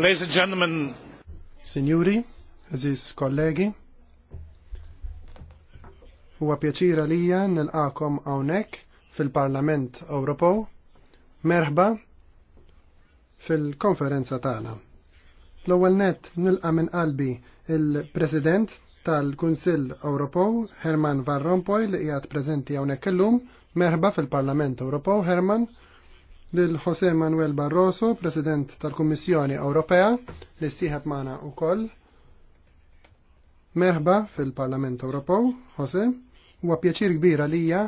Ladies and gentlemen. Signori, aziz kollegi, huwa pjaċira lija nilqakom hawnhekk fil-Parlament Ewropew. Merħba fil-konferenza tagħna. L-ewwel net nilqa' minn qalbi il-President tal-Kunsill Ewropew Herman Van Rompuy li qiegħed preżenti hawnhekk illum. Merħba fil-Parlament Ewropew Herman lil Jose Manuel Barroso, President tal-Kummissjoni Ewropea, li maħna magħna wkoll. Merħba fil-Parlament Ewropew, Jose, huwa pjaċir kbira lija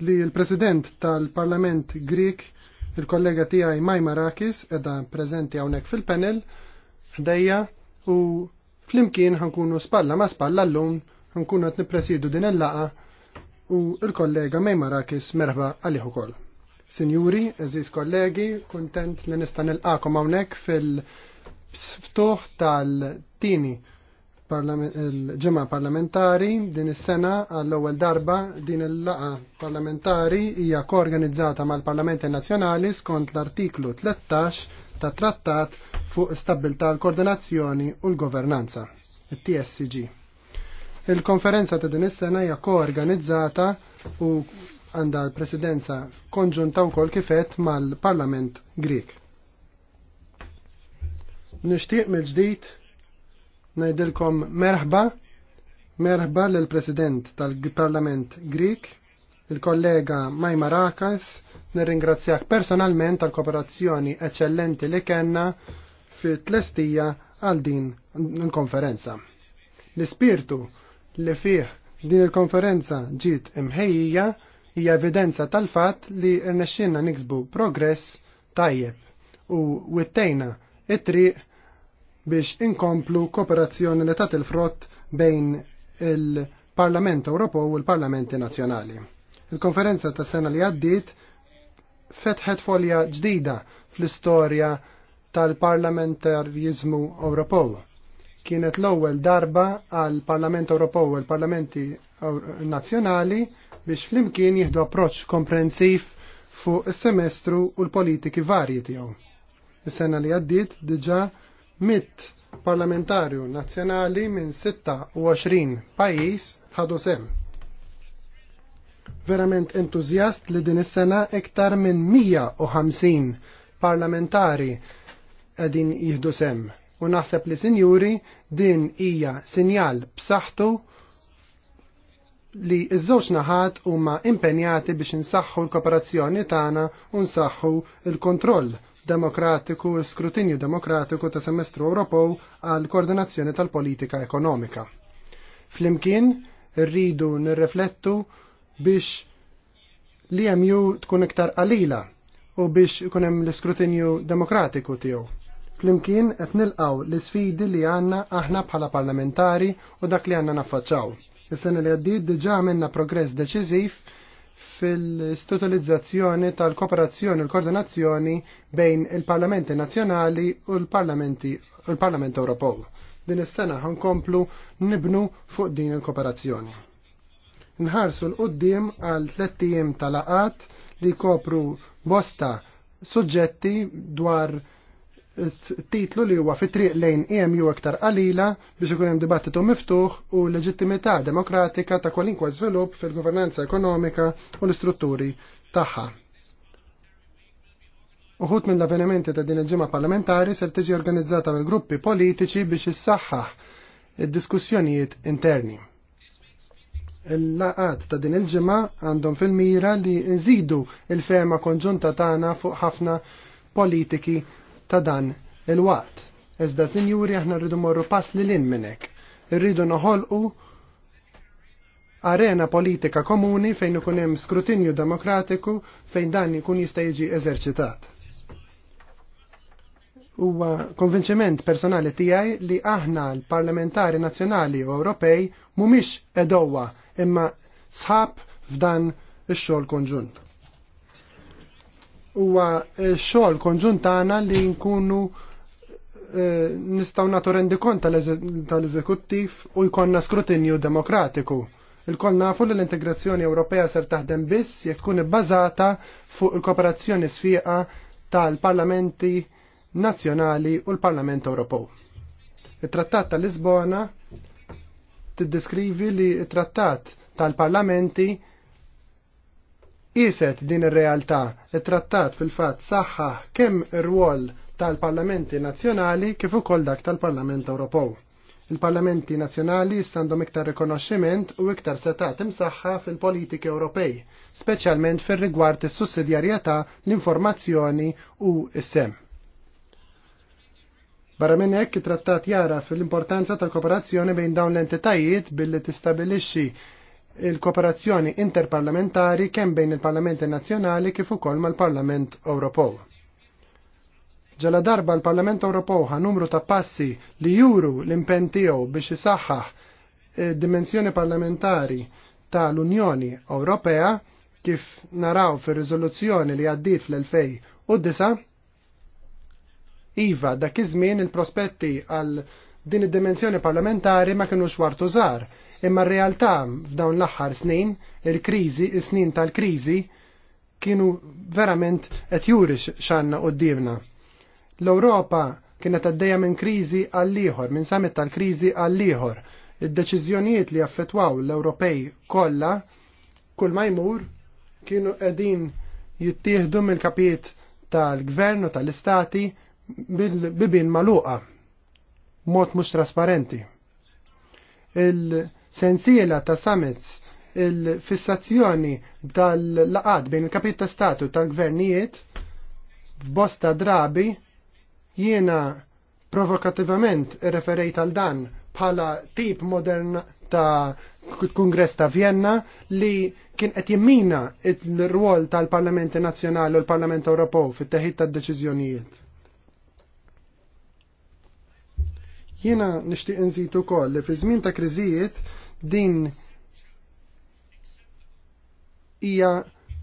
li l-President tal-Parlament Grik, il-kollega tiegħi Maj Marakis, edha preżenti hawnhekk fil-panel, ħdejja u flimkien ħankunu spalla ma spalla l-lum, ħankunu qed nippresidu din il-laqa' u il-kollega Mej Marakis merħba għalih ukoll. Sinjuri, eżis kollegi, kuntent li nista' nilqakom hawnhekk fil-ftuħ tal-tini ġimgħa parlamentari din is-sena għall-ewwel darba din il-laqa parlamentari hija koorganizzata mal-Parlamenti Nazzjonali skont l-artiklu 13 ta' trattat fuq stabilità l-koordinazzjoni u l-governanza, it-TSCG. Il-konferenza ta' din is-sena hija koorganizzata u għandha l-presidenza konġunta wkoll kifet mal-Parlament Grek. Nixtieq mill-ġdid ngħidilkom merħba merħba lill-President tal-Parlament Grek, il-kollega Maj Marakas, nirringrazzjak personalment tal-kooperazzjoni eċċellenti li kenna fi tlestija għal din l-konferenza. L-ispirtu li fih din il-konferenza ġiet imħejjija hija evidenza tal-fatt li rnexxinna niksbu progress tajjeb u wittejna it-triq biex inkomplu kooperazzjoni li tat il-frott bejn il-Parlament Ewropew u l-Parlamenti Nazzjonali. Il-konferenza ta' sena li għaddiet fetħet folja ġdida fl-istorja tal parlamentarizmu Ewropew kienet l-ewwel darba għal Parlament Ewropew u l-Parlamenti Nazzjonali biex flimkien jieħdu approċċ komprensiv fuq is-semestru u l-politiki varji tiegħu. Is-sena li għaddiet diġà mit parlamentarju nazzjonali minn 26 pajjiż ħadu sem verament entuzjast li din is-sena iktar minn 150 parlamentari qegħdin jieħdu sem u naħseb li sinjuri din hija sinjal b'saħħtu li iż-żewġ naħat huma impenjati biex insaħħu l-kooperazzjoni tagħna u nsaħħu l-kontroll demokratiku u skrutinju demokratiku ta' semestru Ewropew għal koordinazzjoni tal-politika ekonomika. Flimkien rridu nirreflettu biex li hemm tkun iktar qalila u biex ikun hemm l-iskrutinju demokratiku tiegħu Flimkien qed nilqaw l-isfidi li għandna aħna bħala parlamentari u dak li għandna naffaċċaw. Is-sena li għaddiet diġà għamilna progress deċiżiv fil istutilizzazzjoni tal-kooperazzjoni u l-koordinazzjoni bejn il-Parlamenti Nazzjonali u l-Parlament Ewropew. Din is-sena ħankomplu nibnu fuq din il-kooperazzjoni. Nħarsu l-qoddim għal tlettijiem tal-aqat li kopru bosta suġġetti dwar titlu li huwa fit-triq lejn EMU aktar qalila biex ikun hemm dibattitu miftuħ u leġittimità demokratika ta' kwalinkwa żvilupp fil-governanza ekonomika u l-istrutturi tagħha. Uħut minn l-avvenimenti ta' din il-ġimgħa parlamentari ser tiġi organizzata mill gruppi politiċi biex issaħħaħ id-diskussjonijiet interni. Il-laqat ta' din il-ġimgħa għandhom fil-mira li nżidu il-fema konġunta tagħna fuq ħafna politiki ta' dan il-waqt. Iżda sinjuri aħna rridu morru pass li lin minnek. Rridu noħolqu arena politika komuni fejn ikun hemm skrutinju demokratiku fejn dan ikun jista' jiġi eżerċitat. Huwa konvinċiment personali tiegħi li aħna l-parlamentari nazzjonali u Ewropej mhumiex edowa imma sħab f'dan ix-xogħol konġunt huwa eh, xogħol konġunt tagħna li nkunu eh, nistgħu nagħtu rendikont tal-eżekuttiv u jkollna skrutinju demokratiku. Il-koll nafu li l-integrazzjoni Ewropea ser taħdem biss jekk tkun ibbażata fuq il-kooperazzjoni sfiqa tal-parlamenti nazzjonali u l-Parlament Ewropew. Il-Trattat tal-Lisbona tiddiskrivi li il-Trattat tal-parlamenti Iset din ir-realtà, it-trattat fil-fatt saħħa kemm ir-rwol tal-parlamenti nazzjonali kif ukoll dak tal-Parlament Ewropew il-parlamenti nazjonali sandom iktar rikonoxximent u iktar setat imsaħħa fil-politiki Ewropej, speċjalment fir rigward is sussidjarjetà l-informazzjoni u s-sem. Barra minn hekk it-trattat jara fil-importanza tal-kooperazzjoni bejn dawn l-entitajiet billi tistabilixxi il-kooperazzjoni interparlamentari kemm bejn il-Parlamenti Nazzjonali kif ukoll mal-Parlament Ewropew. Ġala darba l-Parlament Ewropew ħa numru ta' passi li juru l-impenn tiegħu biex isaħħaħ eh, dimensjoni parlamentari tal-Unjoni Ewropea kif naraw fir riżoluzzjoni li għaddit fl-2009 Iva, dak iż-żmien il-prospetti għal din id-dimensjoni parlamentari ma kienux wartu żgħar Imma r-realtà f'dawn l-aħħar snin, il-kriżi, is-snin tal-kriżi, kienu verament qed juri x'għandna qudiemna. L-Ewropa kienet għaddejja minn kriżi għall ieħor, minn samet tal-kriżi għall ieħor. Id-deċiżjonijiet li affettwaw l-Ewropej kollha kull ma jmur kienu qegħdin jittieħdu mill-kapijiet tal-gvern u tal-istati bil-bibin maluqa, mod mhux trasparenti. Il- sensiela ta' summits il-fissazzjoni tal-laqad bejn il-kapit ta' statu tal-gvernijiet bosta drabi jiena provokativament referejt għal dan bħala tip modern ta' kongress ta' Vienna li kien qed jimmina il-rwol tal-Parlamenti Nazzjonali u l-Parlament Ewropew fit-teħid tad-deċiżjonijiet. Jiena nixtieq inżid ukoll li fi żmien ta' kriżijiet din hija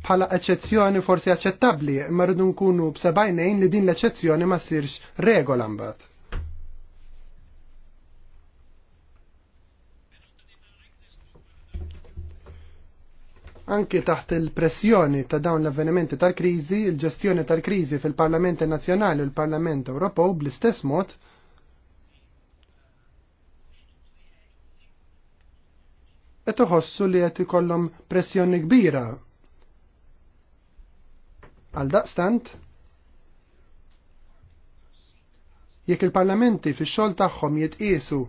bħala eċezzjoni forsi aċċettabbli, ma rridu nkunu b'sebajnejn li din l-eċezzjoni ma sirx regola mbagħad. anki taħt il-pressjoni ta' dawn l-avvenimenti tal-krizi, il-ġestjoni tal-krizi fil-Parlamenti Nazzjonali u l-Parlament Ewropew bl-istess mod qed iħossu li qed ikollhom pressjoni kbira. Għal daqstant, jekk il-parlamenti fix-xogħol tagħhom jitqiesu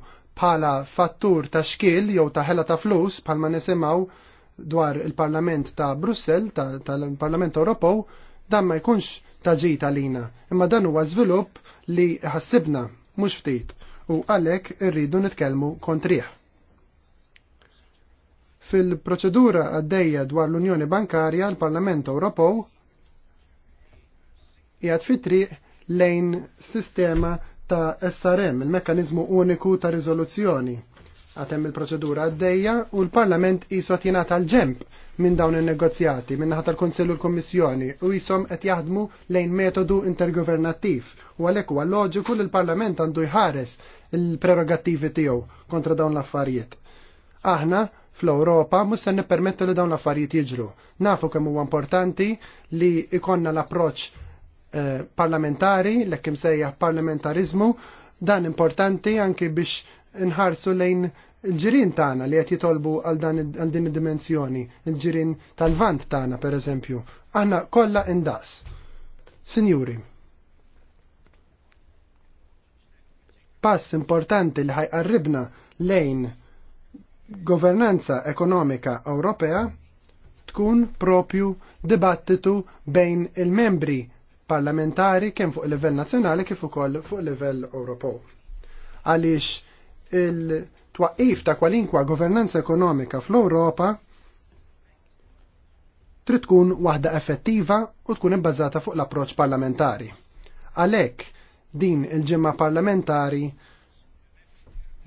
bħala fattur ta' xkil jew ta' ħela ta' flus bħalma nisimgħu dwar il-Parlament ta' Brussel, tal-Parlament ta Ewropew, dan ma jkunx ta' ġita lina, imma dan huwa żvilupp li ħassibna mhux ftit u għalhekk irridu nitkellmu kontrih. Fil-proċedura għaddejja dwar l-Unjoni Bankarja, l-Parlament Ewropew jgħat fitri lejn sistema ta' SRM, il mekanizmu Uniku ta' Rizoluzzjoni. Għatem il-proċedura għaddejja u l-Parlament jiswa tina tal-ġemp minn dawn il-negozjati minnaħat tal-Konsillu l-Kommissjoni u jisom qed jaħdmu lejn metodu intergovernattiv u għalhekk huwa loġiku li l-Parlament għandu jħares il-prerogattivi tiegħu kontra dawn l-affarijiet. Aħna fl-Ewropa mhux se nippermettu li dawn l-affarijiet jiġru. Nafu kemm huwa importanti li ikonna l-approċċ eh, parlamentari, l-ekkim sejja parlamentarizmu, dan importanti anki biex nħarsu lejn il-ġirin tagħna li qed jitolbu għal din id-dimensjoni, il-ġirin tal-vant tagħna pereżempju. Aħna kollha indaqs. Sinjuri, pass importanti li ħajqarribna lejn governanza ekonomika Ewropea tkun propju dibattitu bejn il-membri parlamentari kemm fuq il-livell nazzjonali kif ukoll fuq il-livell Ewropew. Għaliex il-twaqif ta' kwalinkwa governanza ekonomika fl-Ewropa trid tkun waħda effettiva u tkun ibbażata fuq l-approċċ parlamentari. Għalhekk din il-ġimma parlamentari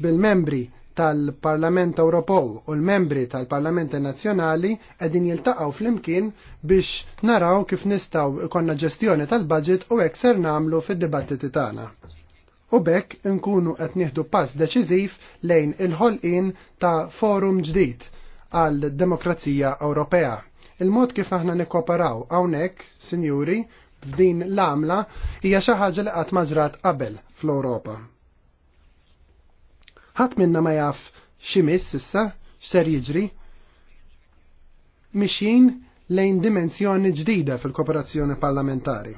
bil-membri tal-Parlament Ewropew u l-membri tal-Parlament Nazzjonali qegħdin jiltaqgħu flimkien biex naraw kif nistgħu ikonna ġestjoni tal-budget u hekk ser nagħmlu fid-dibattiti tagħna. U bekk nkunu qed nieħdu pass deċiżiv lejn il-ħolqien ta' forum ġdid għal demokrazija Ewropea. Il-mod kif aħna nikkoperaw hawnhekk, sinjuri, f'din l-għamla hija xi ħaġa li qatt maġrat qabel fl-Ewropa ħadd minna ma jaf ximis issa x'ser jiġri. Mixin lejn dimensjoni ġdida fil-kooperazzjoni parlamentari.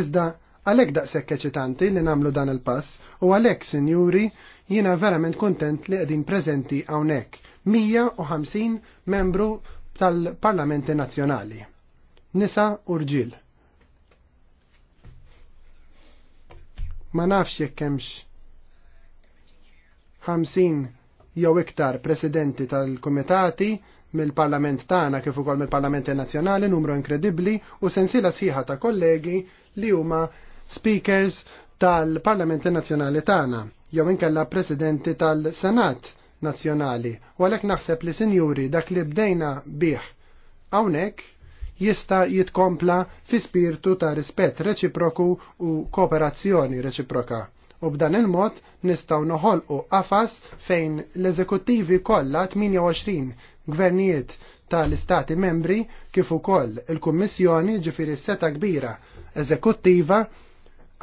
Iżda għalhekk daqshekk eċitanti li nagħmlu dan il-pass u għalhekk, sinjuri, jiena verament kontent li qegħdin preżenti hawnhekk 150 membru tal-Parlamenti Nazzjonali. Nisa u rġil. Ma nafx jekk hemmx 50 jew iktar presidenti tal-komitati mill-parlament tagħna kif ukoll mill-parlamenti nazzjonali numru inkredibbli u sensila sħiħa ta' kollegi li huma speakers tal-parlamenti nazzjonali tagħna jew inkella presidenti tal-senat nazzjonali u għalhekk naħseb li sinjuri dak li bdejna bih hawnhekk jista' jitkompla fi spirtu ta' rispett reċiproku u kooperazzjoni reċiproka u b'dan il-mod nistaw noħolqu qafas fejn l-eżekuttivi kollha 28 gvernijiet tal-istati membri kif ukoll il-Kummissjoni ġifieri seta kbira eżekuttiva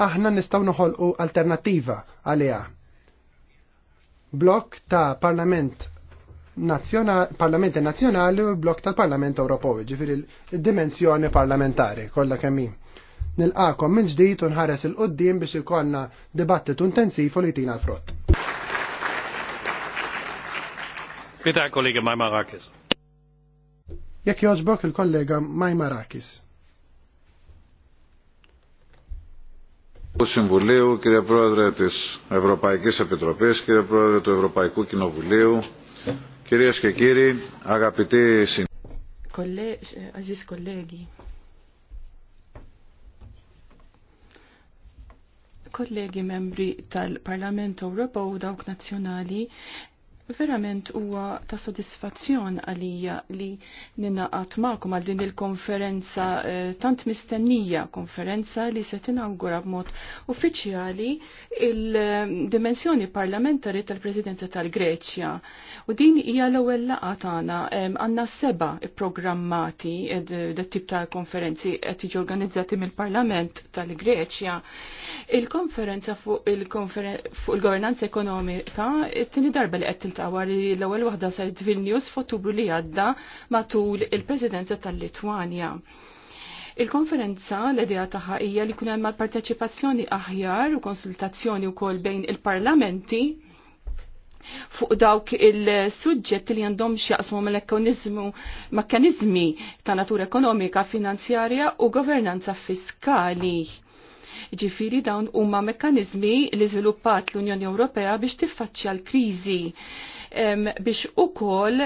aħna nistaw noħolqu alternattiva għaliha. Blok ta' Parlament Parlamenti Nazzjonali u blok tal-Parlament Ewropew, ġifieri il-dimensjoni parlamentari kollha kemm Nilqakom minn ġdijt unħares il-qoddim biex ikonna dibattitu intensiv u li tina l-frott. Bitta kollega Maj Marakis. Jekk joġbok il-kollega Majmarakis. του Συμβουλίου, κύριε Πρόεδρε της Ευρωπαϊκής Επιτροπής, κύριε Πρόεδρε του Ευρωπαϊκού Κοινοβουλίου, κυρίες και κύριοι, αγαπητοί συνάδελφοι. Aziz kollegi, kollegi membri tal-Parlament Ewropew u dawk nazzjonali verament huwa ta' sodisfazzjon għalija li ninaqat ma'kom għal din il-konferenza eh, tant mistennija, konferenza li se tinawgura b'mod uffiċjali il-dimensjoni parlamentari tal-Presidenza tal-Greċja. U din hija l-ewwel laqgħa tagħna eh, għandna seba' programmati eh, dat tip ta' konferenzi qed jiġu organizzati mill-Parlament tal-Greċja. Il-konferenza fuq il-governanza ekonomika tini darba li qed ta' war l-ewwel waħda saret Vilnius f'Ottubru li għadda matul il-Presidenza tal-Litwanja. Il-konferenza l-idea taħħa hija li kun hemm parteċipazzjoni aħjar u konsultazzjoni wkoll bejn il-parlamenti fuq dawk il sujġet li għandhom xjaqsmu mal-ekkonizmu, mekkanizmi ta' natura ekonomika, finanzjarja u governanza fiskali Ġifiri dawn huma mekkanizmi li żviluppat l-Unjoni Ewropea biex tiffaċċja l-kriżi biex ukoll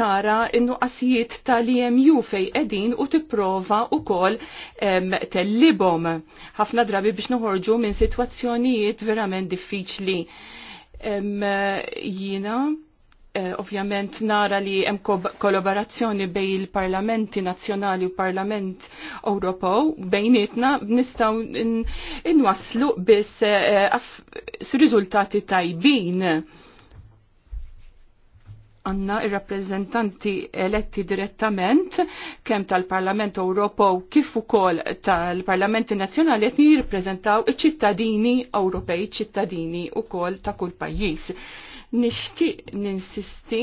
tara innu qasijiet tal imu fej edin u tipprova ukoll tellibhom. Ħafna drabi biex noħorġu minn sitwazzjonijiet verament diffiċli. Jina, Eh, ovvjament nara li hemm kollaborazzjoni bejn il-parlamenti nazzjonali u parlament Ewropew bejnietna nistgħu inwasslu biss eh, riżultati tajbin. Għanna ir-rappreżentanti eletti direttament kemm tal-Parlament Ewropew kif ukoll tal-Parlamenti Nazzjonali qed jirrappreżentaw iċ-ċittadini Ewropej, ċittadini wkoll ta' kull pajjiż Nixtieq ninsisti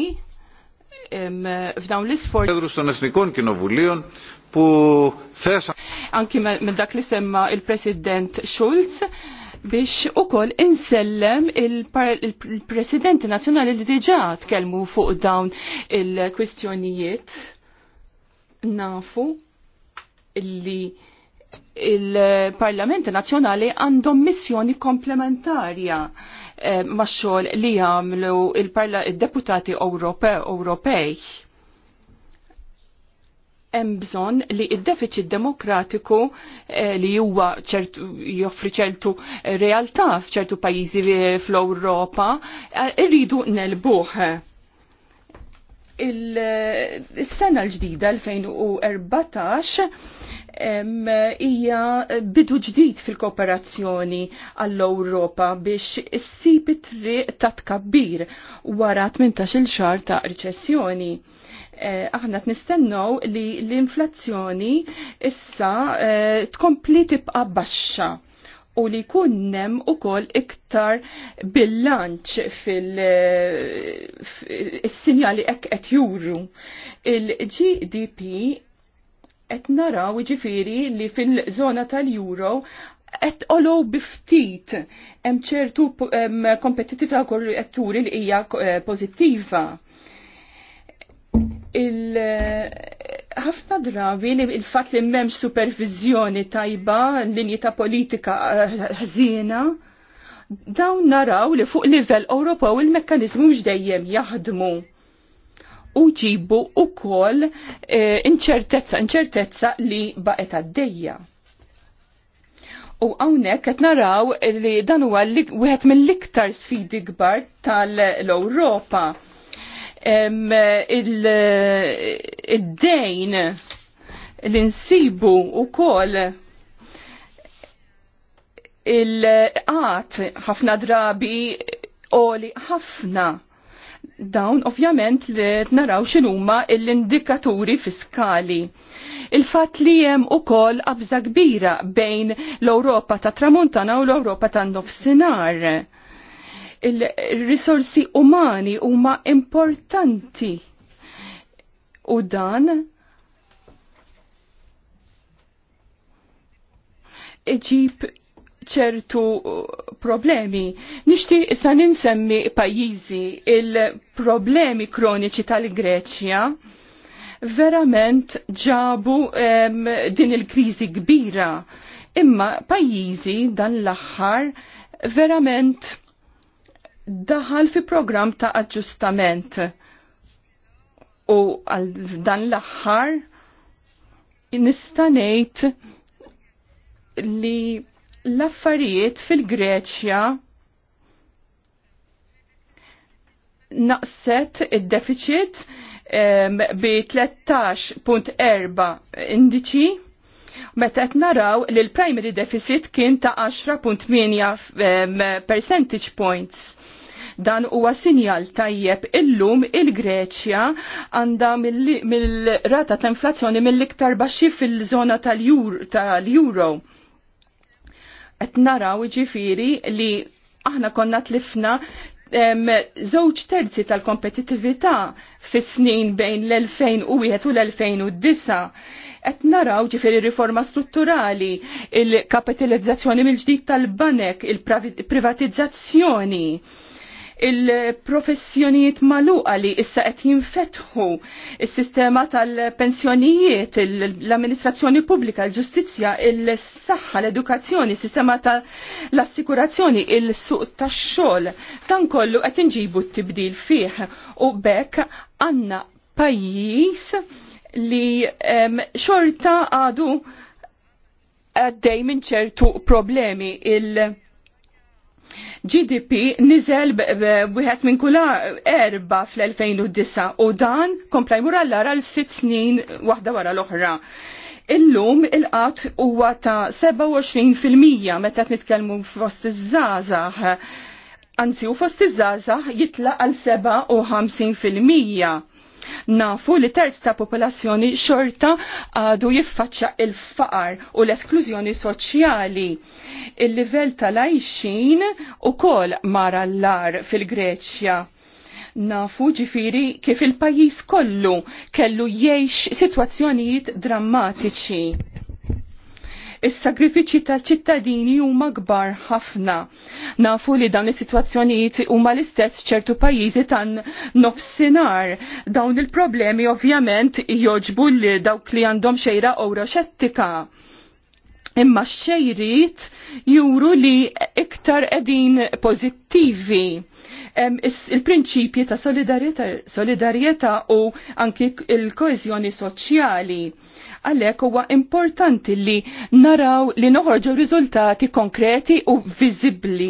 f'dawn l isforzi Pedrus των Εθνικών Κοινοβουλίων που θέσα. Anki minn dak li semma il-President Schulz biex ukoll insellem il-Presidenti Nazzjonali li diġà tkellmu fuq dawn il-kwistjonijiet nafu li il-Parlamenti Nazzjonali għandhom missjoni komplementarja Eh, max-xogħol li għamlu il-deputati Ewropej. Hemm bżonn li id deficit demokratiku eh, li huwa ċertu joffri ċertu realtà f'ċertu pajjiżi fl-Ewropa eh, irridu nelbuh il-sena l-ġdida 2014 hija bidu ġdid fil-kooperazzjoni għall-Ewropa biex issib it-triq ta' tkabbir wara 18-il xar ta' riċessjoni. Eh, aħna t nistennaw li l-inflazzjoni issa eh, tkompli tibqa' baxxa u li kunnem u kol iktar bilanċ fil-sinjali eh, ek et juru. Il-GDP qed naraw ġifiri li fil-żona tal-Euro qed olow biftit hemm ċertu kompetitività korretturi li hija eh, pożittiva. Il ħafna drabi li il-fatt li m'hemmx supervizjoni tajba, linji ta' politika eh, ħżiena, dawn naraw li fuq livell Ewropew il mekkanizmu mhux dejjem jaħdmu u u kol eh, inċertezza, inċertezza li baqet għaddejja. U għawnek qed naraw li dan huwa wieħed mill-iktar sfidi kbar tal-Ewropa. Il-dejn li nsibu u kol il-qat ħafna drabi li ħafna dawn ovvjament li naraw x'inhuma l-indikaturi fiskali. Il-fatt li hemm ukoll qabża kbira bejn l-Ewropa ta' tramuntana u l-Ewropa ta' nofsinhar. Il-risorsi umani huma importanti u dan iġib ċertu uh, problemi. Nixti issa ninsemmi pajjiżi il-problemi kroniċi tal-Greċja verament ġabu em, din il-kriżi kbira. Imma pajjiżi dan l-aħħar verament daħal fi program ta' aġġustament u għal dan l-aħħar nistanejt li l-affarijiet fil-Greċja naqset id-deficit bi 13.4 indiċi meta qed naraw li l-primary deficit kien ta' 10.8 percentage points. Dan huwa sinjal tajjeb illum il-Greċja għandha mill-rata ta' inflazzjoni mill-iktar baxxi fil-żona tal-euro. tal euro qed naraw ġifiri li aħna konna tlifna żewġ terzi tal kompetitivita fis-snin bejn l-2001 u l-2009 qed naraw ġifiri riforma strutturali, il-kapitalizzazzjoni mill-ġdid tal-banek, il-privatizzazzjoni. il privatizzazzjoni il-professjonijiet maluqa li issa qed jinfetħu is-sistema tal-pensjonijiet, l-amministrazzjoni pubblika, l-ġustizzja, il-saħħa, l-edukazzjoni, sistema tal-assikurazzjoni, il-suq tax-xogħol. Dan kollu qed inġibu t-tibdil fih u bekk għandna pajjiż li xorta għadu għaddej minn ċertu problemi il- GDP nizel wieħed minn kula erba fl-2009 u dan kompla jmur ara l-sitt snin waħda wara l-oħra. Illum il-qat huwa ta' 27% meta qed nitkellmu fost iż-żgħażagħ. Anzi, u fost iż-żgħażagħ jitlaq għal 57%. Nafu li terz ta' popolazzjoni xorta għadu jiffaċċa il-faqar u l-esklużjoni soċjali. Il-livell tal-għajxin u kol mara l-lar fil-Greċja nafu ġifiri kif il-pajis kollu kellu jiex situazzjonijiet drammatiċi Is-sagrifiċi tal-ċittadini huma kbar ħafna. Nafu li dawn is-sitwazzjonijiet huma l-istess ċertu pajjiżi tan nofsinhar. Dawn il-problemi ovvjament joġbu li dawk li għandhom xejra euroxettika imma xejrit juru li iktar edin pozittivi. Il-prinċipji ta' solidarieta, solidarieta u anki il-koezjoni soċjali Għalhekk huwa importanti li naraw li noħorġu riżultati konkreti u viżibbli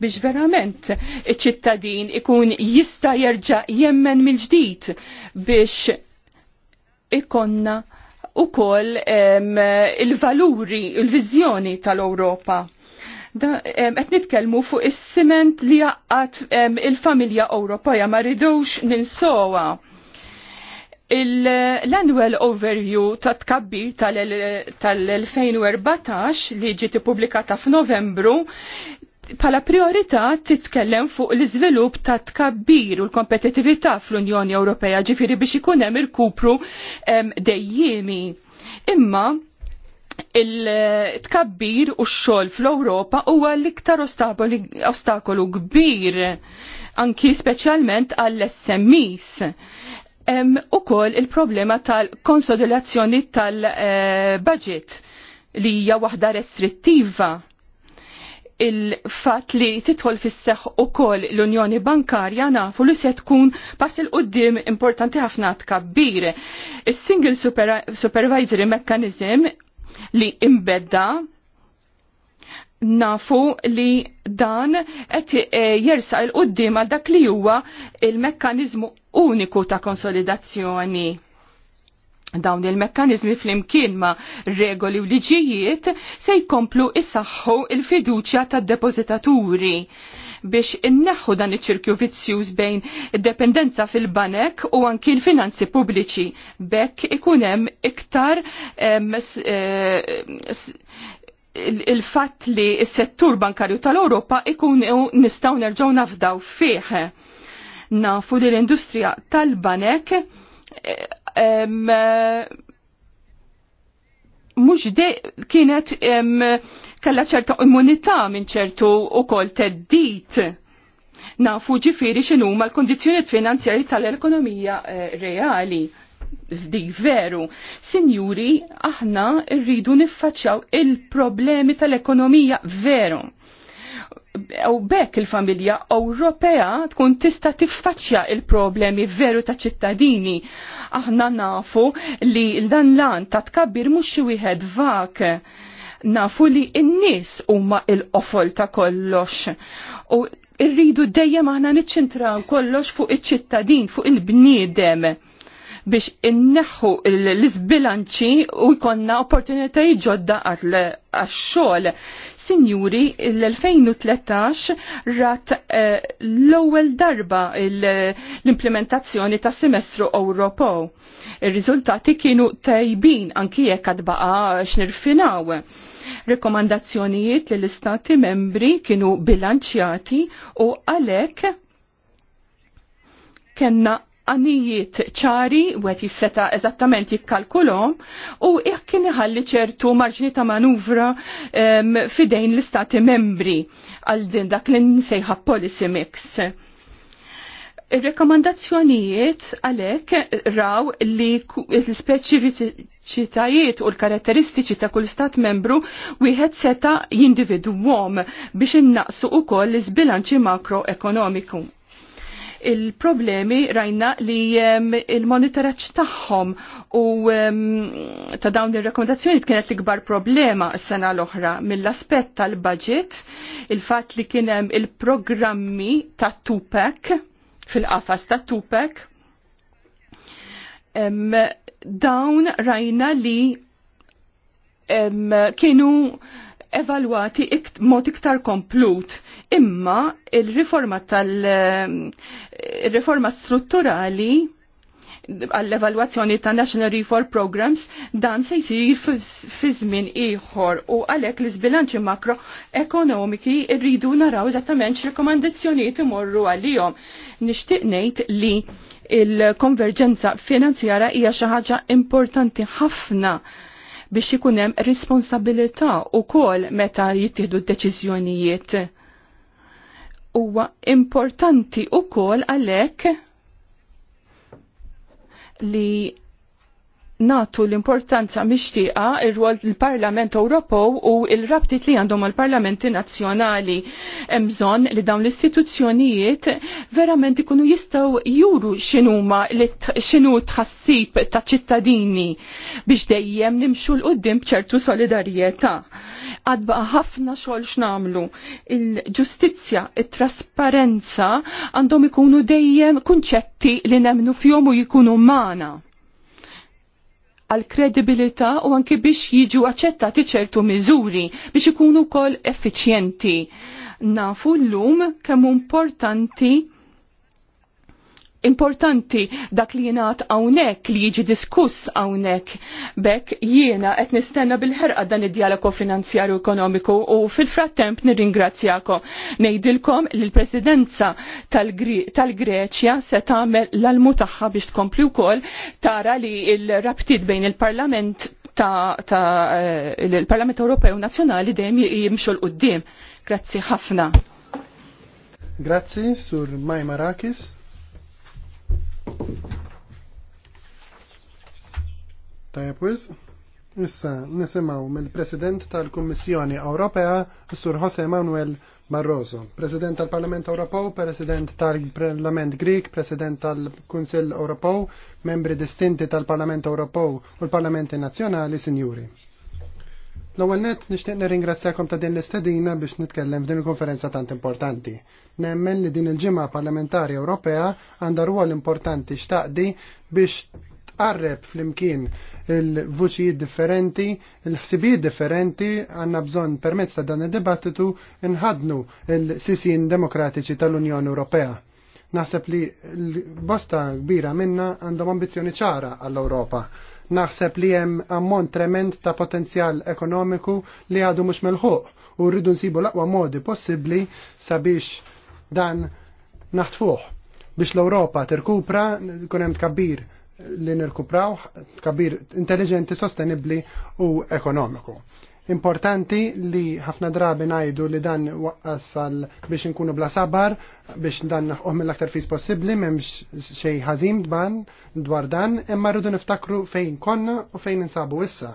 biex verament iċ-ċittadin ikun jista' jerġa' jemmen mill-ġdid biex ikonna koll il-valuri, il-viżjoni tal-Ewropa qed nitkellmu fuq is-siment li jaqgħat il-familja Ewropea ma rridux ninsowa l-annual overview ta' tkabbir tal-2014 li ġiet ippubblikata f'Novembru pala priorità titkellem fuq l-iżvilupp ta' tkabbir u l-kompetitività fl-Unjoni Ewropea ġifiri biex ikun hemm kupru dejjimi. Imma il-tkabbir u x-xogħol fl-Ewropa huwa l-iktar ostakolu kbir anki speċjalment għall-SMEs u kol il-problema tal-konsolidazzjoni tal-budget li hija waħda restrittiva il-fat li titħol fis seħħ u l-Unjoni Bankarja nafu li se tkun pass il qoddim importanti ħafna tkabbir. Is-Single Supervisory Mechanism li imbedda nafu li dan qed eh, jersa il qudiem għal dak li huwa il-mekkaniżmu uniku ta' konsolidazzjoni. Dawn il-mekkaniżmi flimkien ma' regoli u liġijiet se jkomplu issaħħu il-fiduċja tad depozitaturi biex inneħħu dan iċ-ċirkju vizzjuż bejn id-dependenza fil-banek u anki l-finanzi pubbliċi. Bekk ikun hemm iktar eh, il-fatt li s-settur bankarju tal-Europa ikun nistaw nerġaw nafdaw fih. Nafu li l-industrija tal-banek eh, mux kienet kalla ċerta immunità minn ċertu u kol teddit. Nafu ġifiri xinu ma l-kondizjoniet finanzjari tal-ekonomija eh, reali dik veru. Sinjuri, aħna rridu niffaċċjaw il-problemi tal-ekonomija veru. U bekk il-familja Ewropea tkun tista' tiffaċċja il-problemi veru ta' ċittadini. Aħna nafu li dan l lan ta' tkabbir mhux xi wieħed vak. Nafu li n-nies huma l-qofol ta' kollox. U rridu dejjem aħna niċċentraw kollox fuq iċ-ċittadin, fuq il-bniedem. il bniedem biex inneħħu l-isbilanċi u jkonna opportunitajiet ġodda għax-xogħol. Sinjuri, l-2013 rat eh, l-ewwel darba l-implementazzjoni ta' semestru Ewropew. Ir-riżultati kienu tajbin anki jekk qed baqa' x'nirfinaw rekomandazzjonijiet li l-istati membri kienu bilanċjati u għalek kenna għanijiet ċari, u għet jisseta eżattament jikkalkulom, u jekk iħalli ċertu marġni ta' manuvra um, fidejn l-istati membri għal din dak li nsejħa policy mix. Il-rekomandazzjonijiet għalek raw li l-speċifiċitajiet u l-karatteristiċi ta' kull stat membru wieħed seta' jindividwom biex innaqsu koll l-sbilanċi makroekonomiku il-problemi rajna li il-monitoraċ tagħhom u ta' dawn il-rekomendazzjoni kienet l-ikbar problema s-sena l-oħra mill-aspett tal-budget, il-fatt li kienem il-programmi ta' Tupek fil-qafas ta' Tupek. Dawn rajna li kienu evalwati ikt, mod iktar komplut. Imma il-riforma tal-riforma ehm, strutturali għall-evalwazzjoni ta' National Reform Programs dan se jsir fi żmien ieħor u għalhekk l bilanċi makroekonomiki rridu naraw eżattament x'rekomandazzjonijiet imorru għalihom. Nixtieq ngħid li il-konverġenza finanzjara hija xi ħaġa importanti ħafna biex ikun hemm responsabilità wkoll meta jittieħdu d-deċiżjonijiet. Huwa importanti wkoll għalhekk li natu l-importanza mixtieqa ir-rwol l-Parlament Ewropew u l-rabtit li għandhom għal-Parlamenti Nazzjonali. Hemm bżonn li dawn l-istituzzjonijiet verament ikunu jistgħu juru x'inhuma x'inhu tħassib ta' ċittadini biex dejjem nimxu l qudiem b'ċertu solidarjetà. Għadba ħafna xogħol x'namlu. Il-ġustizzja, it-trasparenza għandhom ikunu dejjem kunċetti li nemnu fihom u jikunu mana għal kredibilità u anki biex jiġu aċċettati ċertu miżuri biex ikunu kol effiċjenti. Nafu l-lum kemm importanti importanti dak li jenat għawnek li jiġi diskuss għawnek bekk jiena qed nistenna bil-ħerqa dan id-dialogu finanzjarju ekonomiku u fil-frattemp nirringrazzjakom ngħidilkom li l-presidenza tal-Greċja se tagħmel l-almu tagħha biex tkompli wkoll tara li l-rabtiet bejn il-Parlament ta', ta eh, l-Parlament Ewropew Nazzjonali dejjem jimxu l-qudiem. Grazzi ħafna. Grazzi, sur Maj Marakis. Tajab wiz? Issa nisimaw mill-President tal-Kummissjoni Ewropea, Sur Jose Manuel Barroso, President tal-Parlament Ewropew, President tal-Parlament Grik, President tal-Kunsill Ewropew, membri distinti tal-Parlament Ewropew u l-Parlamenti Nazzjonali, Sinjuri. L-ewwel nett nixtieq nirringrazzjakom ta' din l-istedina biex nitkellem f'din il-konferenza tant importanti. Nemmen li din il-ġimgħa parlamentari Ewropea għandha rwol importanti xtaqdi biex tqarreb flimkien il-vuċijiet differenti, il-ħsibijiet differenti, għanna bżon permezz ta' dan id-dibattitu nħadnu il-sisin demokratiċi tal-Unjoni Ewropea. Naħseb li l-bosta kbira minna għandhom ambizjoni ċara għall-Ewropa. Naħseb li hemm ammont trement ta' potenzjal ekonomiku li għadu mhux melħuq u rridu nsibu l-aqwa modi possibbli sabiex dan naħtfuħ biex l-Europa tirkupra kunem tkabbir li nirkupraw kabir intelligenti, sostenibli u ekonomiku. Importanti li ħafna drabi najdu li dan waqqasal biex nkunu bla sabar, biex dan naħqoh mill-aktar fis possibli, memx xej ħazim dban dwar dan, imma rridu niftakru fejn konna u fejn insabu issa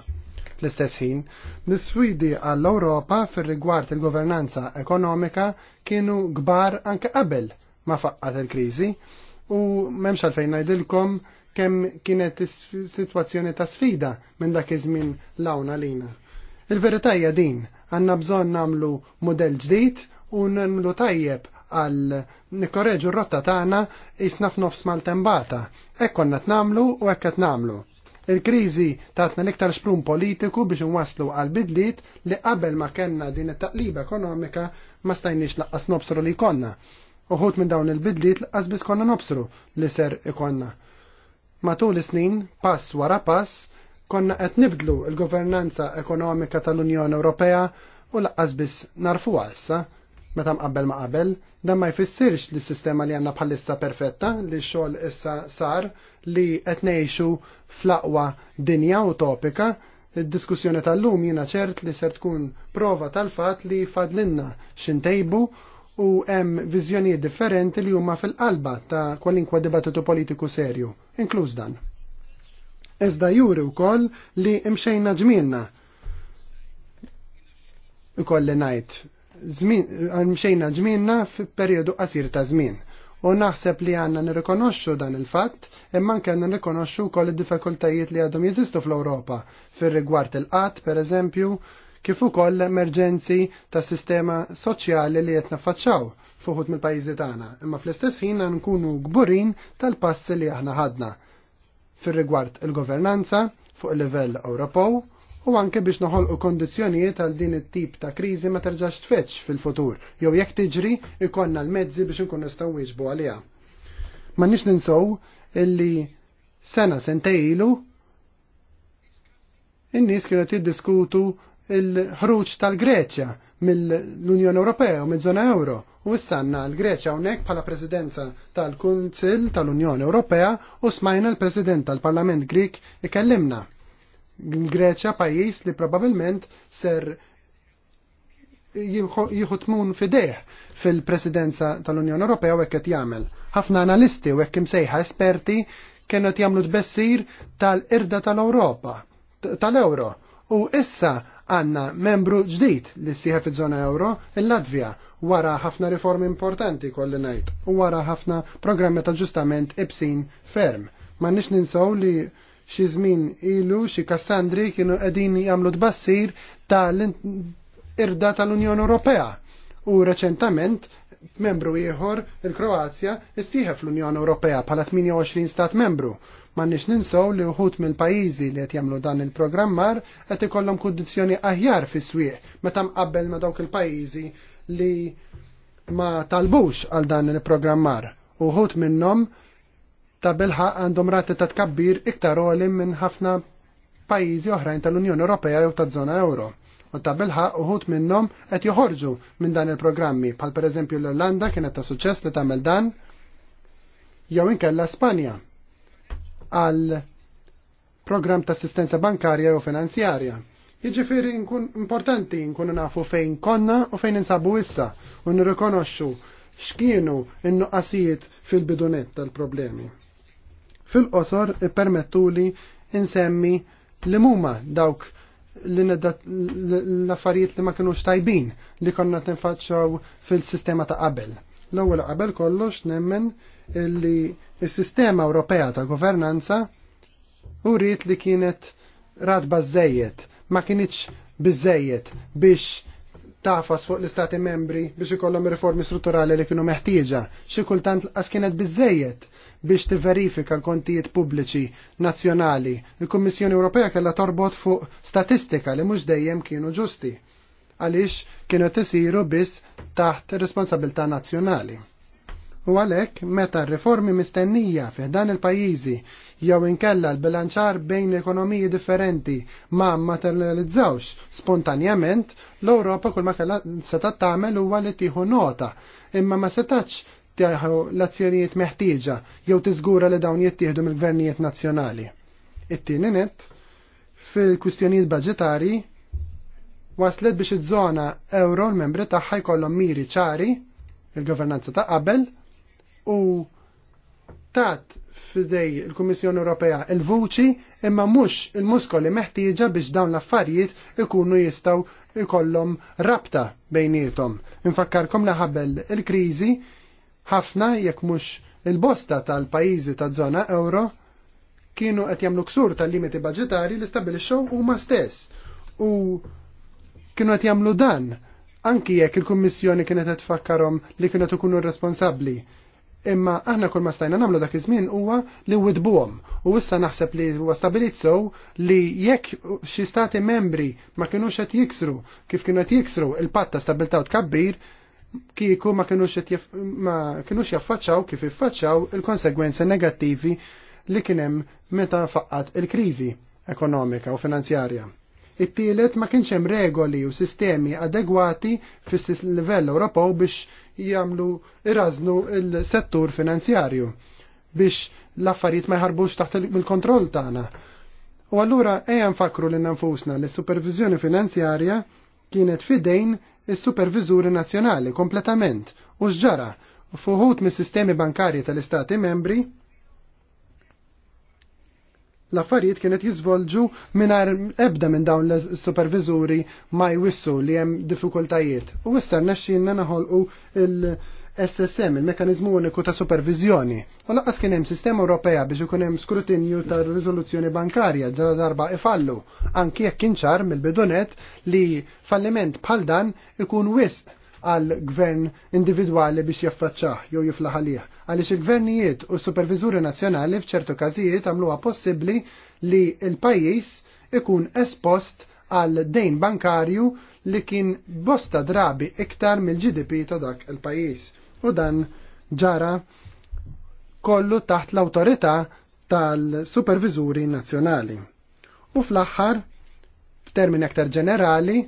l istess ħin, l-sfidi għall-Ewropa fir-rigward il-governanza ekonomika kienu kbar anke qabel ma faqqat il-kriżi u memx għalfejn ngħidilkom kemm kienet situazzjoni ta' sfida minn dak iż-żmien lawna lina. Il-verità hija din, għandna bżonn nagħmlu modell ġdid u nagħmlu tajjeb għal nikorreġu r-rotta tagħna isna f'nofs mal-tembata. Hekk konna tnamlu u hekk qed nagħmlu. Il-kriżi tatna l-iktar sprun politiku biex nwaslu għal bidliet li qabel ma kellna din it-taqliba ekonomika ma stajniex laqqas nobsru li konna. Uħut minn dawn il-bidliet laqqas biss konna nobsru li ser ikonna. Matul is-snin, pass wara pass, konna qed nibdlu l-governanza ekonomika tal-Unjoni Ewropea u laqqas biss narfu għalsa meta mqabbel ma qabel, dan ma jfissirx li s-sistema li għanna bħalissa perfetta li xogħol issa sar li qed ngħixu fl-aqwa dinja utopika id-diskussjoni tal-lum jiena ċert li ser tkun prova tal-fat li fadlinna xintejbu u hemm viżjonijiet differenti li huma fil-qalba ta' kwalinkwa dibattitu politiku serju, inkluż dan. Iżda juri wkoll li imxejna ġmielna li ngħid eh, mxejna ġmielna f'perjodu qasir ta' żmien. U naħseb li għanna nirrikonoxxu dan il-fatt, imma anke nirrikonoxxu wkoll id-diffikultajiet li għadhom jeżistu fl-Ewropa fir-rigward il-qatt, pereżempju, kif ukoll l-emerġenzi tas sistema soċjali li qed naffaċċaw fuħut mill-pajjiżi tagħna, imma fl-istess ħin nkunu gburin tal-passi li aħna ħadna fir-rigward il-governanza fuq il-livell Ewropew u anke biex noħolqu kondizzjonijiet għal din it-tip ta' kriżi ma terġax tfetx fil-futur, jew jekk tiġri ikonna l-mezzi biex nkun nistgħu wieġbu għaliha. Ma nix ninsow illi sena sentejlu in-nies kienu jiddiskutu il-ħruġ tal-Greċja mill-Unjoni Ewropea u mill-Zona Euro. U s-sanna l-Greċja hawnhekk bħala Presidenza tal-Kunsill tal-Unjoni Ewropea u smajna l-President tal-Parlament Grik ikellimna. Greċja pajjiż li probabbilment ser jihutmun fideħ fil-presidenza tal-Unjoni Ewropea u hekk qed jagħmel. Ħafna analisti u hekk sejħa esperti kienet jamlu jagħmlu tbessir tal-irda tal-Ewropa, tal-Euro. U issa għanna membru ġdid li siħe fiż zona euro, il-Latvija, wara ħafna riformi importanti kolli najt, u wara ħafna programmi ta' ġustament ibsin ferm. Ma nix ninsaw li xi żmien ilu xi Kassandri kienu qegħdin jagħmlu tbassir ta' l-irda tal-Unjoni Ewropea. U reċentament membru ieħor il-Kroazja issieħe fl-Unjoni Ewropea bħala 28 stat membru Ma nix ninsaw li uħut mill-pajizi li qed jagħmlu dan il-programmar qed ikollhom kundizzjoni aħjar swieħ ma meta qabbel ma dawk il-pajjiżi li ma talbux għal dan il-programmar. Uħut minnhom ta' bilħaq għandhom rati ta' tkabbir iktar għolim minn ħafna pajjiżi oħrajn tal-Unjoni Ewropea jew ta' zona Ewro u ta' bilħaq uħut minnom qed joħorġu minn dan il-programmi, per pereżempju l-Irlanda kienet ta' suċċess li tagħmel dan, jew inkella Spanja għal program ta' assistenza bankarja u finanzjarja. Jiġifieri nkun importanti nkunu nafu fejn konna u fejn insabu issa u nirrikonoxxu x'kienu n-nuqqasijiet fil-bidunet tal-problemi. Fil-qosor ippermettuli insemmi li muma dawk l-affarijiet li ma kinux tajbin li konna tinfaċċaw fil-sistema ta' qabel. L-ewwel qabel kollox nemmen li Is-sistema Ewropea ta' governanza rrit li kienet radba zzejiet, ma kienitx bizzejiet biex tafas fuq l-istati membri biex ikollhom riformi strutturali li kienu meħtieġa, xi kultant laqas kienet biżejjed biex tiverifika l-kontijiet pubbliċi nazzjonali. Il-Kummissjoni Ewropea kellha torbot fuq statistika li mhux dejjem kienu ġusti għaliex kienu tisiru biss taħt responsabilità nazzjonali. U għalek, meta r-reformi mistennija fih dan il-pajizi jew inkella l-bilanċar bejn ekonomiji differenti ma materializzawx spontanjament, l-Ewropa kull ma kella setat tagħmel huwa li tieħu nota, imma ma setax tiħu l-azzjonijiet meħtieġa jew tiżgura li dawn jittieħdu mill-gvernijiet nazzjonali. It-tieni net fil-kwistjonijiet budgetari, waslet biex iż-żona euro l-membri tagħha jkollhom miri ċari il-governanza ta' qabel u tat fidej il-Kummissjoni Ewropea il-vuċi imma mhux il-muskoli meħtieġa biex dawn l-affarijiet ikunu jistgħu ikollhom rabta bejniethom. Infakkarkom li ħabel il-kriżi ħafna jekk mhux il-bosta tal-pajjiżi ta' żona euro kienu qed jagħmlu ksur tal-limiti baġitarji li stabilixxew huma stess. U kienu qed jagħmlu dan anki jekk il-Kummissjoni kienet qed tfakkarhom li kienet ikunu responsabbli imma aħna kull ma stajna nagħmlu dak iż-żmien huwa li widbuhom. U issa naħseb li huwa stabilit sew li jekk xi stati membri ma kinux qed jiksru kif kienu qed jiksru il-patt ta' stabilità tkabbir, kieku ma kinux ma kinux jaffaċċaw kif iffaċċaw il-konsegwenzi negattivi li kien hemm meta faqqat il-kriżi ekonomika u finanzjarja. It-tielet ma kienx hemm regoli u sistemi adegwati fis-livell Ewropew biex jagħmlu irażnu l-settur finanzjarju biex l-affarijiet ma jħarbux taħt il-kontroll tagħna. U allura ejja nfakru li nfusna li s-supervizjoni finanzjarja kienet fidejn is-supervizuri nazzjonali kompletament u x'ġara fuħut mis-sistemi bankarji tal-istati membri l-affarijiet kienet jizvolġu minar ebda minn dawn l-supervizuri ma jwissu li hemm diffikultajiet. U issa rnexxinna naħolqu l SSM, il-mekanizmu uniku ta' supervizjoni. U laqqas kien hemm sistema Ewropea biex ikun hemm skrutinju ta' riżoluzzjoni bankarja ġara darba ifallu, anki jekk kienċar mill-bidunet li falliment bħal dan ikun wisq għal gvern individwali biex jaffaċċaħ jew jiflaħalih għaliex il-gvernijiet u s-supervizuri nazzjonali f'ċertu każijiet għamluha possibbli li l-pajjiż ikun espost għal dejn bankarju li kien bosta drabi iktar mill-GDP ta' dak il-pajjiż. U dan ġara kollu taħt l-autorità tal-supervizuri nazzjonali. U fl-aħħar, f'termini aktar ġenerali,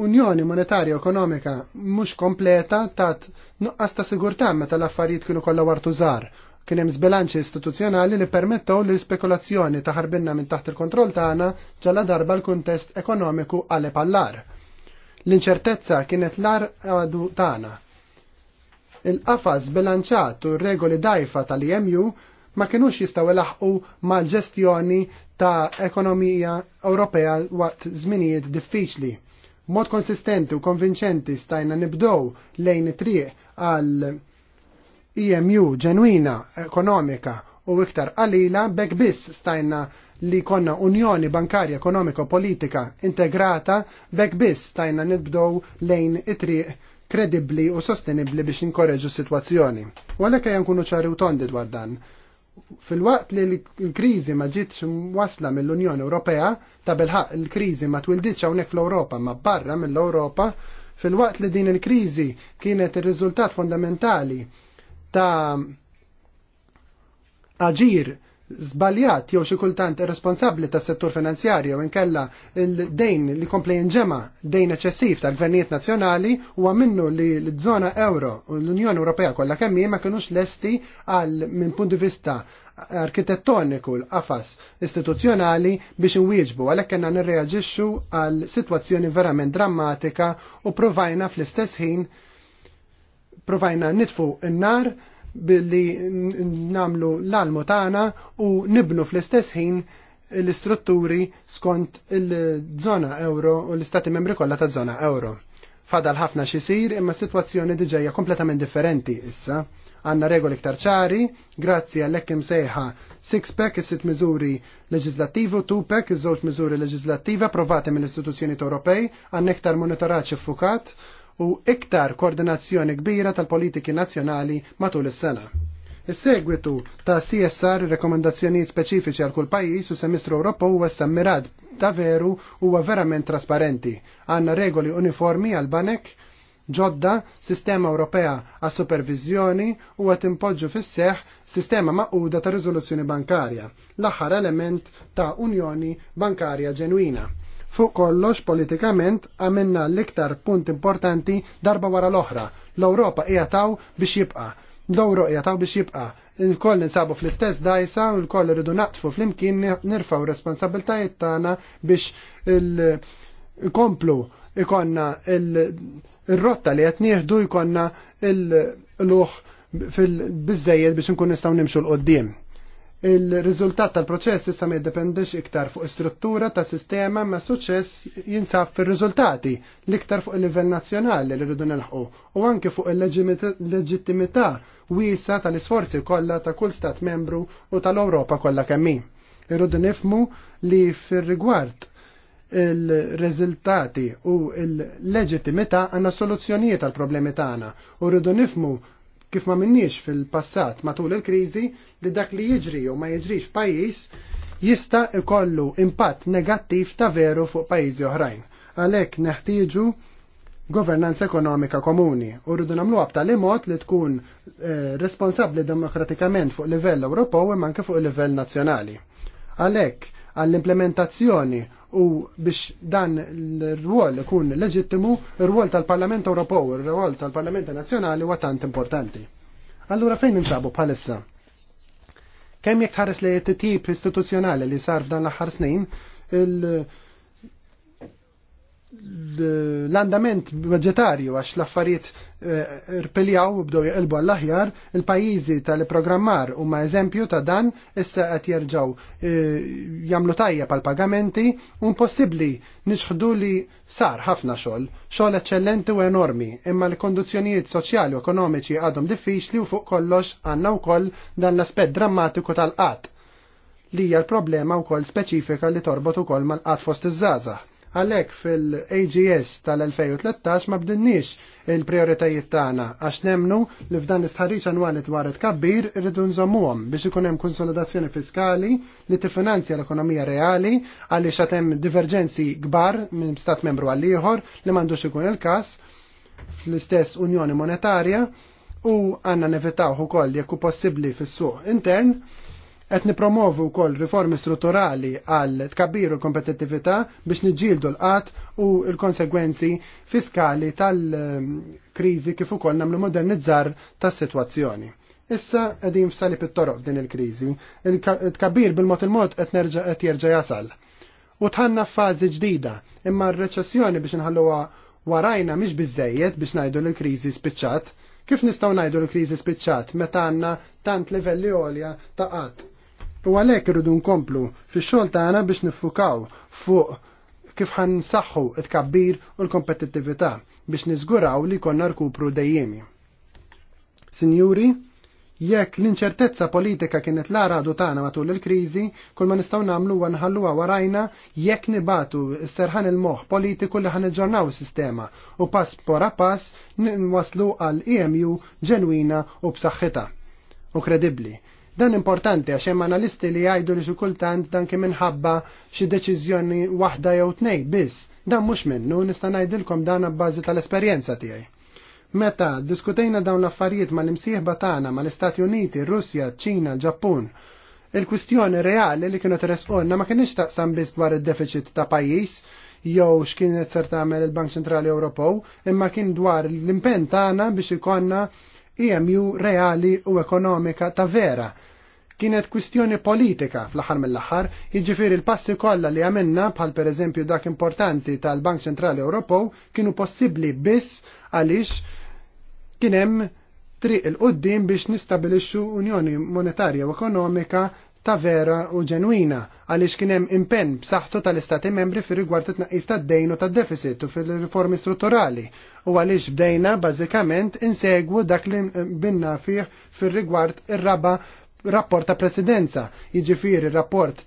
Unjoni Monetarja Ekonomika mhux kompleta tat nuqqas ta' sigurtà meta l-affarijiet kienu kollha wartu żgħar. Kien hemm żbilanċi istituzzjonali li permettew li spekulazzjoni ta' ħarbinna minn taħt il-kontroll tagħna ġalla darba l-kuntest ekonomiku għalep pallar. L-inċertezza kienet lar għadu tagħna. Il-qafas bilanċat u regoli dajfa tal-EMU ma kienux jistaw laħqu mal-ġestjoni ta' ekonomija Ewropea waqt żminijiet diffiċli mod konsistenti u konvinċenti stajna nibdow lejn triq għal EMU ġenwina ekonomika u iktar qalila bekk biss stajna li konna unjoni bankarja ekonomika politika integrata bekk biss stajna nibdow lejn it-triq kredibli u sostenibli biex inkoreġu s-situazzjoni. U għalhekk nkunu ċarri u tondi dwar dan fil-waqt li l-krizi ma ġitx wasla mill-Unjoni Ewropea, ta' bilħaq l-krizi ma twildiċ hawnhekk fl-Ewropa ma barra mill-Ewropa, fil-waqt li din il-krizi kienet ir-riżultat fondamentali ta' aġir zbaljat jew xi kultant irresponsabbli tas-settur finanzjarju jew inkella l-dejn li komplej jinġema dejn eċessiv tal-gvernijiet nazzjonali huwa minnu li l-żona euro u l-Unjoni Ewropea kollha kemm ma kinux lesti għal minn punt di vista arkitettoniku l-qafas istituzzjonali biex inwieġbu għalhekk kellna nirreaġixxu għal sitwazzjoni verament drammatika u provajna fl-istess ħin provajna nitfu n-nar billi namlu l-almu tagħna u nibnu fl-istess ħin l-istrutturi skont il zona euro u l-istati membri kollha ta' żona euro. Fadal ħafna xisir imma situazzjoni diġeja kompletament differenti issa. Għanna regoli iktar ċari, grazzi ekkim imsejħa 6-pack is-sitt miżuri leġislattivi u 2-pack iż-żewġ miżuri leġislattivi approvati mill-istituzzjoni Ewropej, għandna iktar monitoraġġ iffukat u iktar koordinazzjoni kbira tal-politiki nazzjonali matul is-sena. Is-segwitu ta' CSR rekomendazzjonijiet speċifiċi għal kull pajjiż u semistru Ewropew huwa semmirad ta' veru huwa verament trasparenti. Għandna regoli uniformi għal banek ġodda sistema Ewropea għas supervizjoni u għat impoġġu fis seħħ sistema maquda ta' riżoluzzjoni bankarja, l-aħħar element ta' Unjoni Bankarja Ġenwina. Fuq kollox politikament għamilna l-iktar punt importanti darba wara l-oħra. L-Ewropa hija taw biex jibqa' l euro hija taw biex jibqa' il-koll nsabu fl-istess dajsa u koll rridu naqtfu fl-imkien nirfaw responsabiltajiet tagħna biex il-komplu ikonna il-rotta li qed nieħdu jkollna l-luħ fil-biżejjed biex nkun nistgħu nimxu l-qoddim. Il-riżultat tal-proċess issa ma jiddependix iktar fuq struttura ta' sistema ma' suċess jinsab fir-riżultati l-iktar fuq il-livell nazzjonali li rridu nilħqu u anke fuq il-leġittimità wiesa tal-isforzi kollha ta' kull stat membru u tal-Ewropa kollha kemm hi. Irridu nifmu li fir-rigward il-riżultati u il-leġittimità għandna soluzzjonijiet għal problemi tagħna u rridu nifmu kif ma minniex fil-passat matul il-kriżi li dak li jiġri u ma jiġrix pajjiż jista' ikollu impatt negattiv ta' veru fuq pajjiżi oħrajn. Għalhekk neħtieġu governanza ekonomika komuni u rridu nagħmlu b'tali mod li tkun eh, responsabbli demokratikament fuq livell Ewropew imma anke fuq livell nazzjonali. Għalhekk għall-implementazzjoni u biex dan l-rwol ikun leġittimu, r-rwol tal-Parlament Ewropew, r-rwol tal-Parlament Nazzjonali huwa tant importanti. Allura fejn ninsabu bħalissa? Kemm jekk ħares li t-tip istituzzjonali li sar f'dan l-aħħar snin, il- l-andament budgetarju għax l-affarijiet eh, rpiljaw u bdew jaqilbu għall-aħjar, il-pajjiżi tal-programmar huma eżempju ta' dan issa qed jerġgħu eh, jagħmlu tajja pal pagamenti u impossibbli nixħdu li sar ħafna xogħol, xogħol eċċellenti u enormi, imma l-kondizzjonijiet soċjali u ekonomiċi għadhom diffiċli u fuq kollox għandna wkoll dan l-aspett drammatiku tal-qatt li hija l-problema wkoll speċifika li torbot ukoll mal-qatt fost iż-żgħażagħ Għalhekk fil-AGS tal-2013 ma bdinniex il-prioritajiet tagħna għax nemnu li f'dan l-istħarriġ annwali dwar kabbir irridu nżommuhom biex ikun hemm konsolidazzjoni fiskali li tiffinanzja l-ekonomija reali għaliex qed hemm diverġenzi kbar minn stat membru għal ieħor li m'għandux ikun il-każ fl-istess Unjoni Monetarja u għanna nevitaw ukoll jekk hu possibbli fis-suq intern Qed nipromovu wkoll riformi strutturali għal tkabbiru l-kompetittività biex niġġieldu l-qatt u l-konsegwenzi fiskali tal-kriżi kif ukoll namlu modernizzar tas-sitwazzjoni. Issa qegħdin f'sali pit-toroq din il-kriżi, il-tkabbir bil-mod il-mod qed nerġa' et jerġa' jasal. U tħanna f'fażi ġdida, imma r-reċessjoni biex nħalluha warajna mhix bizzejiet biex ngħidu l-kriżi spiċċat, Kif nistaw najdu l-krizi spiċċat meta għanna tant livelli għolja ta' qatt U għalhekk rridu nkomplu fix-xogħol tagħna biex niffukaw fuq kif ħan nsaħħu t-kabbir u l-kompetittività biex niżguraw li konna rkupru dejjemi. Sinjuri, jekk l-inċertezza politika kienet lara tagħna matul il-kriżi, kull ma nistgħu nagħmlu huwa nħalluha warajna jekk nibatu serħan il-moħħ politiku li ħan iġġornaw sistema u pass pora pass nwaslu għal EMU ġenwina u b'saħħitha u kredibbli. Dan importanti għax hemm analisti li jgħidu li xi kultant dan kien minħabba xi deċiżjoni waħda jew tnejn biss. Dan mhux minnu nista' ngħidilkom dan abbażi tal-esperjenza tiegħi. Meta diskutejna dawn l-affarijiet mal-imsieħba tagħna mal-Istati Uniti, Russja, Ċina, Ġappun, il-kwistjoni reali li kienu teresqonna ma kienx taqsam biss dwar id-deficit ta' pajjiż jew x'kienet ser tagħmel il-Bank Ċentrali Ewropew, imma kien dwar l-impenn tagħna biex ikonna EMU reali u ekonomika ta' vera kienet kwistjoni politika fl-aħħar mill-aħħar, jiġifieri l-passi kollha li għamilna bħal pereżempju dak importanti tal-Bank Ċentrali Ewropew kienu possibbli biss għaliex kien hemm triq il-qoddim biex nistabilixxu Unjoni Monetarja u Ekonomika ta' vera u ġenwina għaliex kien hemm impenn b'saħħtu tal-Istati Membri fir rigward it-tnaqqis tad-dejn u tad-deficit u fil-riformi strutturali u għaliex bdejna bażikament insegwu dak li binna fih fir rigward ir-raba' rapport ta' presidenza, jiġifieri rapport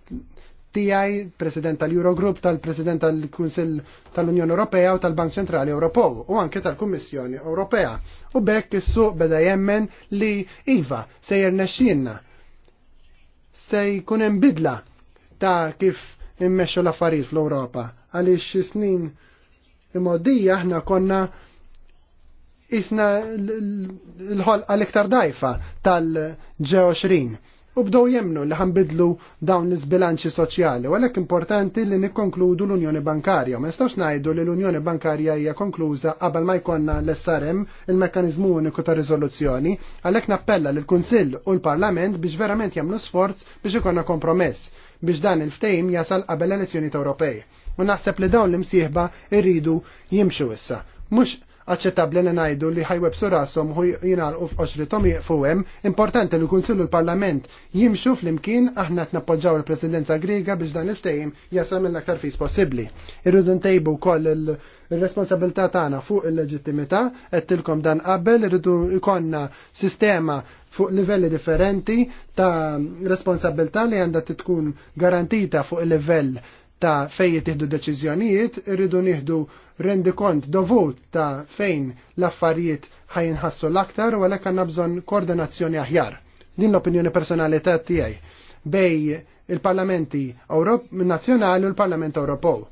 tiegħi president tal-Eurogroup, tal-President tal-Kunsill tal-Unjoni Ewropea u tal-Bank Ċentrali Ewropew u anke tal-Kummissjoni Ewropea. U bekk is-suq beda jemmen li iva sejjer nexxielna se jkun hemm bidla ta' kif immexxu l-affarijiet fl-Ewropa għaliex snin imodija aħna konna isna l ħol għal iktar dajfa tal-20 u bdow jemnu li ħanbidlu dawn l-sbilanċi soċjali, u għalek importanti li nikkonkludu l-Unjoni Bankarja. Ma jistax najdu li l-Unjoni Bankarja hija konkluża qabel ma jkonna l-SRM, il-Mekkanizmu Uniku ta' Riżoluzzjoni, għalek nappella l kunsill u l-Parlament biex verament jagħmlu sforz biex ikonna kompromess biex dan il-ftejm jasal qabel l-elezzjoni Ewropej. U naħseb li dawn l-imsieħba irridu jimxu issa. Mux aċċettabli li ngħidu li ħajweb su rashom u jingħalqu f'qoxrithom jieqfu hemm, importanti li l-Kunsill l-Parlament jimxu flimkien aħna nappoġġaw il-Presidenza Grega biex dan il-ftehim jasal l aktar fis possibbli. Irridu ntejbu wkoll il- il-responsabilità tagħna fuq il-leġittimità qed tilkom dan qabel irridu jkollna sistema fuq livelli differenti ta' responsabilità li għandha tkun garantita fuq il-livell ta' fejn jittieħdu deċiżjonijiet, irridu nieħdu rendi kont dovut ta' fejn l-affarijiet ħajinħassu l-aktar u għalhekk għandna bżonn koordinazzjoni aħjar. Din l-opinjoni personali ta' tiegħi bej il-Parlamenti Nazzjonali u l-Parlament Ewropew.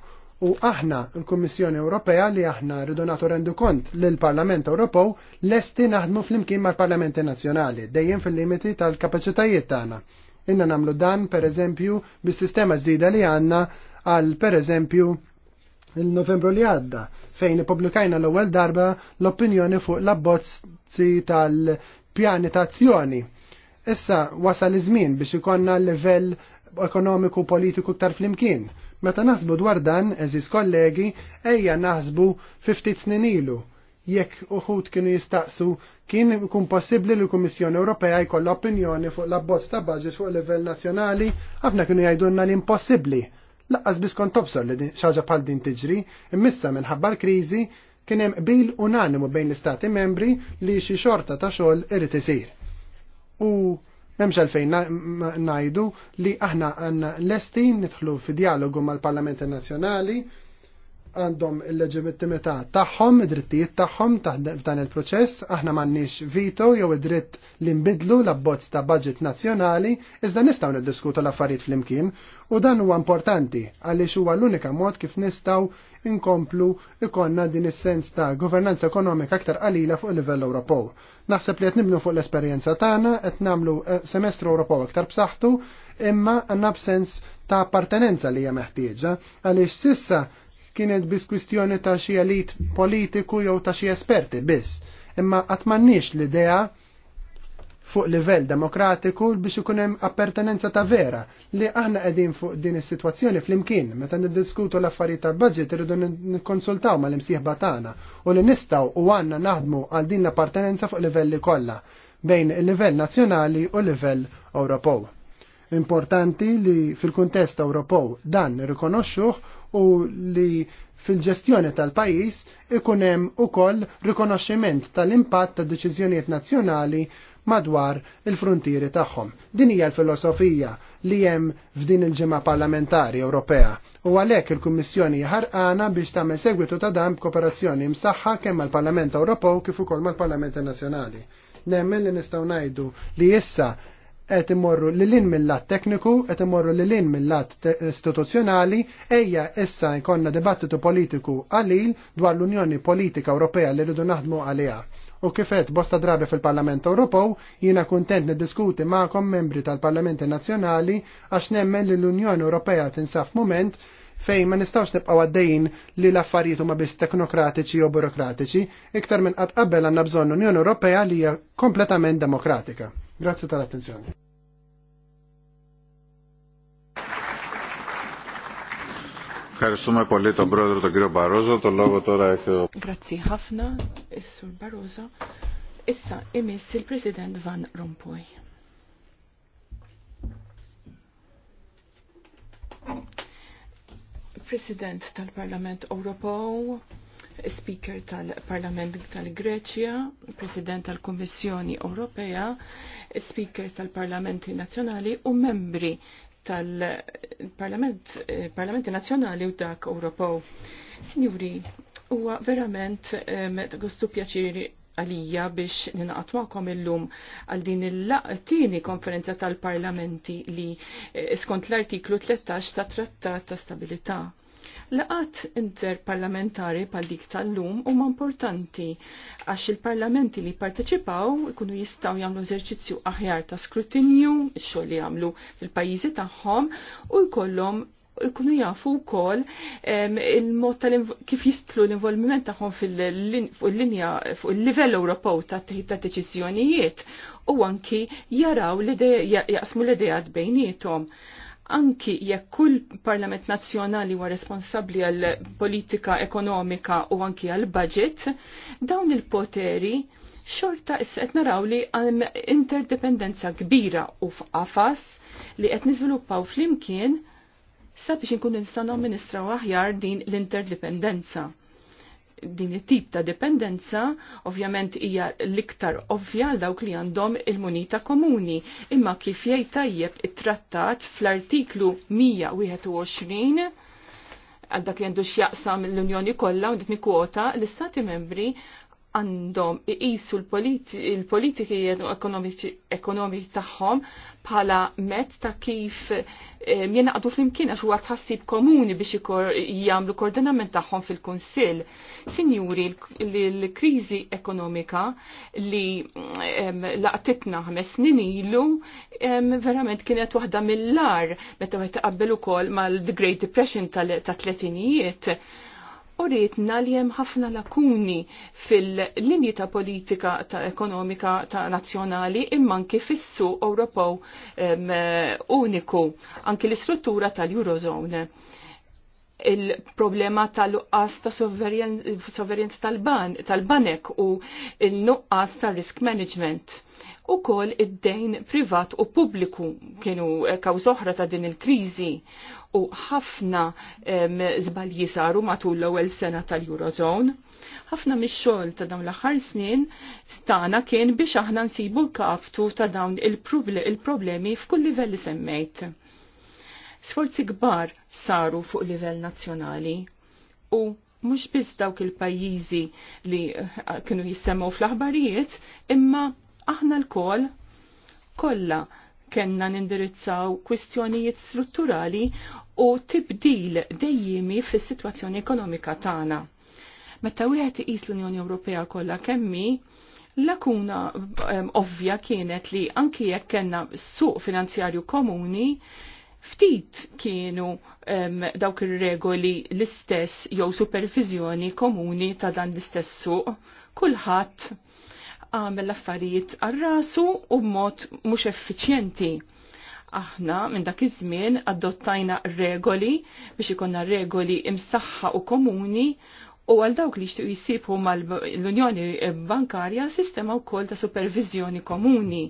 U aħna l-Kummissjoni Ewropea li aħna rridu nagħtu rendu kont lill parlament Ewropew lesti naħdmu flimkien mal-Parlamenti Nazzjonali dejjem fil-limiti tal-kapaċitajiet tagħna. Inna namlu dan, per eżempju, bis-sistema ġdida li għandna għal per eżempju il-Novembru li għadda fejn ipublikajna l-ewwel darba l-opinjoni fuq l-abbozzi tal-pjani ta' azzjoni. Issa wasal iż-żmien biex ikonna l-livell ekonomiku politiku ktar flimkien. Meta naħsbu dwar dan, eżis kollegi, ejja naħsbu 50 snin ilu. Jekk uħut kienu jistaqsu, kien ikun possibbli li l-Kummissjoni Ewropea jkollha opinjoni fuq l-abbozz ta' budget fuq livell nazzjonali, ħafna kienu jgħidulna l-impossibbli laqqas biskon tobsor li xaġa bħal din tiġri, immissa minħabba l-kriżi kien hemm bil unanimu bejn l-istati membri li xi xorta ta' xogħol irid isir. U hemmx għalfejn najdu li aħna għandna l nidħlu fi dialogu mal-Parlament Nazzjonali għandhom il-leġimittimità tagħhom, id-drittijiet tagħhom f'dan il-proċess, aħna m'għandniex vito jew id-dritt li nbidlu l-abbozz ta' budget nazzjonali, iżda nistgħu niddiskutu l-affarijiet flimkien u dan huwa importanti għaliex huwa l-unika mod kif nistgħu nkomplu ikonna din is-sens ta' governanza ekonomika aktar qalila fuq il-livell Ewropew. Naħseb li qed nibnu fuq l-esperjenza tagħna qed nagħmlu eh, semestru Ewropew aktar b'saħħtu imma għandna b'sens ta' appartenenza li hija meħtieġa għaliex sissa kienet biss kwistjoni ta' xi elit politiku jew ta' xi esperti biss. Imma qatt m'għandniex l-idea fuq livell demokratiku biex ikun hemm appartenenza ta' vera li aħna qegħdin fuq din is-sitwazzjoni flimkien meta niddiskutu l-affarijiet tal-budget irridu nikkonsultaw mal-imsieħba tagħna u li nistgħu u għandna naħdmu għal din l-appartenenza fuq livelli kollha bejn il-livell nazzjonali u livell Ewropew. Importanti li fil-kuntest Ewropew dan irrikonoxxuh u li fil-ġestjoni tal-pajis ikun hemm ukoll rikonoxximent tal-impatt ta' deċizjoniet nazzjonali madwar il-frontieri tagħhom. Din hija l-filosofija li hemm f'din il-ġimgħa parlamentari Ewropea u għalhekk il-Kummissjoni ħarqana biex tagħmel segwitu ta' dan b'kooperazzjoni msaħħa kemm mal-Parlament Ewropew kif ukoll mal-Parlamenti Nazzjonali. Nemmen li nistgħu ngħidu li issa qed imorru lilin mill-lat tekniku, qed imorru lilin mill-lat istituzzjonali, ejja issa jkollna dibattitu politiku għalil dwar l-Unjoni Politika Ewropea li rridu naħdmu għaliha. U kifet bosta drabi fil-Parlament Ewropew, jiena kuntent niddiskuti magħkom membri tal-Parlamenti Nazzjonali għax nemmen li l-Unjoni Ewropea tinsaf moment fejn ma nistawx nibqgħu għaddejjin li l-affarijiet huma biss teknokratiċi u burokratiċi, iktar minn qatt qabel għandna bżonn Unjoni Ewropea li hija kompletament demokratika. Grazie tal-attenzjoni. Ευχαριστούμε πολύ τον πρόεδρο τον κύριο Μπαρόζο. Το λόγο τώρα έχει ο... Grazie ħafna, Sur Barroso. Issa imiss il Presidente Van Rompuy. President tal-Parlament Ewropew, Speaker tal-Parlament tal-Greċja, President tal-Kommissjoni Ewropea, speakers tal-parlamenti nazzjonali u membri tal-parlamenti eh, -parlament, nazzjonali u dak Ewropew. Sinjuri, huwa verament met gustu pjaċiri għalija biex ninaqatwakom illum għal din il-laqtini konferenza tal-parlamenti li eh, skont l-artiklu 13 ta' trattat ta' stabilità Laqat interparlamentari pal dik tal-lum huma importanti għax il-parlamenti li parteċipaw ikunu jistaw jagħmlu eżerċizzju aħjar ta' skrutinju, x-xogħol li jagħmlu fil-pajjiżi tagħhom u jkollhom ikunu jafu wkoll il-mod kif jistlu l-involviment tagħhom fil-linja fuq il-livell Ewropew ta' ta' deċiżjonijiet u anki jaraw l-idea jaqsmu l-idejat bejnietom anki jekk kull parlament nazzjonali huwa responsabbli għal politika ekonomika u anki għal budget, dawn il-poteri xorta issa qed naraw li għal interdependenza kbira u f'qafas li qed niżviluppaw flimkien sabiex inkun nistgħu amministraw aħjar din l-interdependenza din it-tip ta' dipendenza ovvjament hija l-iktar ovvja għal dawk li għandhom il-munita komuni, imma kif jgħid tajjeb it-trattat fl-artiklu 121 għal dak li għandu x'jaqsam l-Unjoni kollha u dik nikwota l-Istati membri għandhom iqisu l-politiki ekonomiċi tagħhom bħala mezz ta' kif eh, jenaqdu flimkien għax huwa tħassib komuni biex jagħmlu koordinament tagħhom fil-Kunsill. Sinjuri, l-kriżi ekonomika li laqtitna ħames snin ilu verament kienet waħda mill-lar meta wieħed taqabbel ukoll mal-The Great Depression tal-tletinijiet. Ta u rritna ħafna lakuni fil-linji ta' politika ta' ekonomika ta' nazzjonali immanki fissu Ewropew uniku, anki l-istruttura tal-Eurozone il-problema tal-uqqas ta' sovverjenz tal-banek u il-nuqqas ta' risk management u kol id-dejn privat u publiku kienu eh, oħra ta' din il-krizi u ħafna zbalji saru matul l-ewwel sena tal-Eurozone. Ħafna mix-xogħol ta' dawn l-aħħar snin stana kien biex aħna nsibu l-kaftu ta' dawn il-problemi f'kull livell li semmejt. Sforzi kbar saru fuq livell nazzjonali u mhux biss dawk il-pajjiżi li eh, kienu jissemgħu fl-aħbarijiet, imma aħna l-kol kolla kenna nindirizzaw kwistjonijiet strutturali u tibdil dejjimi fis situazzjoni ekonomika tagħna. Meta wieħed iqis l-Unjoni Ewropea kollha kemmi, lakuna ovvja kienet li anki jekk kenna suq finanzjarju komuni, ftit kienu um, dawk ir-regoli l-istess jew supervizjoni komuni ta' dan l-istess suq, kulħadd għamil l-affarijiet għal-rasu u mod mhux effiċjenti. Aħna minn dak iż-żmien adottajna regoli biex ikonna regoli imsaħħa u komuni u għal dawk li jixtiequ jisibu mal-Unjoni Bankarja sistema wkoll ta' supervizjoni komuni.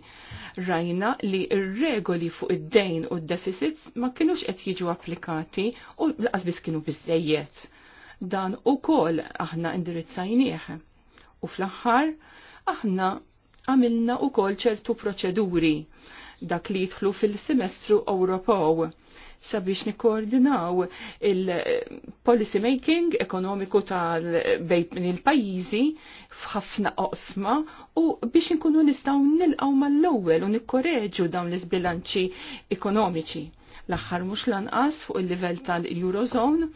Rajna li r-regoli fuq id-dejn u d-deficits ma kienux qed jiġu applikati u l biss kienu biżejjed. Dan ukoll aħna indirizzajnieh. U fl-aħħar aħna għamilna u kol ċertu proċeduri dak li jidħlu fil-semestru Ewropew sabiex nikkoordinaw il-policy eh, making ekonomiku tal bejn il-pajjiżi f'ħafna oqsma u biex inkunu nistgħu nilqgħu mal-ewwel u nikkoreġu dawn l iżbilanċi ekonomiċi. L-aħħar mhux lanqas fuq il-livell tal-Eurozone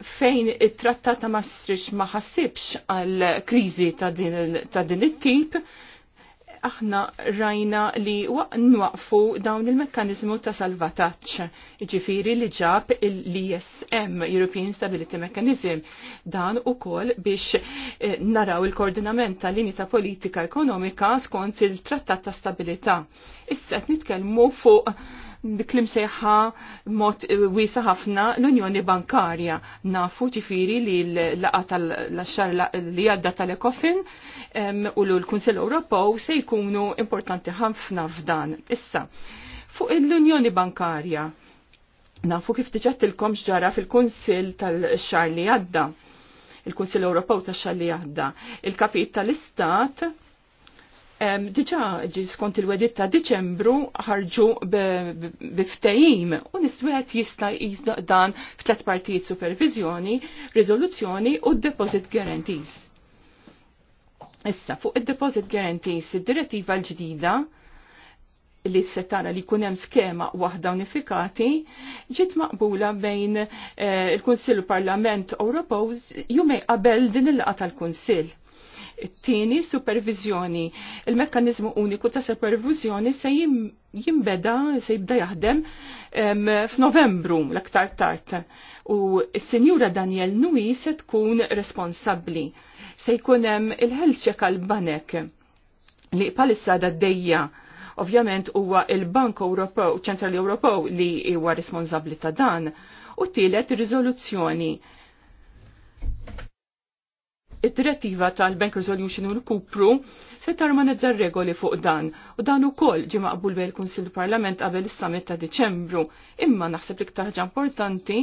fejn it-trattat ta' strix ma ħassibx għal kriżi ta' din it-tip, aħna rajna li nwaqfu dawn il-mekkanizmu ta' salvataċ, ġifiri li ġab l-ISM, European Stability Mechanism, dan u kol biex eh, naraw il-koordinament tal lini ta' politika ekonomika skont il-trattat ta' stabilita. Issa nitkelmu fuq biklim sejħa mod eh, wiesa ħafna l-Unjoni Bankarja. Nafu ġifiri li l-laqa tal-xar li għadda tal-Ekofin u l-Kunsel Ewropew se jkunu importanti ħafna f'dan. Issa, fuq l-Unjoni Bankarja, nafu kif il-kom xġara fil kunsel tal-xar li għadda il kunsel Ewropew tax-xar li għadda. Il-Kapit tal-Istat Diċa ġi skont il-wedit ta' Diċembru ħarġu biftejim u niswet jista jizda dan f'tlet partijiet supervizjoni, rizoluzzjoni u deposit guarantees. Issa, fuq il-deposit guarantees, id-direttiva l-ġdida li s settara li kunem skema wahda unifikati ġiet maqbula bejn eh, il-Kunsill u Parlament Ewropew jumej qabel din il-laqa tal-Kunsill. Tieni supervizjoni. Il-mekkanizmu uniku ta' supervizjoni se jimbeda, se jibda jaħdem f'Novembru l-aktar tard. U s-Sinjura Daniel Nui se tkun responsabbli. Se jkun hemm il-health check għal-banek li palissa d-dejja ovvjament huwa il-Bank Ewropew, Ċentrali Ewropew li huwa responsabbli ta' dan, u tielet riżoluzzjoni id-direttiva tal-Bank Resolution u l-Kupru se tarmanizza regoli fuq dan u dan ukoll ġi maqbul bejn il-Kunsill Parlament qabel is-summit ta' Diċembru. Imma naħseb li iktar ħaġa importanti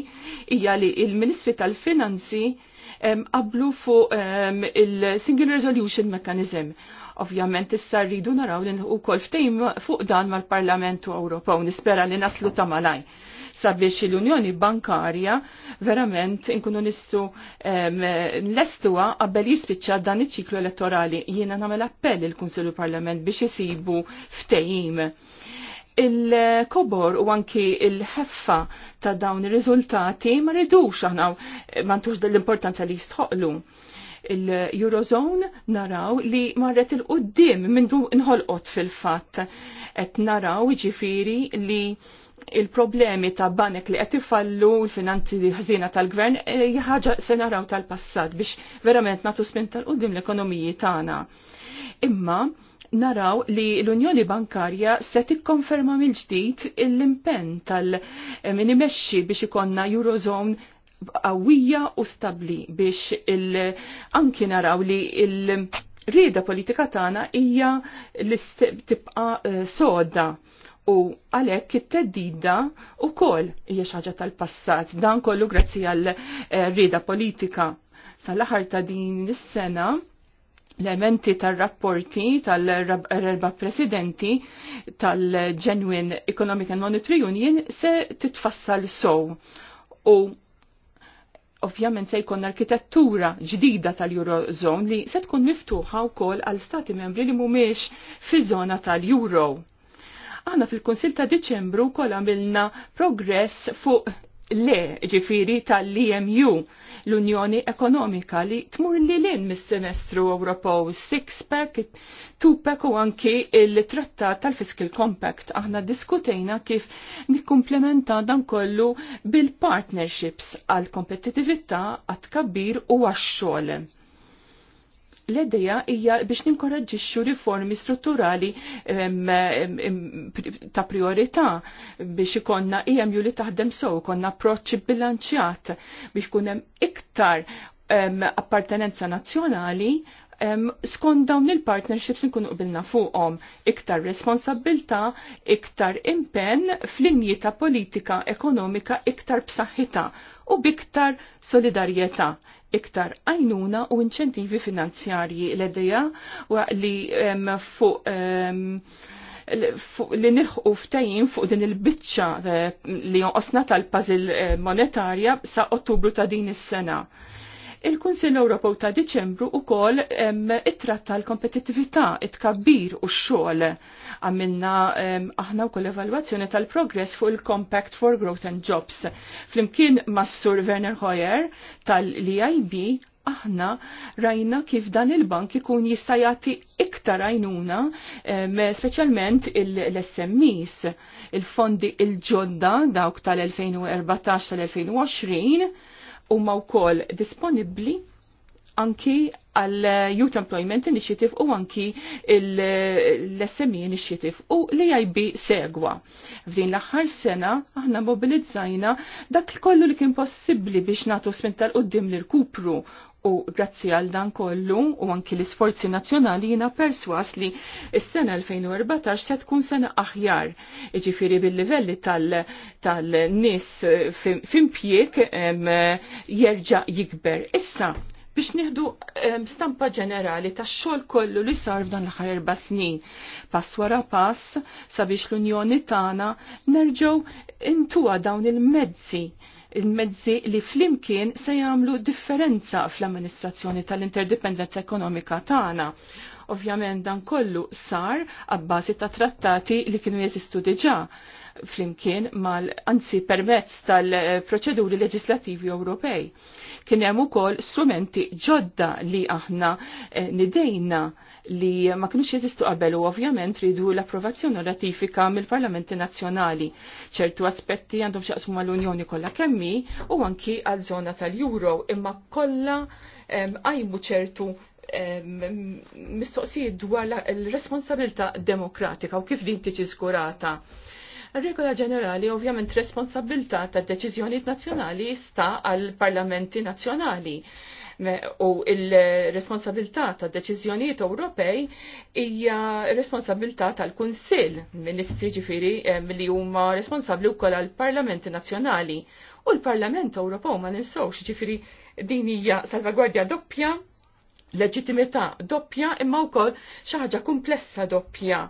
hija li l-Ministri tal-Finanzi qablu fuq il-Single Resolution Mechanism. Ovvjament issa rridu naraw li ukoll ftejm fuq dan mal-Parlamentu Ewropew nispera li naslu ta' malaj sabiex l-Unjoni Bankarja verament inkunu nistu nlestuwa qabel jispiċċa dan iċ-ċiklu elettorali. Jiena nagħmel appell il kunsilu Parlament biex isibu ftehim il-kobor u anki il-ħeffa ta' dawn ir-riżultati ma ridux aħna ma ntux l-importanza li jistħoqlu. Il-Eurozone naraw li marret il-qoddim minn nħolqot fil-fatt. Et naraw ġifiri li il-problemi ta' banek li qed ifallu l-finanzi ħżina tal-gvern e, ħaġa se naraw tal-passat biex verament nagħtu spin tal-qudiem l-ekonomiji tagħna. Imma naraw li l-Unjoni Bankarja se tikkonferma mill-ġdid l-impenn tal-minimexxi e, biex ikonna Eurozone qawwija u stabli biex anki naraw li il rida politika tagħna hija li tibqa' e, soda u għalhekk it-teddida wkoll hija xi ħaġa tal-passat dan kollu grazzi għal eh, rida politika. Sal-aħħar ta' din is-sena l-elementi tal-rapporti tal-erba presidenti tal-Genuine Economic and Monetary Union se titfassal sow. U ovvjament se jkun arkitettura ġdida tal-Eurozone li se tkun miftuħa wkoll għal stati membri li mhumiex fiż-żona tal-Euro. Aħna fil-Konsil ta' Deċembru kol għamilna progress fuq le ġifiri tal-EMU, l-Unjoni Ekonomika li tmur li l-in mis-semestru Ewropew, six-pack, two-pack u anki il-trattat tal-Fiscal Compact. Aħna diskutejna kif nikkumplementa dan kollu bil-partnerships għal kompetitività għat kabbir u għax-xogħol l-ideja hija biex ninkoraġġixxu riformi strutturali ta' priorità biex ikonna EMU li taħdem sew konna approċċ bilanċjat biex kun hemm iktar appartenenza nazzjonali skont dawn il-partnerships nkunu qbilna fuqhom iktar responsabilta, iktar impenn fl-linji ta' politika ekonomika iktar b'saħħitha u biktar solidarjetà, iktar għajnuna u inċentivi finanzjarji l-edeja li fuq li nilħu ftajin fuq din il-bicċa eh, li jonqosna tal-pazil eh, monetarja sa' ottubru ta' din is-sena Il-Kunsill Ewropew ta' Diċembru ukoll ittratta l-kompetittività, it-kabbir u x-xogħol. Għamilna aħna wkoll evalwazzjoni tal-progress fuq il-Compact for Growth and Jobs. Flimkien mas-Sur Werner Hoyer tal-EIB aħna rajna kif dan il-bank ikun jista' jagħti iktar għajnuna, speċjalment l-SMEs, il-fondi il-ġodda dawk tal-2014 tal-2020, huma wkoll disponibbli anki għal Youth Employment Initiative u anki l-SME Initiative u li aib segwa. F'din l-aħħar sena aħna mobilizzajna dak kollu li kien possibbli biex nagħtu spintal qudiem l-irkupru U grazzi għal dan kollu u anki l-isforzi nazzjonali jina perswas li s-sena 2014 se tkun sena aħjar. Iġifiri bil-livelli tal-nis tal fimpjek jerġa jikber. Issa, biex nieħdu stampa ġenerali ta' xogħol kollu li sar f'dan l-aħħar erba' snin. Pass wara pass sabiex l-Unjoni tagħna nerġgħu intuha dawn il-mezzi il-mezzi li flimkien se jagħmlu differenza fl-amministrazzjoni tal-interdipendenza ekonomika tagħna. Ovvjament dan kollu sar abbażi ta' trattati li kienu jeżistu diġà flimkien mal anzi permezz tal-proċeduri leġislativi Ewropej. Kien hemm ukoll strumenti ġodda li aħna eh, nidejna li ma kienux jeżistu qabel u ovvjament ridu l-approvazzjoni u ratifika mill-Parlamenti Nazzjonali. ċertu aspetti għandhom xaqsmu mal-Unjoni kollha kemmi u anki għal żona tal-Euro imma kollha għajmu ċertu mistoqsijiet dwar l-responsabilità demokratika u kif din tiġi skurata. Regola ġenerali ovvjament responsabilità tad deċiżjonijiet nazzjonali sta għal parlamenti nazzjonali u il-responsabilità ta' deċiżjonijiet Ewropej hija responsabilità tal-Kunsill, ministri ġifiri li huma responsabbli wkoll għall-Parlamenti Nazzjonali. U l-Parlament Ewropew ma ninsewx, ġifiri din hija salvagwardja doppja leġittimità doppja imma wkoll xi ħaġa komplessa doppja.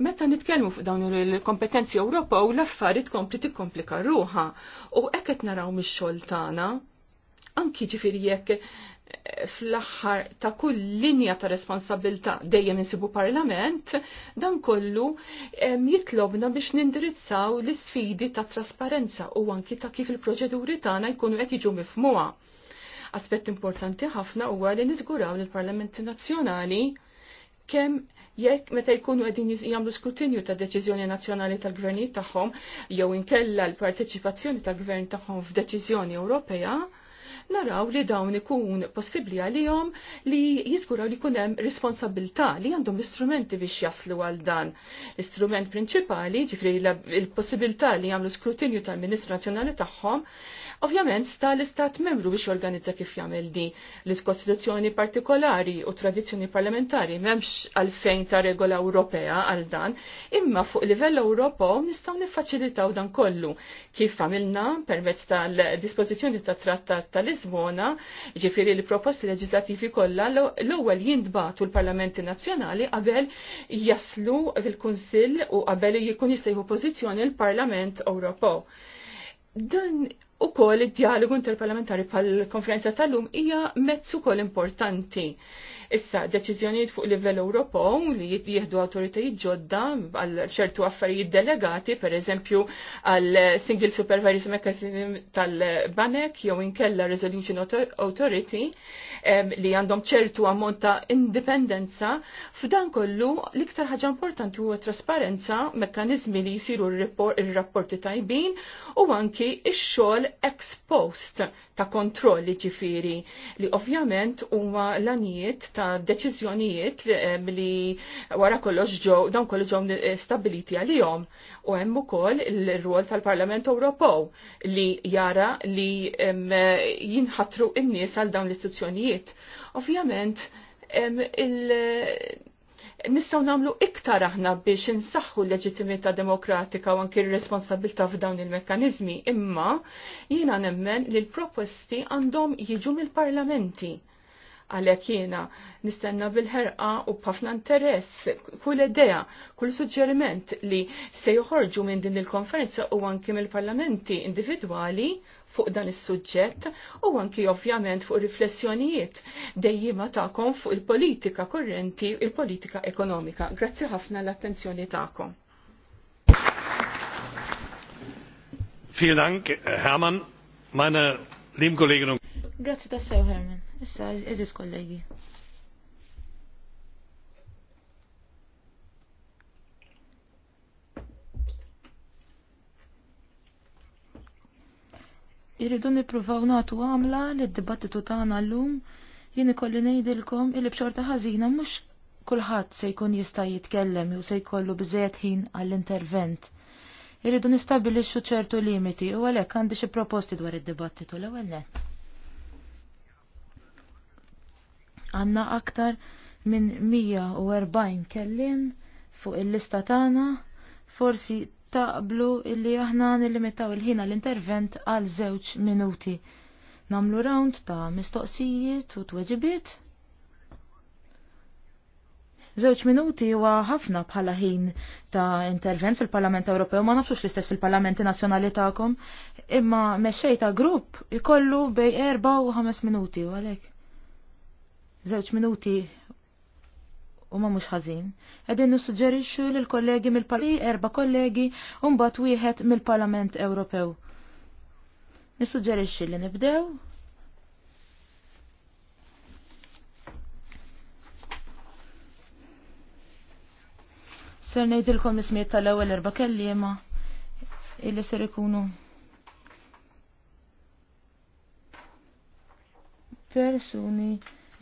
Meta nitkellmu fuq dawn il-kompetenzi Ewropew l-affarijiet kompli tikkomplika ruha u hekk qed naraw mix-xogħol tagħna anki ġifiri jekk eh, fl-axħar ta' kull linja ta' responsabilta dejjem insibu parlament, dan kollu jitlobna biex nindirizzaw l-sfidi ta' trasparenza u anki ta' kif il-proċeduri tagħna jkunu qed jiġu mifmuha. Aspett importanti ħafna huwa li niżguraw lill parlamenti nazzjonali kemm jekk meta jkunu qegħdin jagħmlu skrutinju ta' deċiżjoni nazzjonali tal-gvernijiet tagħhom jew inkella l-parteċipazzjoni tal-gvern tagħhom f'deċiżjoni Ewropea, naraw li dawn ikun possibbli għalihom li jiżguraw li jkun hemm responsabilità li għandhom l-istrumenti biex jaslu għal dan. L-istrument prinċipali ġifri l-possibilità li jagħmlu skrutinju tal-Ministru Nazzjonali tagħhom Ovvjament sta l-istat membru biex organizza kif jagħmel di l-iskostituzzjoni partikolari u tradizzjoni parlamentari m'hemmx għalfejn ta' regola Ewropea għal dan, imma fuq livell Ewropew nistgħu niffaċilitaw dan kollu kif għamilna permezz tal-dispożizzjoni ta' trattat ta' Lisbona, ġifieri li proposti leġislattivi kollha l-ewwel jintbatu l-Parlamenti Nazzjonali qabel jaslu fil-Kunsill u qabel jkun jista' pożizzjoni l-Parlament Ewropew. Dan U kol id-dialogu interparlamentari pal-konferenza tal-lum hija mezz ukoll importanti. Issa, deċiżjonijiet fuq livell Ewropew li jieħdu awtoritajiet ġodda għal ċertu affarijiet delegati, per eżempju għal Single Supervisory Mechanism tal-Banek jew inkella Resolution Authority em, li għandhom ċertu ammont ta' indipendenza, f'dan kollu l-iktar ħaġa importanti huwa trasparenza, mekkaniżmi li jisiru ir rapporti tajbin u anki ix-xogħol ex post ta' kontrolli ġifiri li ovvjament huma l-anijiet ta' deċiżjonijiet li wara kollox ġew dawn kollox ġew eh, stabiliti għalihom u hemm ukoll ir-rwol tal-Parlament Ewropew li jara li jinħatru n-nies għal dawn l-istituzzjonijiet. Ovvjament il nistgħu nagħmlu iktar aħna biex insaħħu l-leġittimità demokratika u anki r-responsabilità f'dawn il-mekkaniżmi, imma jiena nemmen li l-proposti għandhom jiġu mill-parlamenti għalek jiena nistenna bil-ħerqa u b'ħafna interess, kull idea, kull suġġeriment li se joħorġu minn din il-konferenza u anki mill-parlamenti individwali fuq dan is-suġġett u anki ovvjament fuq riflessjonijiet dejjima tagħkom fuq il-politika korrenti, il-politika ekonomika. Grazzi ħafna l-attenzjoni tagħkom. Vielen Dank, Hermann. Meine lieben Kolleginnen und Grazie tassew, Herman. Issa, eżis kollegi. Irridu nippruvaw nagħtu għamla li d-dibattitu tagħna llum jien ikolli ngħidilkom illi b'xorta ħażina mhux kulħadd se jkun jista' jitkellem u se jkollu biżejjed ħin għall-intervent. Irridu nistabilixxu ċertu limiti u għalhekk għandi xi proposti dwar id-dibattitu l-ewwel nett. għanna aktar minn 140 kellim fuq il-lista tagħna forsi taqblu illi aħna nillimitaw il-ħina l-intervent għal żewġ minuti. Namlu round ta' mistoqsijiet u tweġibiet. Żewġ minuti huwa ħafna bħala ħin ta' intervent fil-Parlament Ewropew, ma nafux l-istess fil-Parlamenti Nazzjonali tagħkom, imma mexxej ta' grupp ikollu bej erba' u ħames minuti u għalhekk. Żewġ minuti u ma mux ħazin. Għedin nissuġġerixxu l kollegi mill-Pali erba kollegi u mbagħad wieħed mill-Parlament Ewropew. Nissuġġerixxi li nibdew Ser ngħidilkom ismijiet tal-ewwel erba' kelliema illi ser ikunu persuni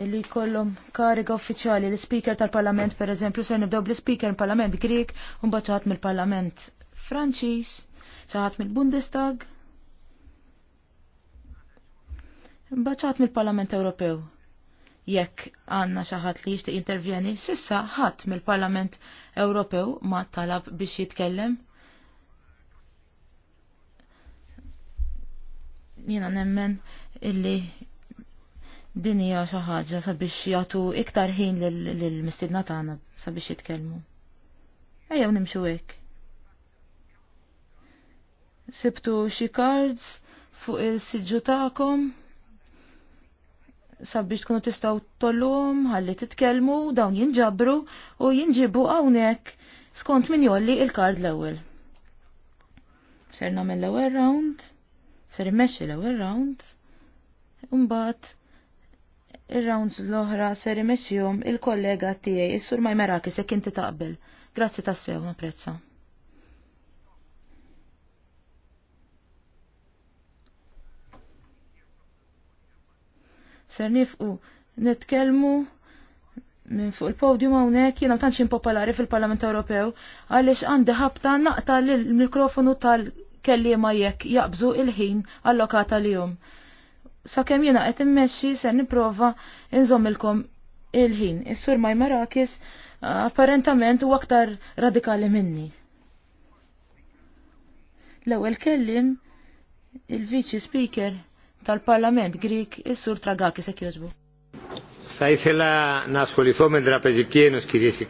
li kollum kariga uffiċjali l-Speaker tal-Parlament, per eżempju, se nibdew bl-Speaker parlament Grek, un baċaħat mill-Parlament Franċiż, ċaħat mill-Bundestag, baċaħat mill-Parlament Ewropew. Jekk għanna xaħat li jishtiq intervjeni, sissa ħadd mill-Parlament Ewropew ma talab biex jitkellem. jina nemmen illi Din hija xi ħaġa sabiex jagħtu iktar ħin lill-mistiedna tagħna sabiex jitkellmu. Ejjew nimxu hekk. Sibtu xi cards fuq is-siġġu tagħkom sabiex tkunu tistgħu tollhom ħalli titkellmu dawn jinġabru u jinġibu hawnhekk skont min jolli il-kard l-ewwel. Ser nagħmel l-ewwel round, ser immexxi l-ewwel round, imbagħad. mbagħad Ir-rounds l-oħra ser imissjum il-kollega tiegħi is-sur ma jmeraki se inti taqbel. Grazzi tassew, napprezza. Ser nifqu nitkellmu minn fuq il-podium hawnhekk jiena tantx impopolari fil-Parlament Ewropew għaliex għandi ħabta naqta l-mikrofonu tal-kelliema jekk jaqbżu il-ħin allokata li jum sakemm jiena qed immexxi se nipprova nżommilkom il-ħin. Is-sur Maj Marakis apparentament huwa aktar radikali minni. L-ewwel kellim il-Viċi Speaker tal-Parlament Grik is-sur Tragakis se jogħġbu. Θα ήθελα να ασχοληθώ με την τραπεζική ένωση, κυρίες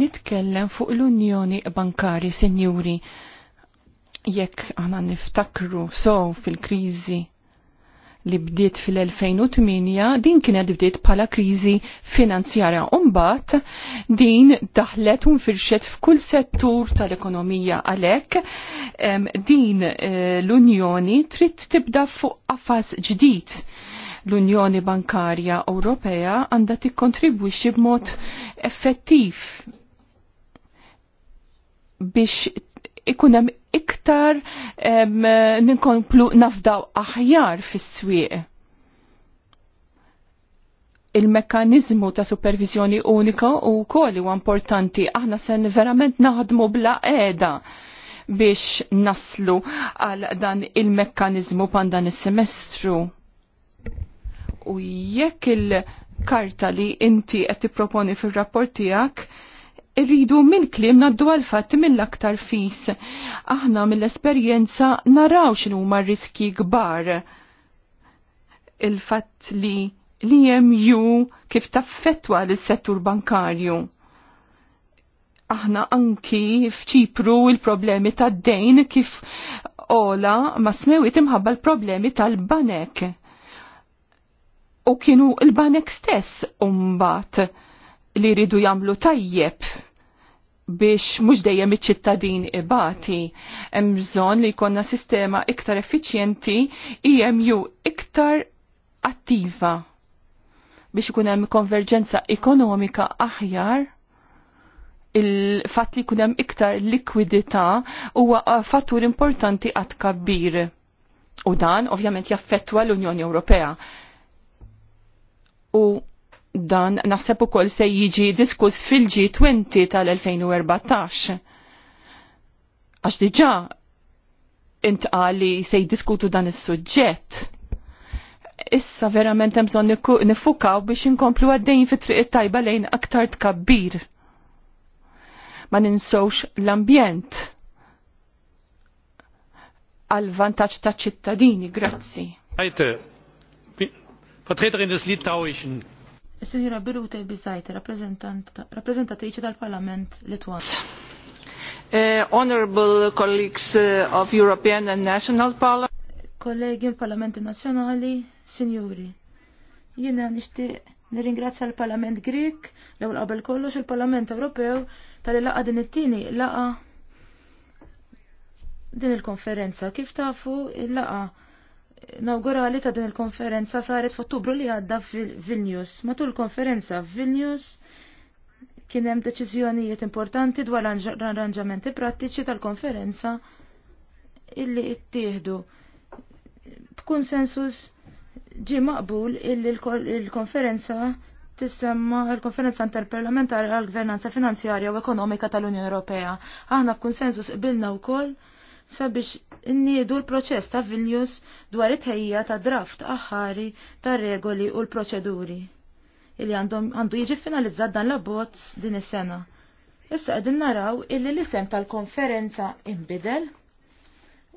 nitkellem fuq l-Unjoni Bankari senjuri jekk għana niftakru sow fil-krizi li bdiet fil-2008 din kienet bdiet bħala kriżi finanzjarja. Umbat din daħlet un firxet f'kull settur tal-ekonomija għalek din eh, l-Unjoni trid tibda fuq qafas ġdid l-Unjoni Bankarja Ewropea għandha tikkontribwixxi b'mod effettiv biex ikun hemm iktar ninkomplu nafdaw aħjar fis-swieq il-mekkanizmu ta' supervizjoni unika u koll huwa importanti. Aħna sen verament naħdmu bla qiegħda biex naslu għal dan il-mekkanizmu pan dan is-semestru. U jekk il-karta li inti qed tipproponi fir-rapport tiegħek irridu minn klim naddu għal-fatt mill-aktar fis. Aħna mill-esperjenza naraw xinu ma riski gbar. Il-fatt li l-EMU kif taffetwa l-settur bankarju. Aħna anki fċipru il-problemi ta' dejn kif ola ma smewit imħabba l-problemi tal-banek. U kienu il-banek stess umbat li ridu jamlu tajjeb biex mhux dejjem iċ-ċittadin ibati, hemm bżonn li jkollna sistema iktar effiċjenti IMU e iktar attiva biex ikun hemm konverġenza ekonomika aħjar il-fatt li jkun hemm iktar likwidità huwa fattur importanti għat kabbir. U dan ovvjament jaffettwa l-Unjoni Ewropea. U dan naħseb ukoll se jiġi diskuss fil-G20 tal-2014. Għax diġà intqali se jiddiskutu dan is-suġġett. Issa verament hemm bżonn nifukaw biex inkomplu għaddejn fit-triq tajba lejn aktar tkabbir. Ma ninsowx l-ambjent għal vantaġġ ta' ċittadini, grazzi. Vertreterin des Litauischen Signora Birute Bizajt, rappresentatrice tal-Parlament Litwan. Uh, honorable colleagues uh, of European and National Parliament. Kollegi l-Parlamenti Nazzjonali, Signori. Jina nishtiq nirringrazzja l-Parlament Grik, l-ewwel qabel kollox il-Parlament Ewropew tal laqa din it-tieni laqa din il-konferenza. Kif tafu il-laqa nawgurali ta' din il-konferenza saret f'Ottubru li għadda f'Vilnius. Matul konferenza f'Vilnius kien hemm deċiżjonijiet importanti dwar arranġamenti prattiċi tal-konferenza illi ittieħdu b'konsensus ġi maqbul illi l-konferenza tissemma l-konferenza interparlamentari għal gvernanza finanzjarja u ekonomika tal-Unjoni Ewropea. Aħna b'konsensus qbilna wkoll sabiex n-niedu l-proċess ta' Vilnius dwar it-ħejja ta' draft aħħari ta' regoli u l-proċeduri. Illi għandu jiġi finalizzat dan l-abbozz din is-sena. Issa qegħdin naraw illi l-isem tal-konferenza imbidel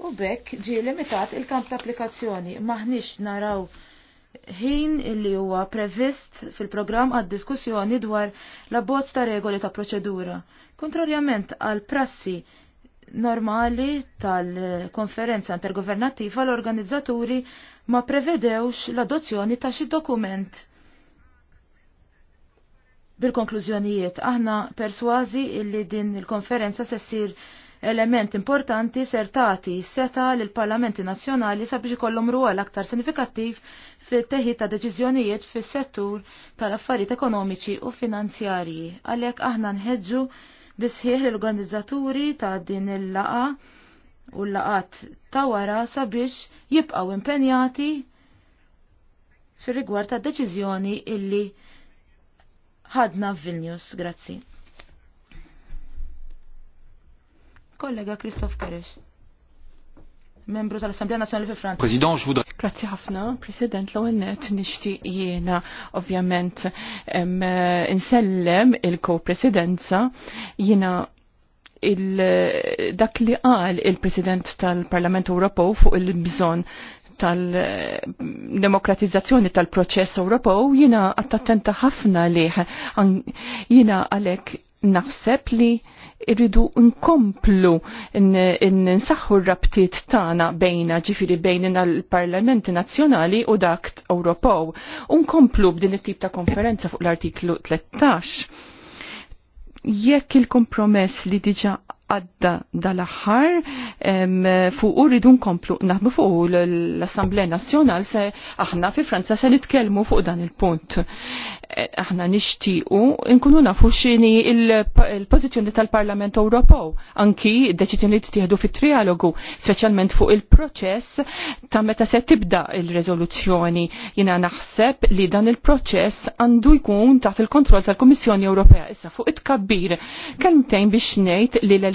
u bekk ġie limitat il-kamp ta' applikazzjoni maħniex naraw ħin illi huwa previst fil-programm għad diskussjoni dwar l-abbozz ta' regoli ta' proċedura. Kontrarjament għal prassi normali tal-konferenza intergovernattiva l-organizzaturi ma prevedewx l-adozzjoni ta' xi dokument. Bil-konklużjonijiet, aħna perswazi illi din il-konferenza se ssir element importanti ser tagħti seta lil parlamenti nazzjonali sabiex ikollhom rwol aktar sinifikattiv fit-teħid ta' deċiżjonijiet fis-settur tal-affarijiet ekonomiċi u finanzjarji. Għalhekk aħna nħeġġu bisħieħ l-organizzaturi ta' din il-laqa u l-laqat ta' wara sabiex jibqaw impenjati fir rigward ta' deċiżjoni illi ħadna Vilnius. Grazzi. Kollega Kristof Karex membru tal-Assemblea Nazzjonali fi Franza. President, je voudrais. Grazzi ħafna, President, l net nixtieq jiena ovvjament insellem il co presidenza jiena il dak li qal il-President tal-Parlament Ewropew fuq il-bżonn tal-demokratizzazzjoni tal-proċess Ewropew jiena għattattenta ħafna liħ jiena għalek naħseb li irridu nkomplu nsaħħu r-rabtiet tagħna bejna ġifiri bejnina l-Parlamenti Nazzjonali u dak Ewropew. Unkomplu b'din it-tip ta' konferenza fuq l-artiklu 13. Jekk il-kompromess li diġa għadda dal-axħar fuq rridu nkomplu naħbu fuq l-Assemblea Nazzjonal se aħna fi Franza se nitkellmu fuq dan il-punt. E, aħna nixtiequ nkunu nafu x'inhi il-pożizzjoni tal-Parlament Ewropew, anki d-deċiżjoni li tieħdu fit-trialogu, speċjalment fuq il-proċess ta' meta se tibda il-reżoluzzjoni. Jina naħseb li dan il-proċess għandu jkun taħt il-kontroll tal-Kummissjoni Ewropea issa fuq it-kabbir. Kemmtejn biex ngħid li l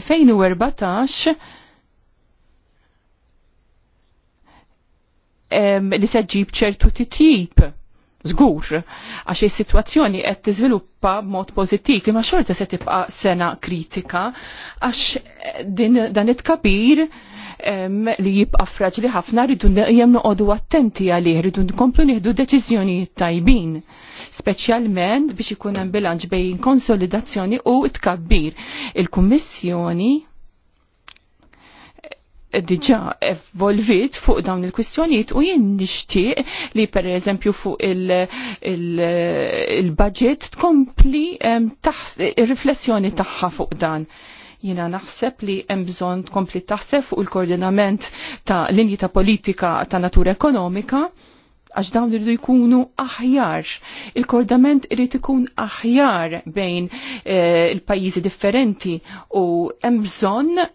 li se ċertu titjib. Zgur, għax is-sitwazzjoni qed tiżviluppa b'mod pożittiv, imma xorta se tibqa' sena kritika għax dan it-kabir li jibqa' fraġli ħafna rridu jemnu noqogħdu attenti għalih, rridu nkomplu nieħdu deċiżjonijiet tajbin speċjalment biex ikun hemm bilanċ bejn konsolidazzjoni u tkabbir. Il-Kummissjoni diġa evolvit fuq dawn il-kwistjonijiet u jien nixtieq li per eżempju fuq il-budget tkompli riflessjoni tagħha fuq dan. Jina naħseb li hemm bżonn tkompli taħseb fuq il-koordinament ta' linji ta' politika ta' natura ekonomika għax dawn irridu jkunu aħjar. Il-kordament irrid ikun aħjar bejn eh, il-pajjiżi differenti u hemm bżonn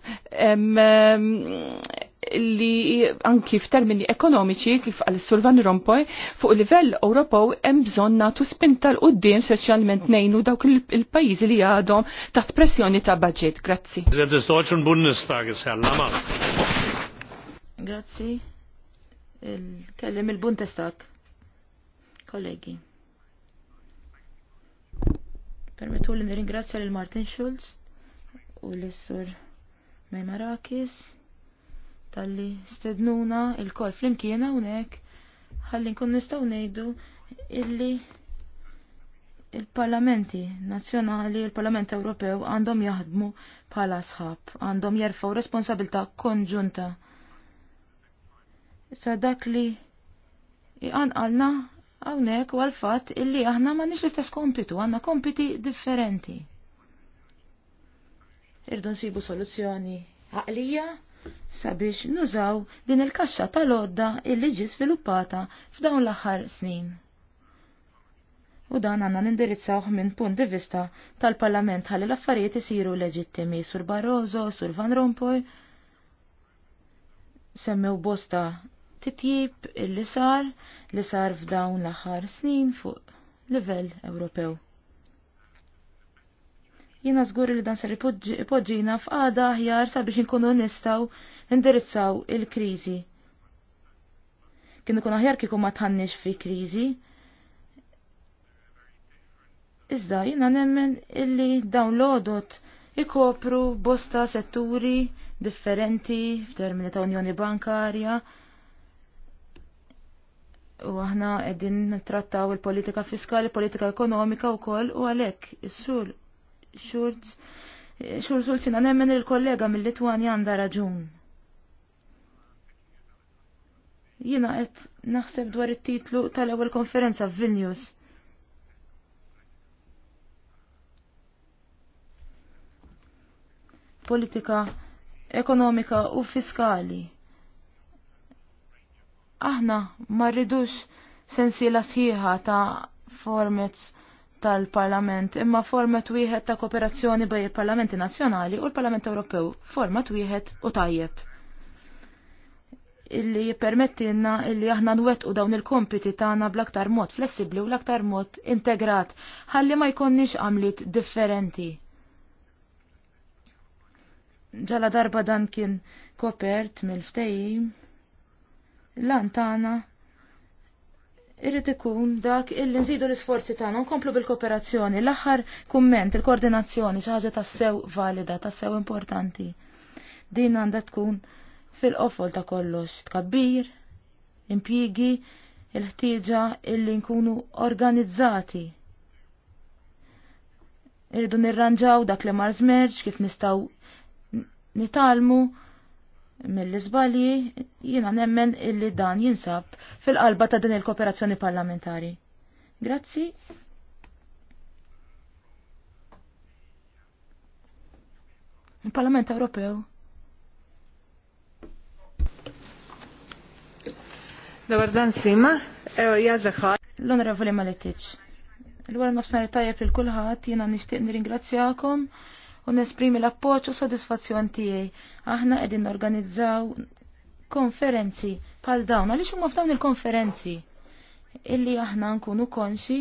li anki f'termini ekonomiċi kif għal Sulvan Rompoy fuq livell Ewropew hemm bżonn nagħtu spinta l qudiem speċjalment nejnu dawk il-pajjiżi li għadhom taħt pressjoni ta' budget. Grazzi. Grazzi kellem il buntestak Kollegi. Permetu li nirringrazzja lil Martin Schulz u l-Sur Memarakis tal-li stednuna il-kol flimkiena unek ħalli nkun nistaw nejdu illi il-parlamenti nazzjonali u l-Parlament Ewropew għandhom jaħdmu bħala sħab, għandhom jerfgħu responsabilità konġunta Sa dak li għalna għawnek u għalfat illi aħna ma nix l-istess kompitu, għanna kompiti differenti. Irdu nsibu soluzzjoni għaqlija sabiex nużaw din il-kaxxa tal-odda illi ġi sviluppata f'dawn l-aħħar snin. U dan għanna nindirizzawh minn punt di vista tal-Parlament ħalli l-affarijiet isiru leġittimi sur Barroso, sur Van Rompuy, semmew bosta titjib li sar li sar f'dawn l-aħħar snin fuq livell Ewropew. Jiena zgur li dan sar ipoġġina f'għada aħjar sabiex inkunu nistgħu nindirizzaw il-kriżi. Kien ikun aħjar kikum ma tħannix fi kriżi, Iżda jina nemmen illi dawn l-odot ikopru bosta setturi differenti f'termini ta' unjoni bankarja, u aħna qegħdin nittrattaw il-politika fiskali, politika ekonomika wkoll u għalhekk is-sur Schulz Xur sulċina nemmen il-kollega mill-Litwani għanda raġun. Jina qed naħseb dwar it-titlu tal-ewwel konferenza f'Vilnius. Politika ekonomika u fiskali aħna ma rridux sensiela sħiħa ta' formats tal-Parlament imma format wieħed ta' kooperazzjoni bej il-Parlamenti Nazzjonali u l-Parlament Ewropew, format wieħed u tajjeb. Illi jippermettilna illi aħna nwettqu dawn il-kompiti tagħna bl-aktar mod flessibbli u l-aktar mod integrat ħalli ma jkunniex għamlit differenti. Ġala darba dan kien kopert mill-ftejim lan tagħna irrid ikun dak illi nżidu l-isforzi tagħna nkomplu bil-kooperazzjoni. L-aħħar kumment, il-koordinazzjoni xi ħaġa tassew valida, tassew importanti. Din għandha tkun fil-qofol ta' kollox, tkabbir, impjigi, il-ħtieġa illi nkunu organizzati. Irridu nirranġaw dak li marżmerġ kif nistgħu nitalmu mill-izbalji jiena nemmen illi dan jinsab fil-qalba ta' din il-kooperazzjoni parlamentari. Grazzi. Il-Parlament Ewropew. Dobar dan sima, ewa jazzaħar. L-Onorevoli Maletic. l għal nofsan tajjeb il-kulħat jiena nishtiq nir-ingrazzjakom u nesprimi l appoċu u sodisfazzjon tiegħi. Aħna qegħdin organizzaw konferenzi pal dawn, għaliex huma f'dawn il-konferenzi illi aħna nkunu konxi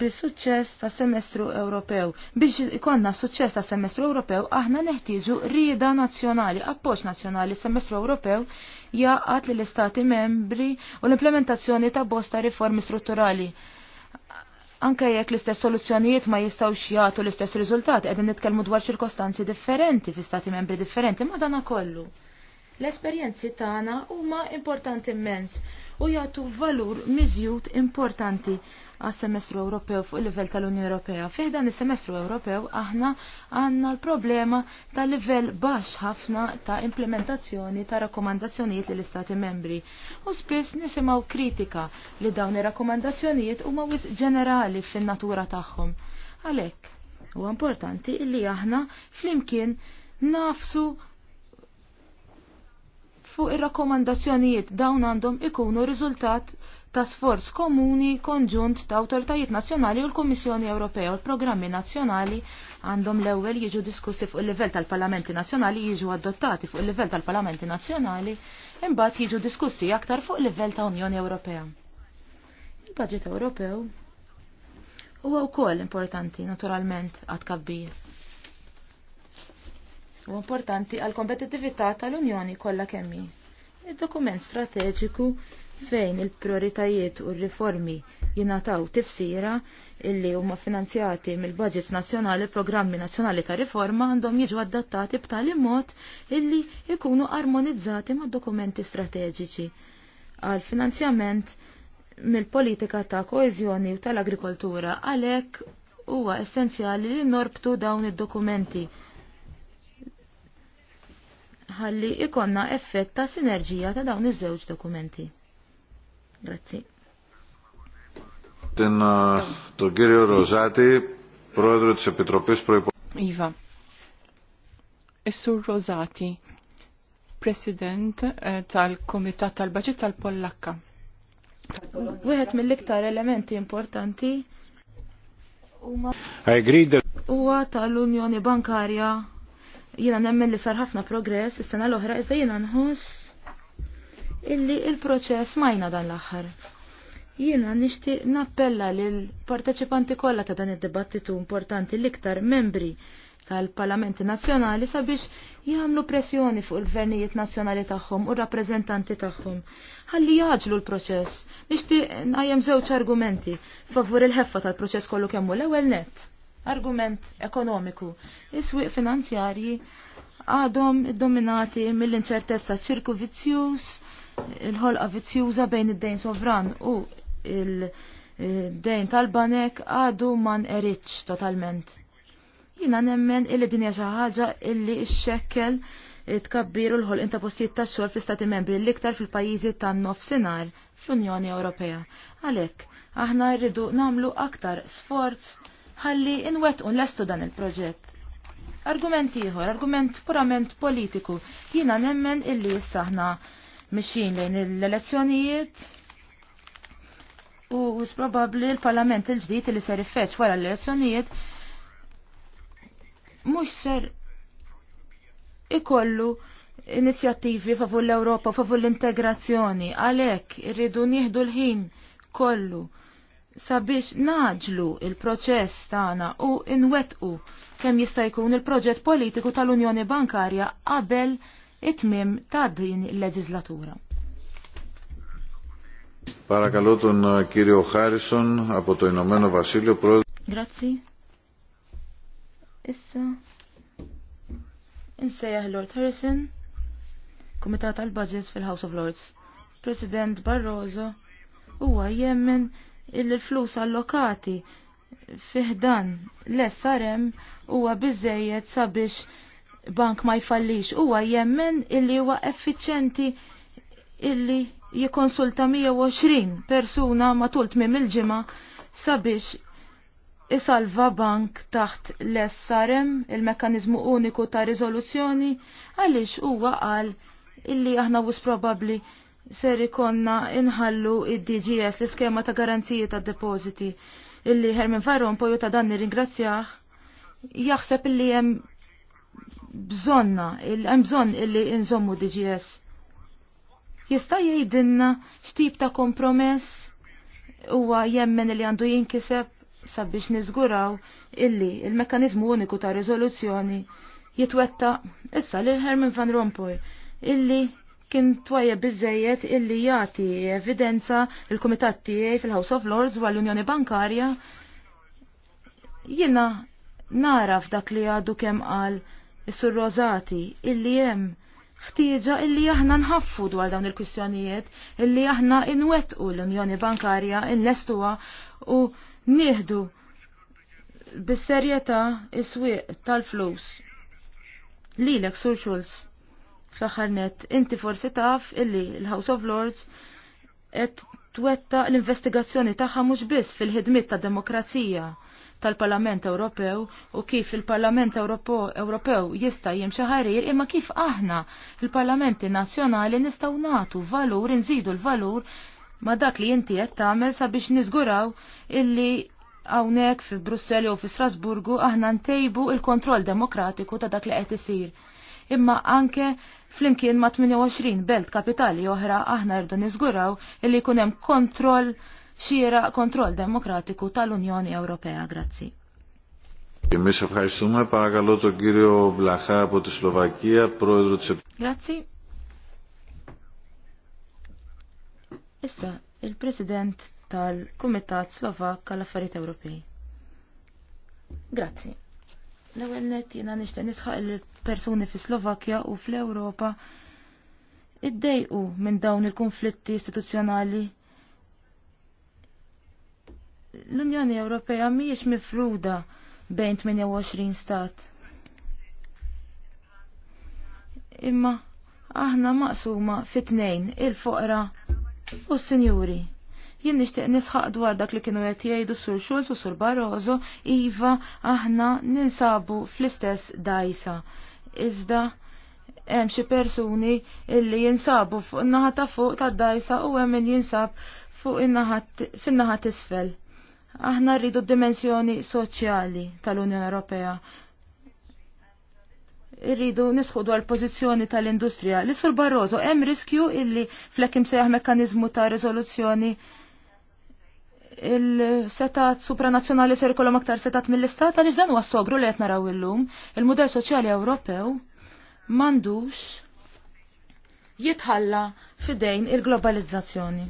bis-suċċess ta' semestru Ewropew. Biex ikonna suċċess ta' semestru Ewropew, aħna neħtieġu rieda nazzjonali, appoġġ nazzjonali semestru Ewropew jaqat li l-Istati membri u l-implementazzjoni ta' bosta riformi strutturali. Anke jekk l-istess soluzzjonijiet ma jistgħux jagħtu l-istess riżultat, qegħdin nitkellmu dwar ċirkostanzi differenti fi stati membri differenti, ma dana kollu. L-esperjenzi tagħna huma importanti immens u jagħtu valur miżjud importanti għas-semestru Ewropew fuq il-livell tal-Unjoni Ewropea. Fih dan is-semestru Ewropew aħna għandna l-problema tal-livell baxx ħafna ta' implementazzjoni ta' rakkomandazzjonijiet lill istati membri. U spiss nisimgħu kritika li dawn ir-rakkomandazzjonijiet huma wis ġenerali fin-natura tagħhom. Għalhekk, huwa importanti li aħna flimkien nafsu fuq ir-rakkomandazzjonijiet dawn għandhom ikunu riżultat ta' sforz komuni konġunt ta' awtoritajiet nazzjonali u l-Kummissjoni Ewropea u l-programmi nazzjonali għandhom l-ewwel jiġu diskussi fuq il-livell tal-Parlamenti Nazzjonali jiġu adottati fuq il-livell tal-Parlamenti Nazzjonali imbagħad jiġu diskussi aktar fuq il-livell ta' Unjoni Ewropea. Il-Baġit Ewropew huwa wkoll importanti naturalment għad kabbir u importanti għal kompetitività tal-Unjoni kollha kemmi. Id-dokument strateġiku fejn il-prioritajiet u r-riformi jingħataw tifsira illi huma finanzjati mill-budget nazzjonali programmi nazzjonali ta' riforma għandhom jiġu adattati b'tali mod illi jkunu armonizzati ma' dokumenti strateġiċi għal finanzjament mill-politika ta' koeżjoni u tal-agrikoltura għalhekk huwa essenzjali li norbtu dawn id-dokumenti ħalli ikonna effett ta' sinerġija ta' dawn iż-żewġ dokumenti. Grazzi. Uh, iva, τον Rosati, president eh, tal-Komitat tal-Baġit tal-Pollakka. Wieħed mill-iktar elementi importanti huwa tal-Unjoni Bankarja Jiena nemmen li sar ħafna progress is-sena l-oħra iżda jiena nħoss illi il-proċess majna dan l-aħħar. Jiena nixtieq nappella l parteċipanti kollha ta' dan id-dibattitu importanti l-iktar membri tal-Parlamenti Nazzjonali sabiex jagħmlu pressjoni fuq il-gvernijiet nazzjonali tagħhom u r-rappreżentanti tagħhom. Ħalli jaġlu l-proċess. Nixtieq ngħajjem żewġ argumenti favur il-ħeffa tal-proċess kollu kemm l-ewwel nett argument ekonomiku. Iswiq swieq finanzjarji għadhom dominati mill-inċertezza ċirku vizzjuż, il-ħolqa vizzjuża bejn id-dejn sovran u il-dejn tal-banek għadu man eriċ totalment. Jina nemmen illi din xi ħaġa illi x-xekkel tkabbiru l-ħol inta postijiet ta' xogħol fl-Stati Membri l-iktar fil-pajjiżi tan-nofsinhar fl-Unjoni Ewropea. Għalhekk, aħna rridu namlu aktar sforz ħalli inwet lestu dan il-proġett. Argument ieħor, argument purament politiku, jiena nemmen illi issa aħna mixin lejn l-elezzjonijiet u s-probabli l-parlament il-ġdid li ser iffeċ wara l-elezzjonijiet mhux ser ikollu inizjattivi favur l-Ewropa, favur l-integrazzjoni, għalhekk irridu nieħdu l-ħin kollu sabiex naġlu il-proċess tagħna u inwetqu kemm jista' jkun il-proġett politiku tal-Unjoni Bankarja qabel it-tmiem ta' din il-leġislatura. Παρακαλώ τον κύριο Χάρισον από το Ηνωμένο Βασίλειο πρόεδρο. Issa. Insejjaħ Lord Harrison, Kumitat tal-Budgets fil-House of Lords, President Barroso, huwa jemmen il-flus allokati fiħdan l-SRM huwa biżejjed sabiex bank ma jfallix huwa jemmen illi huwa effiċenti illi jikonsulta 120 persuna matul tmiem il-ġimgħa sabiex isalva bank taħt l-SRM il-mekkaniżmu uniku ta' riżoluzzjoni għaliex huwa qal illi aħna wis probabbli ser ikonna inħallu id-DGS l-iskema ta' garanziji ta' depositi illi Hermin Farron poju ta' dan nirringrazzjah jaħseb illi hemm bżonna, hemm bżonn illi inżommu DGS. Jista' jgħidilna x'tip ta' kompromess huwa jemmen li għandu jinkiseb sabiex niżguraw illi il-mekkanizmu uniku ta' Rizoluzzjoni jitwetta issa lil Hermin Van Rompuy illi kien twajja bizzejiet illi jagħti evidenza il-Kumitat tiegħi fil-House of Lords u l unjoni Bankarja jiena nara f'dak li għadu kemm qal is-Sur Rosati illi hemm ħtieġa illi aħna nħaffu dwar dawn il-kwistjonijiet illi aħna inwettqu l-Unjoni Bankarja inlestuha u nieħdu bis-serjetà is-swieq tal-flus. Lilek Sur Schulz fl net, inti forsi taf illi l-House of Lords qed twetta l-investigazzjoni tagħha mhux biss fil-ħidmiet ta' demokrazija tal-Parlament Ewropew u kif il-Parlament Ewropew jista' jimxi ħarir imma kif aħna il-Parlamenti Nazzjonali nistgħu nagħtu valur, inżidu l-valur ma dak li inti qed tagħmel sabiex niżguraw illi hawnhekk fi Brussell jew fi Strasburgu aħna ntejbu il-kontroll demokratiku ta' dak li qed isir imma anke flimkien ma' 28 belt kapitali oħra aħna rdu niżguraw illi jkun hemm kontroll xiera kontroll demokratiku tal-Unjoni Ewropea. Grazzi. Εμείς ευχαριστούμε. Παρακαλώ τον κύριο Βλαχά από τη Σλοβακία, πρόεδρο της Grazie. Issa, il-President tal-Kumitat Slovak għall affarijiet Ewropej. Grazzi. L-ewwel nett jiena nixtieq nisħaq il-persuni fi Slovakkja u fl-Ewropa iddejqu minn dawn il-konflitti istituzzjonali. L-Unjoni Ewropea mhijiex mifruda bejn 28 stat. Imma aħna maqsuma fit-tnejn il-foqra u s-sinjuri. Jien nixtieq nisħaq dwar dak li kienu qed jgħidu sur Schulz u sur Barroso, iva aħna ninsabu fl-istess dajsa. Iżda hemm xi persuni illi jinsabu fuq in-naħa ta' fuq tad-dajsa u hemm min jinsab fuq in-naħa fin-naħa t'isfel. Aħna rridu d-dimensjoni soċjali tal-Unjoni Ewropea irridu nisħu dwar pożizzjoni tal-industrija. Li sur Barroso, hemm riskju illi flekim sejaħ mekkanizmu ta' rezoluzzjoni il-setat supranazzjonali ser kolom aktar setat mill-istat għalix dan huwa sogru li qed naraw illum. Il-mudell soċjali Ewropew m'għandux jitħalla fidejn il-globalizzazzjoni.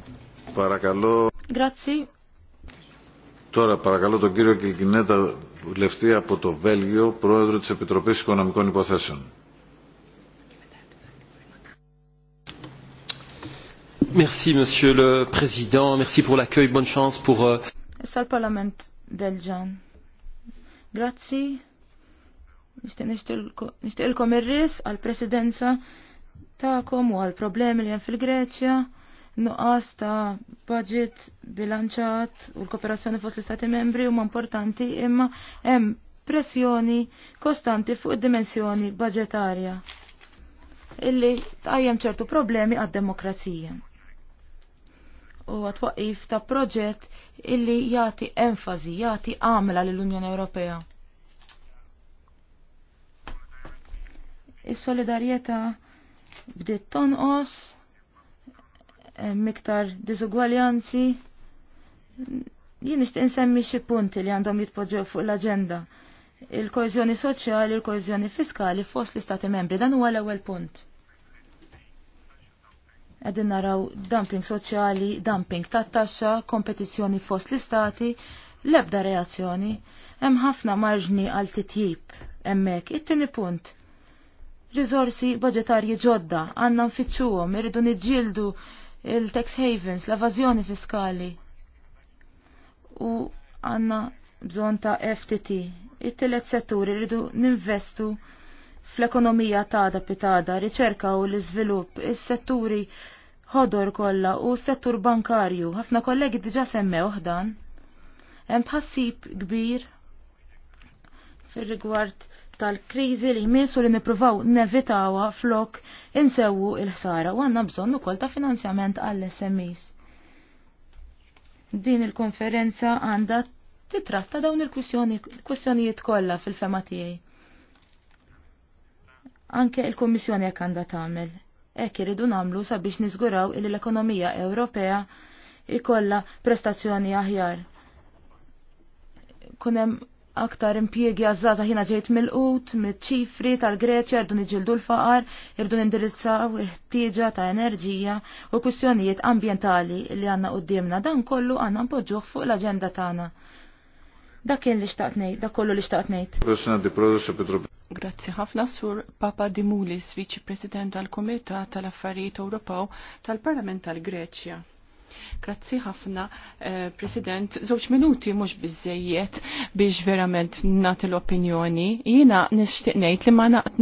Parakallu. Grazzi. Τώρα παρακαλώ τον κύριο Κιλκινέτα, Λευτή από το Βέλγιο, πρόεδρο της Επιτροπής Οικονομικών Υποθέσεων. Merci, Monsieur le Président. Merci pour l'accueil. Bonne chance pour... Euh... Sal-Parlament Belġan. Grazzi. Nishtiqilkom ir-ris għal-presidenza ta'kom u għal-problemi li hemm fil-Greċja, nuqqas ta' budget bilanċat u l-kooperazzjoni fost l-Istati membri huma importanti imma hemm pressjoni kostanti fuq id-dimensjoni budgetarja illi tqajjem ċertu problemi għad-demokrazija u għatwaqif ta' proġett illi jati enfazi, jati għamla l-Unjoni Ewropea. Is-solidarjetà bdiet tonqos, miktar diżugwaljanzi, jien nixtieq insemmi xi punti li għandhom jitpoġġew fuq l-aġenda. Il-kojżjoni soċjali, il-kojżjoni fiskali fost l-istati membri, dan huwa l-ewwel punt. Għedin naraw dumping soċjali, dumping tat taxxa, kompetizzjoni fost l-istati, lebda reazzjoni, hemm ħafna marġni għal titjib. Hemmhekk it-tieni punt. Rizorsi budgetarji ġodda għandna nfittxuhom irridu niġġieldu il-tax havens, l-evażjoni fiskali. U għandna bżonn ta' FTT. It-tielet settur irridu ninvestu fl-ekonomija tada pitada, riċerka u l-iżvilupp, is-setturi ħodor kollha u s-settur bankarju. Ħafna kollegi diġa' semmew dan. Hemm tħassib kbir fir-rigward tal-kriżi li jmissu li nippruvaw nevitawa flok insewu il-ħsara u għandna bżonn ukoll ta' finanzjament għall-SMEs. Din il-konferenza għandha titratta dawn il-kwistjonijiet kollha fil-fema tiegħi. Anke il-Kommissjoni jekk għandha tagħmel. Hekk iridu nagħmlu sabiex niżguraw li l-ekonomija Ewropea ikolla prestazzjoni aħjar. Kunem aktar impjiegi għazzaza ħina ġejt mill-qut, mill-ċifri tal-Greċja, rdu niġildu l-faqar, rdu nindirizzaw il-ħtieġa ta' enerġija u kwistjonijiet ambientali li għanna qoddimna dan kollu għanna mpoġuħ fuq l-agenda tagħna. Dak kien li xtaqt ngħid, dak kollu li xtaqt ngħid. Grazzi ħafna sur Papa Dimulis, Viċi President tal-Komitat tal-Affarijiet Ewropew tal-Parlament tal-Greċja. Grazzi ħafna, eh, President. Żewġ minuti mhux biżejjed biex verament nagħti l-opinjoni. Jiena nixtieq ngħid li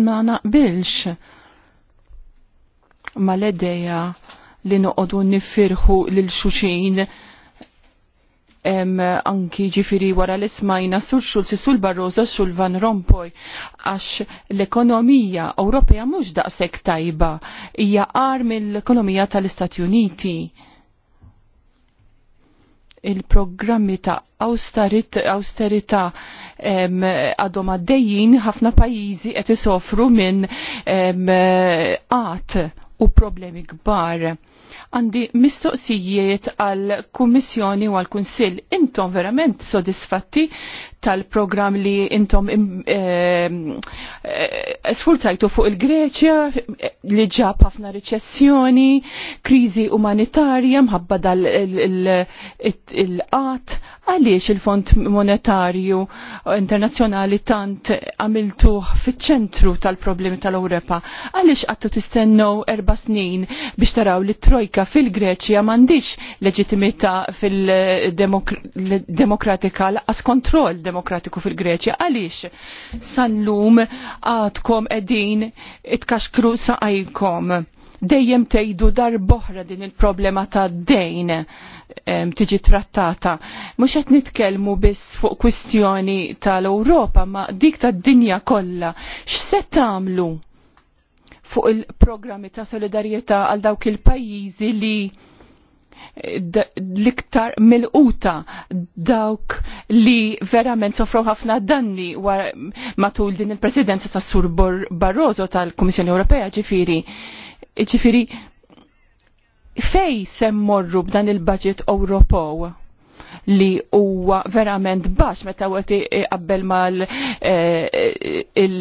ma naqbilx ma l-edeja li noqogħdu nifirħu lil xuxin anki ġifiri wara l ismajna sur xulzi sul Barroso sul Van Rompuy għax l-ekonomija Ewropea mhux daqshekk tajba hija qar mill-ekonomija tal-Istati Uniti il-programmi ta' austerita għadhom għaddejjin ħafna pajjiżi qed isofru minn qatt u problemi kbar Għandi mistoqsijiet għal kummissjoni u għal kunsill Intom verament sodisfatti tal program li intom eh, sfurzajtu fuq il-Greċja li ġab ħafna riċessjoni, krizi umanitarja mħabba dal-qat, għaliex il-Fond Monetarju Internazzjonali tant għamiltu fiċ-ċentru tal-problemi tal-Ewropa, għaliex għattu tistennew erba snin biex taraw li trojka politika fil-Greċja m'għandix leġitimità fil-demokratika laqas kontroll demokratiku fil-Greċja. Għaliex sal-lum għadkom qegħdin itkaxkru saqajkom dejjem tgħidu dar boħra din il-problema ta' dejn tiġi trattata. Mhux qed nitkellmu biss fuq kwistjoni tal-Ewropa ma' dik tad-dinja kollha. X'se tagħmlu? fuq il-programmi ta' solidarieta għal dawk il-pajjiżi li eh, l-iktar mil-uta dawk li verament sofru ħafna danni matul din il-presidenza tas Sur Barroso tal-Komissjoni Ewropea ġifiri. Ġifiri, fej semmorru b'dan il-budget Ewropew? li huwa verament baxx meta għati qabbel mal eh, il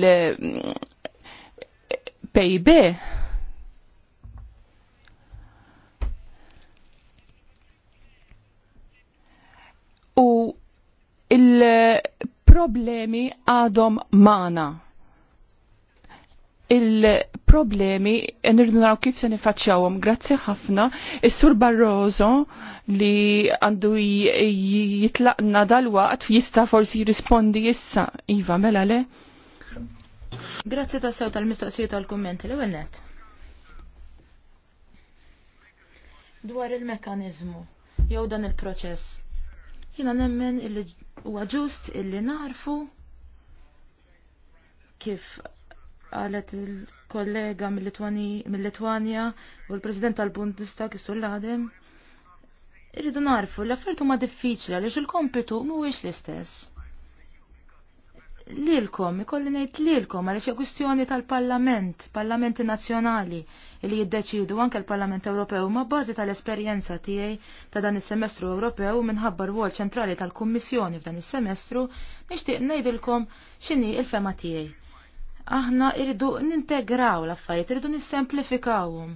PIB u il-problemi għadhom mana. Il-problemi nirdu naraw kif se nifacċawom, Grazzi ħafna. Is-Sur Barroso li għandu jitlaqna dal-waqt jista' forsi jirrispondi issa. Iva, mela le? Grazzi ta' sew tal-mistoqsijiet tal-kummenti li net. Dwar il-mekanizmu, jew dan il-proċess. Jina nemmen illi huwa ġust illi narfu kif għalet il-kollega mill-Litwanja u l-President tal-Bundestag l Ladem. Irridu narfu, l-affarijiet huma diffiċli għaliex il-kompitu mhuwiex l-istess lilkom, ikolli ngħid lilkom għaliex e kwistjoni tal-Parlament, Parlamenti Nazzjonali li jiddeċidu anke l-Parlament Ewropew ma' bazi tal-esperjenza tiegħi ta' dan is-semestru Ewropew minħabba rwol ċentrali tal-Kummissjoni f'dan is-semestru nixtieq ngħidilkom x'inhi l-fema tiegħi. Aħna irridu nintegraw l-affarijiet, irridu nissemplifikawhom.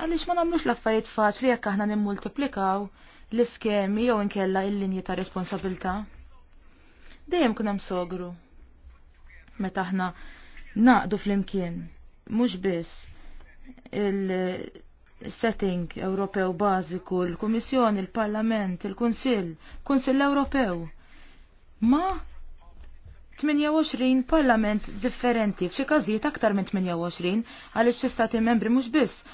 Għaliex ma namlux l-affarijiet faċli jekk aħna nimmultiplikaw l-iskemi jew inkella il linji ta' responsabilta' dejjem kunem sogru. Meta aħna naqdu flimkien mhux biss il-setting Ewropew bażiku, l-Kummissjoni, il-Parlament, il-Kunsill, Kunsill Ewropew. Ma 28 parlament differenti, f'xi każijiet aktar minn 28, għaliex xi stati membri mhux biss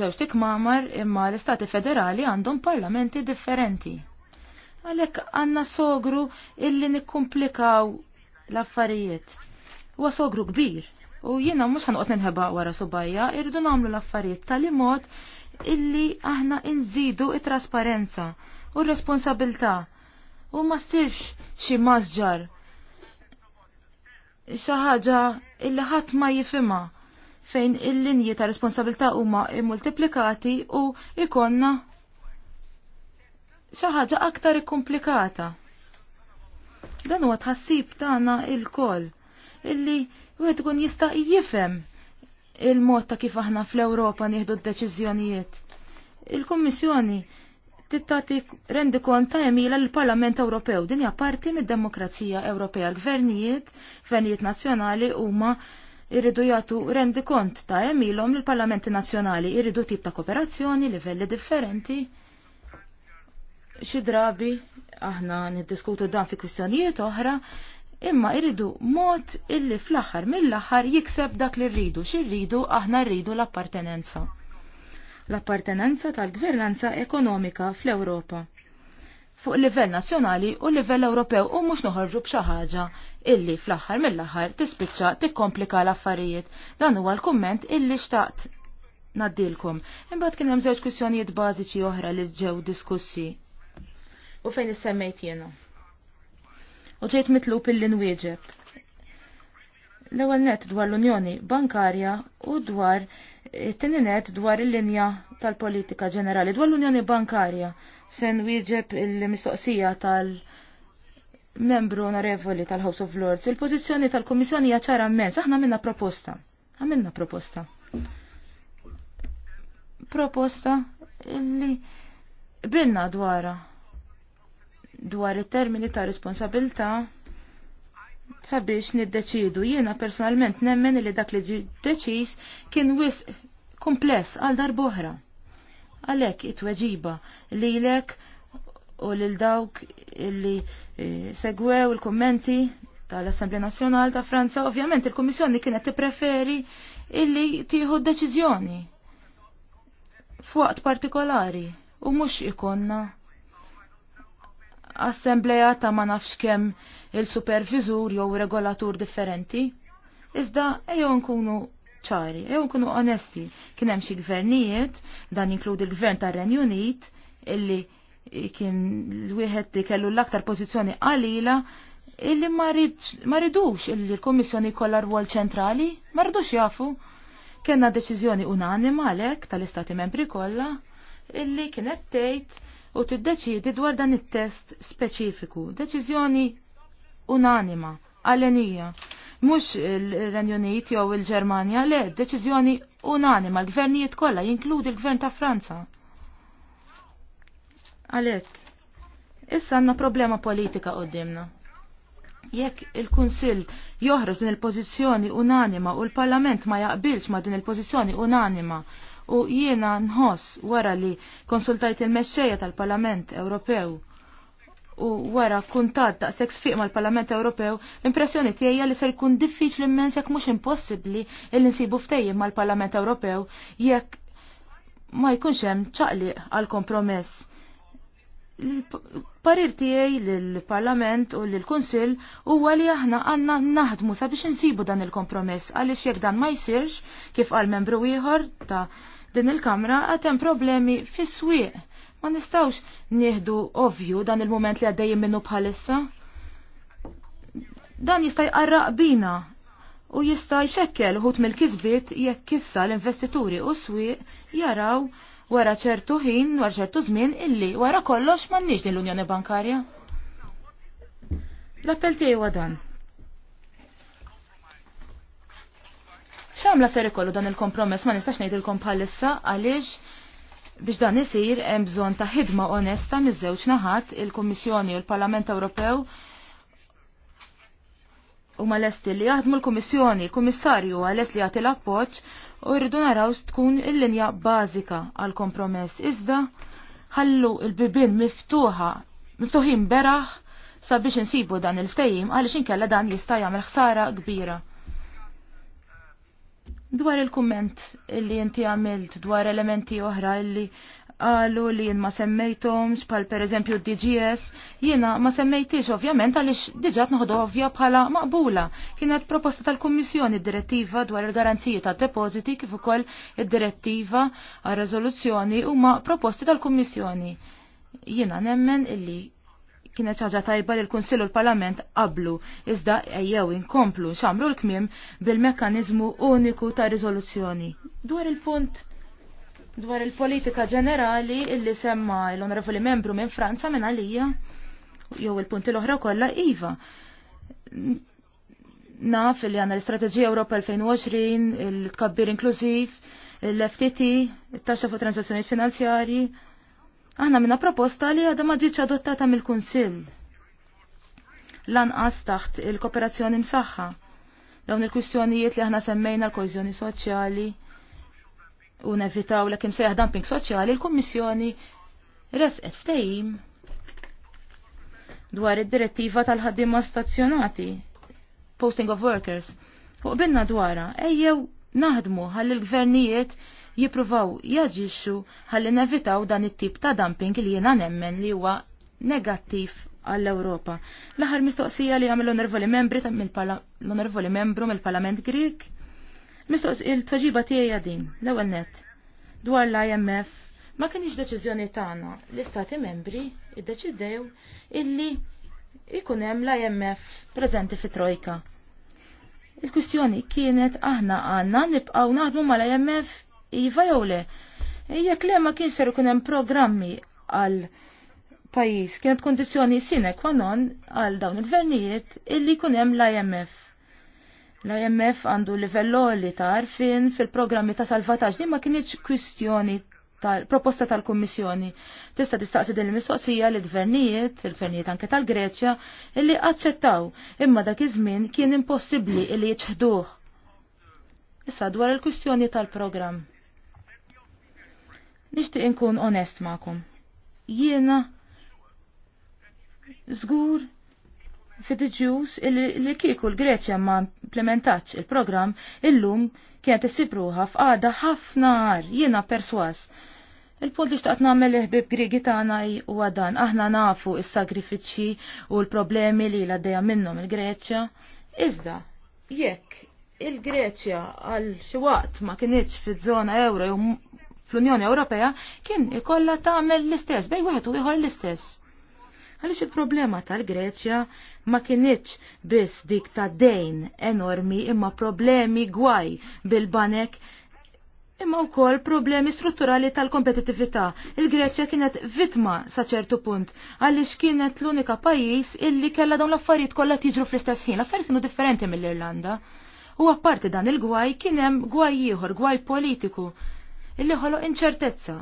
żewġ tikmamar imma l-istati federali għandhom parlamenti differenti. Għalek għanna sogru illi nikkumplikaw l-affarijiet. Huwa sogru kbir. U jiena mhux ħanqot ninħeba wara subajja, irridu nagħmlu l-affarijiet tal imot illi aħna inżidu it-trasparenza u r-responsabilità. U ma stirx xi mażġar Xaħġa ħaġa illi ħadd ma jifima fejn il-linji ta' responsabilità huma immultiplikati u ikonna xi ħaġa aktar ikkomplikata. Dan huwa tħassib tagħna il-koll illi wieħed ikun jista' jifhem il-mod ta' kif aħna fl-Ewropa nieħdu d-deċiżjonijiet. Il-Kummissjoni tittati rendi kont ta' jemila l-Parlament Ewropew din hija parti mid-Demokrazija Ewropea. Gvernijiet, gvernijiet nazzjonali huma irridu jagħtu rendi kont ta' jemilhom l parlamenti Nazzjonali, irridu tip ta' kooperazzjoni, livelli differenti Xi drabi aħna niddiskutu dan fi kwistjonijiet oħra, imma irridu mod illi fl-aħħar mill-aħħar jikseb dak li rridu, xi rridu aħna rridu l-appartenenza. L-appartenenza tal-gvernanza ekonomika fl-Ewropa fuq livell nazzjonali u livell Ewropew u mhux noħorġu b'xi ħaġa illi fl-aħħar mill-aħħar tispiċċa tikkomplika l-affarijiet. Dan huwa l-kumment illi xtaqt naddilkom. Imbagħad kien hemm żewġ kwistjonijiet bażiċi oħra li ġew diskussi u fejn is-semmejt jiena. U ġejt mitlu il nwieġeb. L-ewwel net dwar l-Unjoni Bankarja u dwar it-tieni eh, net dwar il-linja tal-politika ġenerali. Dwar l-Unjoni Bankarja se nwieġeb il-mistoqsija tal- membru onorevoli tal-House of Lords, il-pożizzjoni tal-Kummissjoni hija ċara mmens. aħna minna proposta. Għamilna proposta. Proposta illi binna dwara dwar it-termini ta' responsabilta sabiex niddeċidu. Jiena personalment nemmen li dak li deċiż kien wis kumpless għal darboħra. Għalek it-weġiba li lek u lil dawk li eh, segwew il-kommenti tal assembli Nazjonal ta' Franza, ovvjament il-Kummissjoni kienet tippreferi illi tieħu deċiżjoni fuqt partikolari u mhux ikonna assembleja ta' ma nafx kemm il-supervizur jew regolatur differenti. Iżda ejjew nkunu ċari, ejjew nkunu onesti. Kien hemm xi gvernijiet, dan inkludi l-gvern tar-Renju Unit, illi kien l-wieħed li kellu l-aktar pożizzjoni qalila illi ma ridux illi l kummissjoni kollha rwol ċentrali, ma rridux jafu. Kenna deċiżjoni unanima għalhekk tal-Istati Membri kollha illi kienet tgħid u tiddeċiedi dwar dan it-test speċifiku. Deċiżjoni unanima, għalenija. Mhux il-Renju Unit jew il-Ġermanja, le, deċiżjoni unanima, l-gvernijiet kollha jinkludi l-gvern ta' Franza. Għalhekk, issa għandna problema politika qoddimna jekk il-Kunsill joħroġ din il-pożizzjoni unanima u l-Parlament ma jaqbilx ma din il-pożizzjoni unanima u jiena nħoss wara li konsultajt il-mexxejja tal-Parlament Ewropew u wara kuntat daqshekk sfiq mal-Parlament Ewropew, l-impressjoni tiegħi li ser jkun diffiċli immens jekk mhux impossibbli li nsibu ftejjem mal-Parlament Ewropew jekk ma jkunx hemm ċaqliq għal kompromess. Parir tiegħi lill-Parlament u lill-Kunsill huwa li aħna għandna naħdmu sabiex insibu dan il-kompromess għaliex jekk dan ma jsirx kif qal membru ieħor ta' din il-kamra għatem problemi fis-swieq. Ma nistawx nieħdu ovvju dan il-moment li għaddejjem minnu bħalissa. Dan jista' jqarraq bina u jista' jxekkel uħut mill-kisbiet jekk issa l-investituri u swieq jaraw wara ċertu ħin, wara ċertu żmien illi wara kollox m'għandniex din l-Unjoni Bankarja. L-appell tiegħi dan x'għamla ser ikollu dan il-kompromess ma nistax ngħidilkom bħalissa għaliex biex dan isir hemm bżonn ta' ħidma onesta miż-żewġ naħat il-Kummissjoni u l-Parlament Ewropew huma lesti li jaħdmu l-Kummissjoni, l-Kummissarju għalest li jagħti l-appoġġ u rridu naraw tkun il-linja bażika għal kompromess iżda ħallu il-bibin miftuħa miftuħin beraħ sabiex insibu dan il-ftejim għaliex inkella dan jista' jagħmel ħsara kbira. Dwar il-komment li inti għamilt dwar elementi oħra li għalu li jien ma semmejtom, pal per eżempju DGS, jiena ma semmejtix ovvjament għalix diġat noħdu ovvja bħala maqbula. Kienet proposta tal-Kommissjoni direttiva dwar il-garanziji ta' depositi kif ukoll id-direttiva għal rezoluzzjoni u ma proposti tal-Kommissjoni. Jiena nemmen illi kienet ħaġa tajba li l-Kunsill u l-Parlament qablu iżda ejjew inkomplu xamlu l-kmim bil-mekkaniżmu uniku ta' riżoluzzjoni. Dwar il-punt dwar il-politika ġenerali illi semma l-onorevoli membru minn Franza minn għalija jew il-punti l-oħra kollha iva. Naf li għandna l strateġija Ewropa 2020, il-tkabbir inklużiv, l-FTT, il-taxxa fuq transazzjonijiet finanzjarji, Aħna minna proposta li għadha ma ġietx adottata mill-Kunsill. Lanqas taħt il-kooperazzjoni msaħħa. Dawn il-kwistjonijiet li aħna semmejna l-kohezjoni soċjali u nevitaw l-kim sejħ dumping soċjali, l-Kummissjoni resqet ftejim. dwar id-direttiva tal-ħaddima stazzjonati, posting of workers, u binna dwara, ejjew naħdmu ħalli l-gvernijiet jippruvaw jaġixxu ħalli nevitaw dan it-tip ta' dumping li jiena nemmen li huwa negattiv għall-Ewropa. L-aħħar mistoqsija li jagħmel l-onorvoli membri l onervoli membru mill-Parlament Grik. Mistoqs il-tweġiba tiegħi din, l-ewwel net. Dwar l-IMF ma kienx deċiżjoni tagħna. L-istati membri iddeċidew illi ikun hemm l-IMF preżenti fit trojka. Il-kwistjoni kienet aħna għandna nibqgħu naħdmu mal-IMF Iva jew le. Jekk le ma kien ser ikun hemm programmi għal pajjiż kienet kondizzjoni sine qua non għal dawn il-gvernijiet illi jkun hemm l-IMF. L-IMF għandu livell li ta' arfin fil-programmi ta' salvataġġ li ma kienx kwistjoni tal-proposta tal-Kommissjoni. Tista' tistaqsi din il-mistoqsija li l-gvernijiet, il-gvernijiet anke tal-Greċja, illi aċċettaw imma dak iż-żmien kien impossibbli illi jiċħduh. Issa dwar il-kwistjoni tal-programm. Nixtieq inkun onest magħkom. Jiena żgur fit ġus li kieku l-Greċja ma implementax il-programm illum kienet issibruha f'għada ħafna għar jiena perswas. Il-punt li xtaqt nagħmel liħbib Grigi tagħna huwa dan aħna nafu s-sagrifiċċji u l-problemi li l għaddeja minnhom il-Greċja. Iżda, jekk il-Greċja għal xi waqt ma kienieċ fiż-żona euro jew fl-Unjoni Ewropea kien ikollha tagħmel l-istess bejn wieħed u ieħor l-istess. Għaliex il-problema tal-Greċja ma kienieċ biss dik ta' dejn enormi imma problemi gwaj bil-banek imma wkoll problemi strutturali tal-kompetitività. Il-Greċja kienet vitma sa ċertu punt għaliex kienet l-unika pajjiż illi kellha dawn l-affarijiet kollha tiġru fl-istess ħin. L-affarijiet kienu differenti mill-Irlanda. U apparti dan il-gwaj kien hemm gwaj ieħor, gwaj politiku illi ħoloq inċertezza.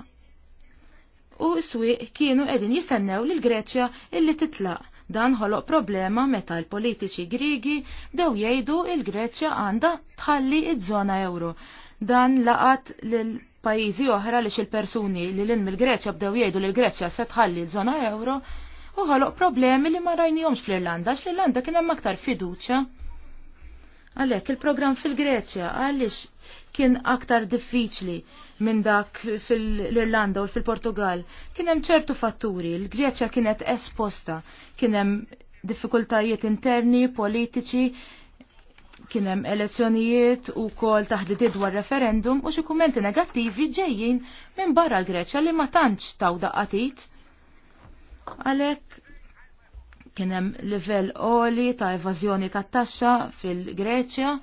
U s-swieq kienu qegħdin jistennew lil Greċja illi titlaq. Dan ħoloq problema meta l-politiċi Grigi dew jgħidu il-Greċja għandha tħalli id żona euro. Dan laqat lil pajjiżi oħra li xil-persuni li l-in mill-Greċja bdew jgħidu li l-Greċja se tħalli iż-żona euro u ħoloq problemi li ma rajnihomx fl-Irlanda, l irlanda kien hemm aktar fiduċja Għalek, il-program fil-Greċja, għalix kien aktar diffiċli minn dak fil-Irlanda u fil-Portugal. Kien hemm ċertu fatturi, l-Greċja kienet esposta, kien hemm diffikultajiet interni, politiċi, kien hemm elezzjonijiet u kol taħdidiet dwar referendum u xi kumenti negattivi ġejjin minn barra l-Greċja li ma tantx taw daqatit. Għalhekk kien hemm livell oli ta' evażjoni tat-taxxa fil-Greċja,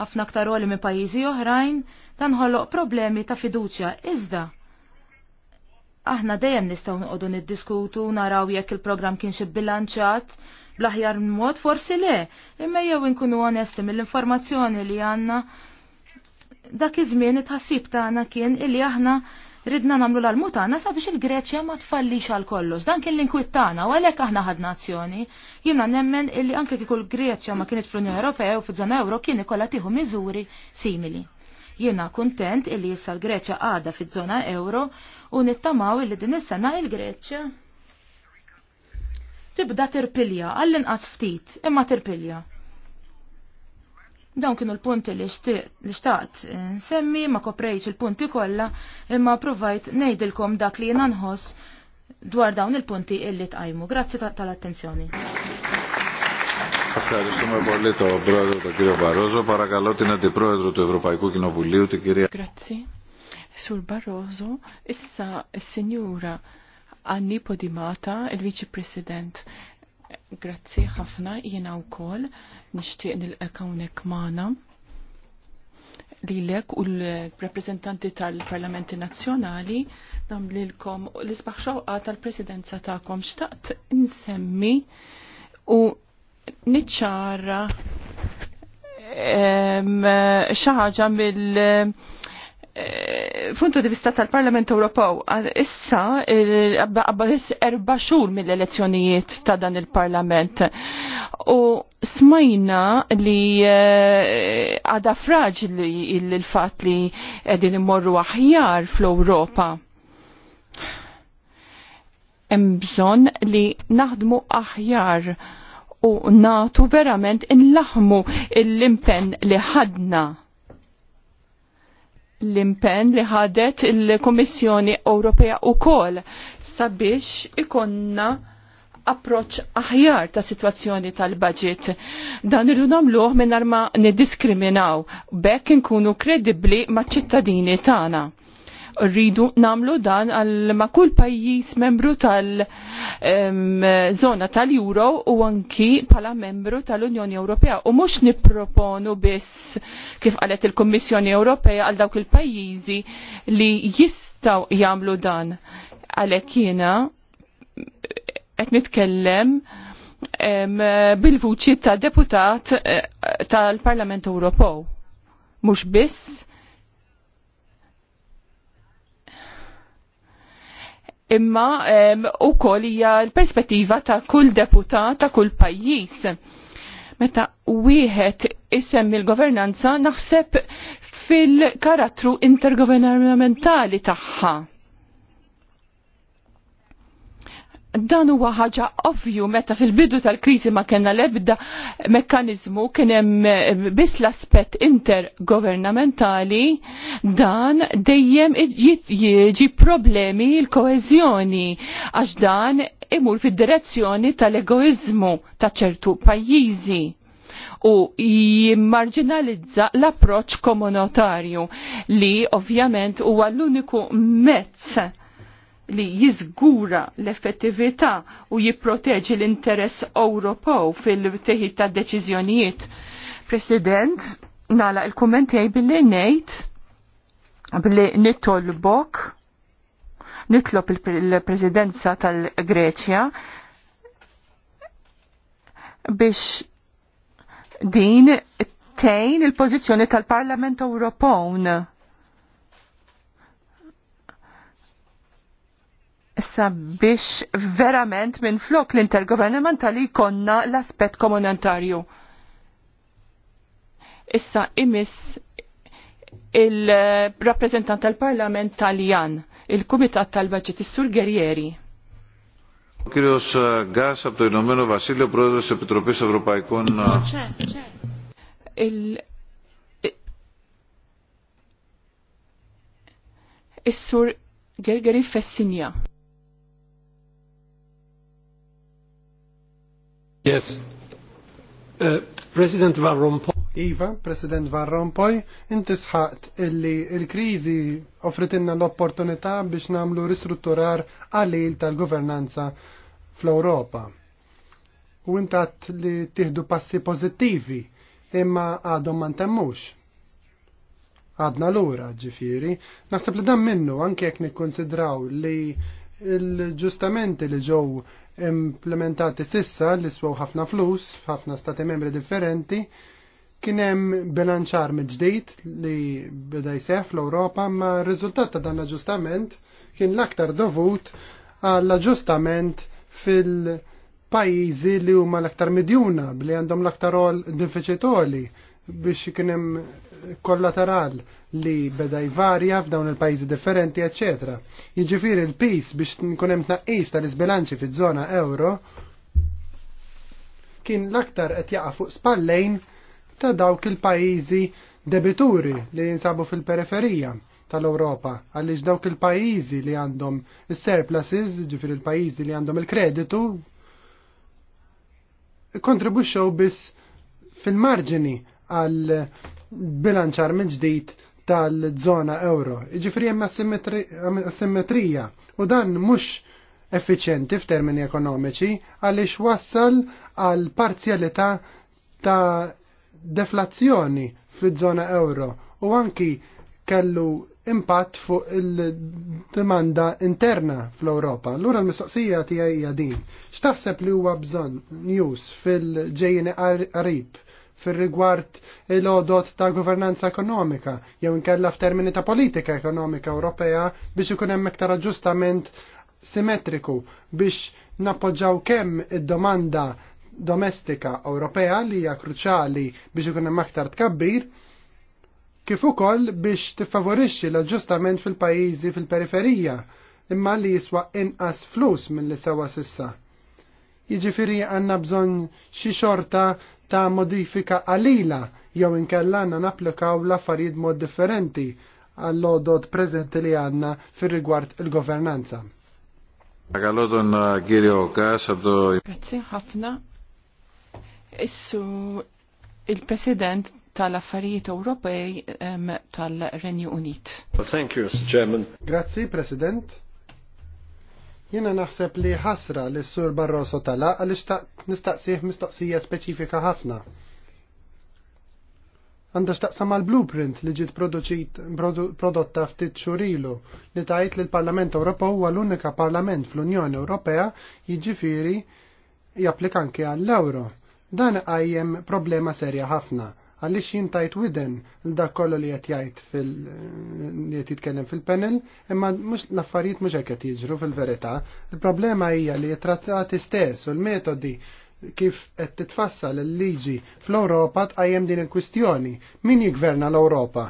ħafna aktar qoli minn pajjiżi oħrajn, dan ħoloq problemi ta' fiduċja iżda aħna dejjem nistgħu noqogħdu niddiskutu naraw jekk il-programm kienx xi bilanċat bl-aħjar mod forsi le, imma jew inkunu onesti mill-informazzjoni li għandna dak iż-żmien it-ħassib tagħna kien illi aħna ridna namlu l-almutana sabiex il-Greċja ma tfallix għal kollox. Dan kien l inkwittana tagħna u għalhekk aħna ħad nazzjoni. Jiena nemmen illi anke kieku l-Greċja ma kienet fl-Unjoni Ewropea u fiż-żona Ewro kien ikollha tieħu miżuri simili. Jiena kuntent illi issa l-Greċja għadha fiż-żona euro u nittamaw illi din is-sena l-Greċja tibda tirpilja għall-inqas ftit imma tirpilja. Dawn kienu l-punti li xtaqt nsemmi ma koprejċ il-punti kollha imma provajt ngħidilkom dak li jiena nħoss dwar dawn il-punti illi tqajmu. Grazzi tal-attenzjoni. Ευχαριστούμε πολύ τον πρόεδρο, τον κύριο Παρακαλώ την αντιπρόεδρο του Ευρωπαϊκού Κοινοβουλίου, την κυρία. Grazie. Sur Barroso, issa signora Anni Podimata, il-Vice President. Grazzi ħafna jiena wkoll nixtieq nil hawnhekk Mana lilek u l reprezentanti tal-Parlamenti Nazzjonali namlilkom l-isbaħ xewqa tal-Presidenza tagħkom xtaqt insemmi u niċċara xaħġa mill eh, punto di vista tal-Parlament Ewropew, issa għabbaħis erba xhur mill-elezzjonijiet ta' dan il-Parlament. U smajna li eh, għada fraġli il-fat li qegħdin immorru aħjar fl-Ewropa hemm bżonn li naħdmu aħjar u natu verament inlaħmu l-impen li ħadna l-impen li ħadet il-Komissjoni Ewropea u kol sabiex ikonna approċ aħjar ta' situazzjoni tal-budget. Dan irru namluħ minn ma niddiskriminaw, bekk nkunu kredibli ma' ċittadini tagħna rridu namlu dan għal ma' kull pajjiż membru tal-zona tal-Euro u anki pala membru tal-Unjoni Ewropea u mhux nipproponu biss kif qalet il-Kummissjoni Ewropea għal dawk il-pajjiżi li jistaw jagħmlu dan. Għalhekk jiena qed nitkellem bil-vuċi tal deputat eh, tal-Parlament Ewropew. Mhux biss imma wkoll hija l-perspettiva ta' kull deputat ta' kull pajjiż. Meta wieħed isem il-governanza naħseb fil-karattru intergovernamentali tagħha dan huwa ħaġa ovvju meta fil-bidu tal-kriżi ma kellna l-ebda mekkaniżmu kien hemm eh, biss l-aspett intergovernamentali dan dejjem jiġi problemi l-koeżjoni għax dan imur fid-direzzjoni tal-egoizmu ta' ċertu pajjiżi u jimmarġinalizza l-approċ komunitarju li ovvjament huwa l-uniku mezz li jizgura l-effettività u jipproteġi l-interess Ewropew fil-teħid ta' deċiżjonijiet. President, nala il-kommentijaj billi nejt, billi nitolbok, nitlob il-presidenza tal-Greċja biex din tejn il-pozizjoni tal-Parlament Ewropew. biex verament minn flok l-intergovernamentali konna l-aspet komunitarju. Issa imis il-rappresentant tal-Parlament Taljan, il-Kumitat tal bagġet is-Sur Gerjeri. Κύριος Γκάς abdo το Ηνωμένο Βασίλειο, πρόεδρος της Επιτροπής Is-Sur Gergeri Fessinja. Yes. Uh, President Van Rompuy. Iva, President Van Rompuy, inti sħaqt illi il-krizi offritinna l-opportunità biex namlu ristrutturar għalil tal-governanza fl-Europa. U intat li tiħdu passi pozittivi imma għadhom ma ntemmux. Għadna l-ura ġifiri, naħseb li dan minnu anke jekk nikkonsidraw li il-ġustamenti li ġew implementati sissa li swaw ħafna flus f'ħafna stati membri differenti kien hemm bilanċar ġdid li beda jsef fl-Ewropa ma r-riżultat ta' dan l-aġġustament kien l-aktar dovut għall-aġġustament fil-pajjiżi li huma l-aktar midjuna li għandhom l-aktar diffiċitoli biex kienem hemm kollateral li beda jvarja f'dawn il-pajjiżi differenti, ecc. Jiġifieri il pis biex nkun hemm tnaqqis tal-isbilanċi fiż-żona euro kien l-aktar qed jaqa' fuq spallejn ta' dawk il-pajjiżi debituri li jinsabu fil-periferija tal-Europa għaliex dawk il-pajjiżi li għandhom is-surpluses, ġifir il-pajjiżi li għandhom il-kreditu kontribuxxew biss fil-marġini għal bilanċar minn ġdid tal-zona euro. Iġifri hemm simmetrija, u dan mhux effiċjenti f'termini ekonomiċi għaliex wassal għal parzjalità ta' deflazzjoni fl zona euro u anki kellu impatt fuq il-demanda interna fl-Europa. L-ura l-mistoqsija tiegħi jadin. din. X'taħseb li huwa bżonn news fil-ġejjeni qarib? fir-rigward il-odot ta' governanza ekonomika jew inkella f'termini ta' politika ekonomika Ewropea biex ikun hemm iktar aġġustament simetriku biex nappoġġaw kemm id-domanda domestika Ewropea li hija kruċjali biex ikun hemm aktar tkabbir kif ukoll biex tiffavorixxi l-aġġustament fil-pajjiżi fil-periferija imma li jiswa inqas flus mill-li sewa sissa. Jiġifieri għandna bżonn xi xorta ta' modifika qalila jew inkella għandna napplikaw l-affarijiet mod differenti għall-odod preżenti li għandna fir-rigward il-governanza. Grazzi uh, għirjo Grazie, ħafna. Issu il-President tal-Affarijiet Ewropej tal-Renju Unit. Well, thank you, Mr. Chairman. Grazie, President. Jena naħseb li ħasra li s-sur Barroso tala għal nistaqsih mistoqsija speċifika ħafna. Għanda xtaqsam għal blueprint li ġiet prodotta ftit xurilu li tajt li l-Parlament Ewropew huwa l-unika parlament fl-Unjoni Ewropea jiġifieri japplikanki għall-euro. Dan għajjem problema serja ħafna għaliex jintajt widen l-dak kollu li qed jgħid li qed jitkellem fil-panel, imma l-affarijiet mhux hekk jiġru fil-verità. Il-problema hija li t-trattati stess u l-metodi kif qed titfassal il-liġi fl-Ewropa tqajjem din il-kwistjoni. Min jigverna l-Ewropa?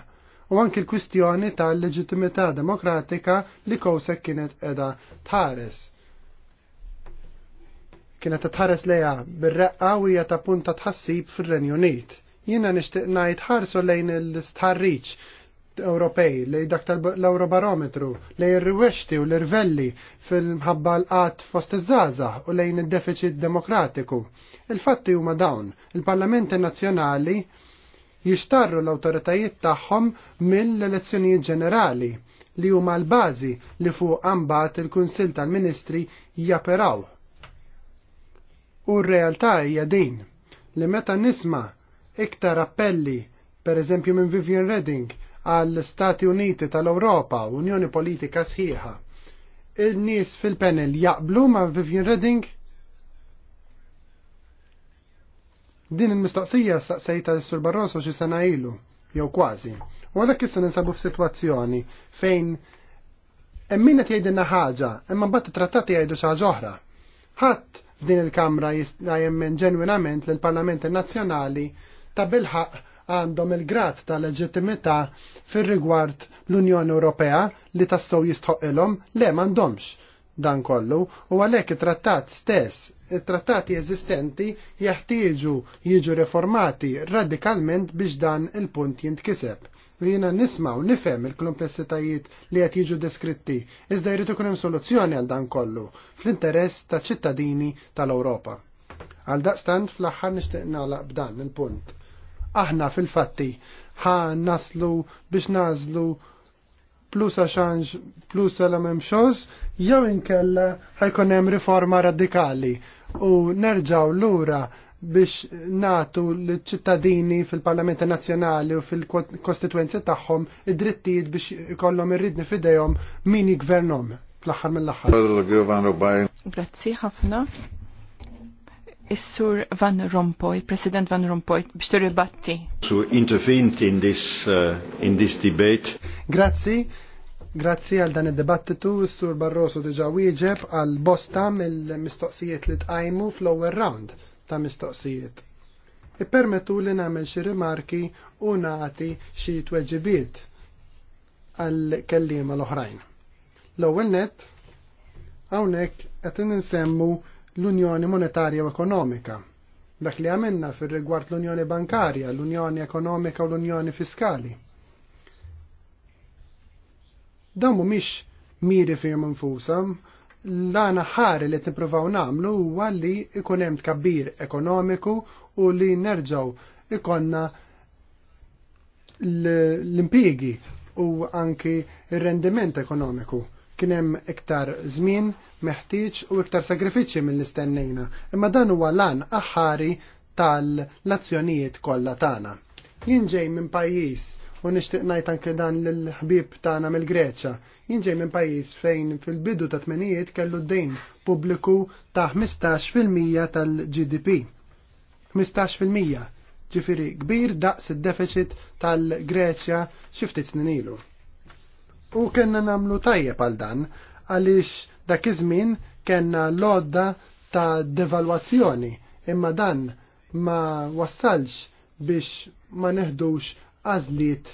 U anki l-kwistjoni tal-leġittimità demokratika li kowsek kienet edha tħares. Kienet tħares leja bir-reqqa u hija ta' punta tħassib fir-Renju Unit Jiena nixtieq ngħid ħarsu lejn il-starriċ Ewropej, lej dak tal-Eurobarometru, lej r riwexti u l-irvelli fil-mħabba l-qat fost iż-żaza u lejn id-deficit demokratiku. Il-fatti huma dawn, il-Parlamenti Nazzjonali jixtarru l-awtoritajiet tagħhom mill-elezzjonijiet ġenerali li huma l-bażi li fuq ambat il-Kunsill tal-Ministri japeraw. U r-realtà hija din li meta nisma' iktar appelli, per eżempju minn Vivian Redding, għal Stati Uniti tal-Europa, Unjoni Politika sħiħa. Il-nies fil-panel jaqblu ma' Vivian Redding? Din il-mistoqsija staqsejta l-Sur Barroso xi sena ilu, jew kważi. U għalhekk issa ninsabu f'sitwazzjoni fejn min qed jgħidilna ħaġa, imma mbagħad it-trattati jgħidu xi ħaġa oħra. Ħadd f'din il-Kamra jista' jemmen ġenwinament lill-Parlamenti Nazzjonali ta' bilħaq għandhom il-grad ta' leġittimità fir-rigward l-Unjoni Ewropea li tassew jistħoqilhom le m'għandhomx dan kollu u għalhekk it-trattat stess it-trattati eżistenti jeħtieġu jiġu reformati radikalment biex dan il-punt jintkiseb. Li nisma u nifhem il kumplessitajiet li qed jiġu deskritti, iżda jrid ikun hemm soluzzjoni għal dan kollu fl-interess ta' ċittadini tal-Ewropa. Għal daqstant fl-aħħar nixtieq nagħlaq b'dan il-punt aħna fil-fatti ħa naslu biex nażlu plus għaxanġ plus l mem xoż, jew inkella ħajkun hemm riforma radikali u nerġaw lura biex natu l-ċittadini fil-Parlamenti Nazzjonali u fil-kostituenzi tagħhom id-drittijiet biex ikollhom irridni fidejhom min jiggvernhom fl-aħħar mill-aħħar. Grazzi ħafna. Is-Sur Van Rompuy, President Van Rompuy, biex ribatti. To intervened in this, uh, in this debate. Grazzi, grazzi għal dan id-dibattitu, Is-Sur Barroso deġa wieġeb għal bosta mill-mistoqsijiet li tqajmu fl-ewwel round ta' mistoqsijiet. Ippermetu li nagħmel xi rimarki u nagħti xi tweġibiet għal kelliema l-oħrajn. L-ewwel net hawnhekk qed insemmu l-Unjoni Monetarja u Ekonomika. Dak li għamilna fir rigward l-Unjoni Bankarja, l-Unjoni Ekonomika u l-Unjoni Fiskali. Dan mhumiex miri fihom infushom, l-għana ħari li t-niprofaw namlu huwa li ikun hemm tkabbir ekonomiku u li nerġaw ikonna l-impigi u anki il-rendiment ekonomiku kien hemm iktar żmien meħtieġ u iktar sagrifiċċji mill-istennejna, imma dan huwa lan aħħari tal lazzjonijiet kollha tagħna. Jien ġej minn pajjiż u nixtieq ngħid anke dan lill-ħbieb tagħna mill-Greċja. Jien ġej minn pajjiż fejn fil-bidu ta' tmenijiet kellu d-dejn pubbliku ta' 15% tal-GDP. 15% ġifiri kbir daqs id-deficit tal-Greċja xi ftit snin ilu. U kena namlu tajjeb għal dan, għalix dak iż-żmien kena lodda ta' devalwazzjoni, imma dan ma wassalx biex ma neħdux għażliet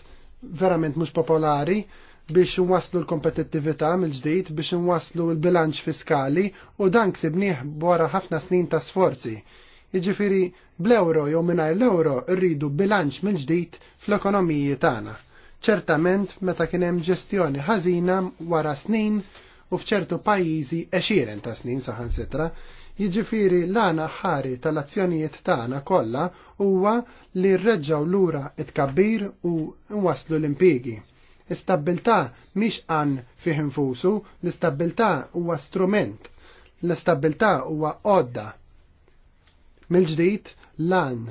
verament mhux popolari biex nwaslu l-kompetittività mill-ġdid, biex nwaslu l-bilanċ fiskali u dan ksibnieh wara ħafna snin ta' sforzi. Jiġifieri bl-euro jew mingħajr l-euro rridu bilanċ mill-ġdid fl-ekonomiji tagħna ċertament meta kien hemm ġestjoni ħażina wara snin u f'ċertu pajjiżi għexieren ta' snin saħansitra, jiġifieri l-għana ħari tal-azzjonijiet tagħna kollha huwa li rreġgħu lura it-kabbir u waslu l L-istabbiltà mhix għan fih infusu, l istabbiltà huwa strument, l istabbiltà huwa għodda. Mill-ġdid, l-għan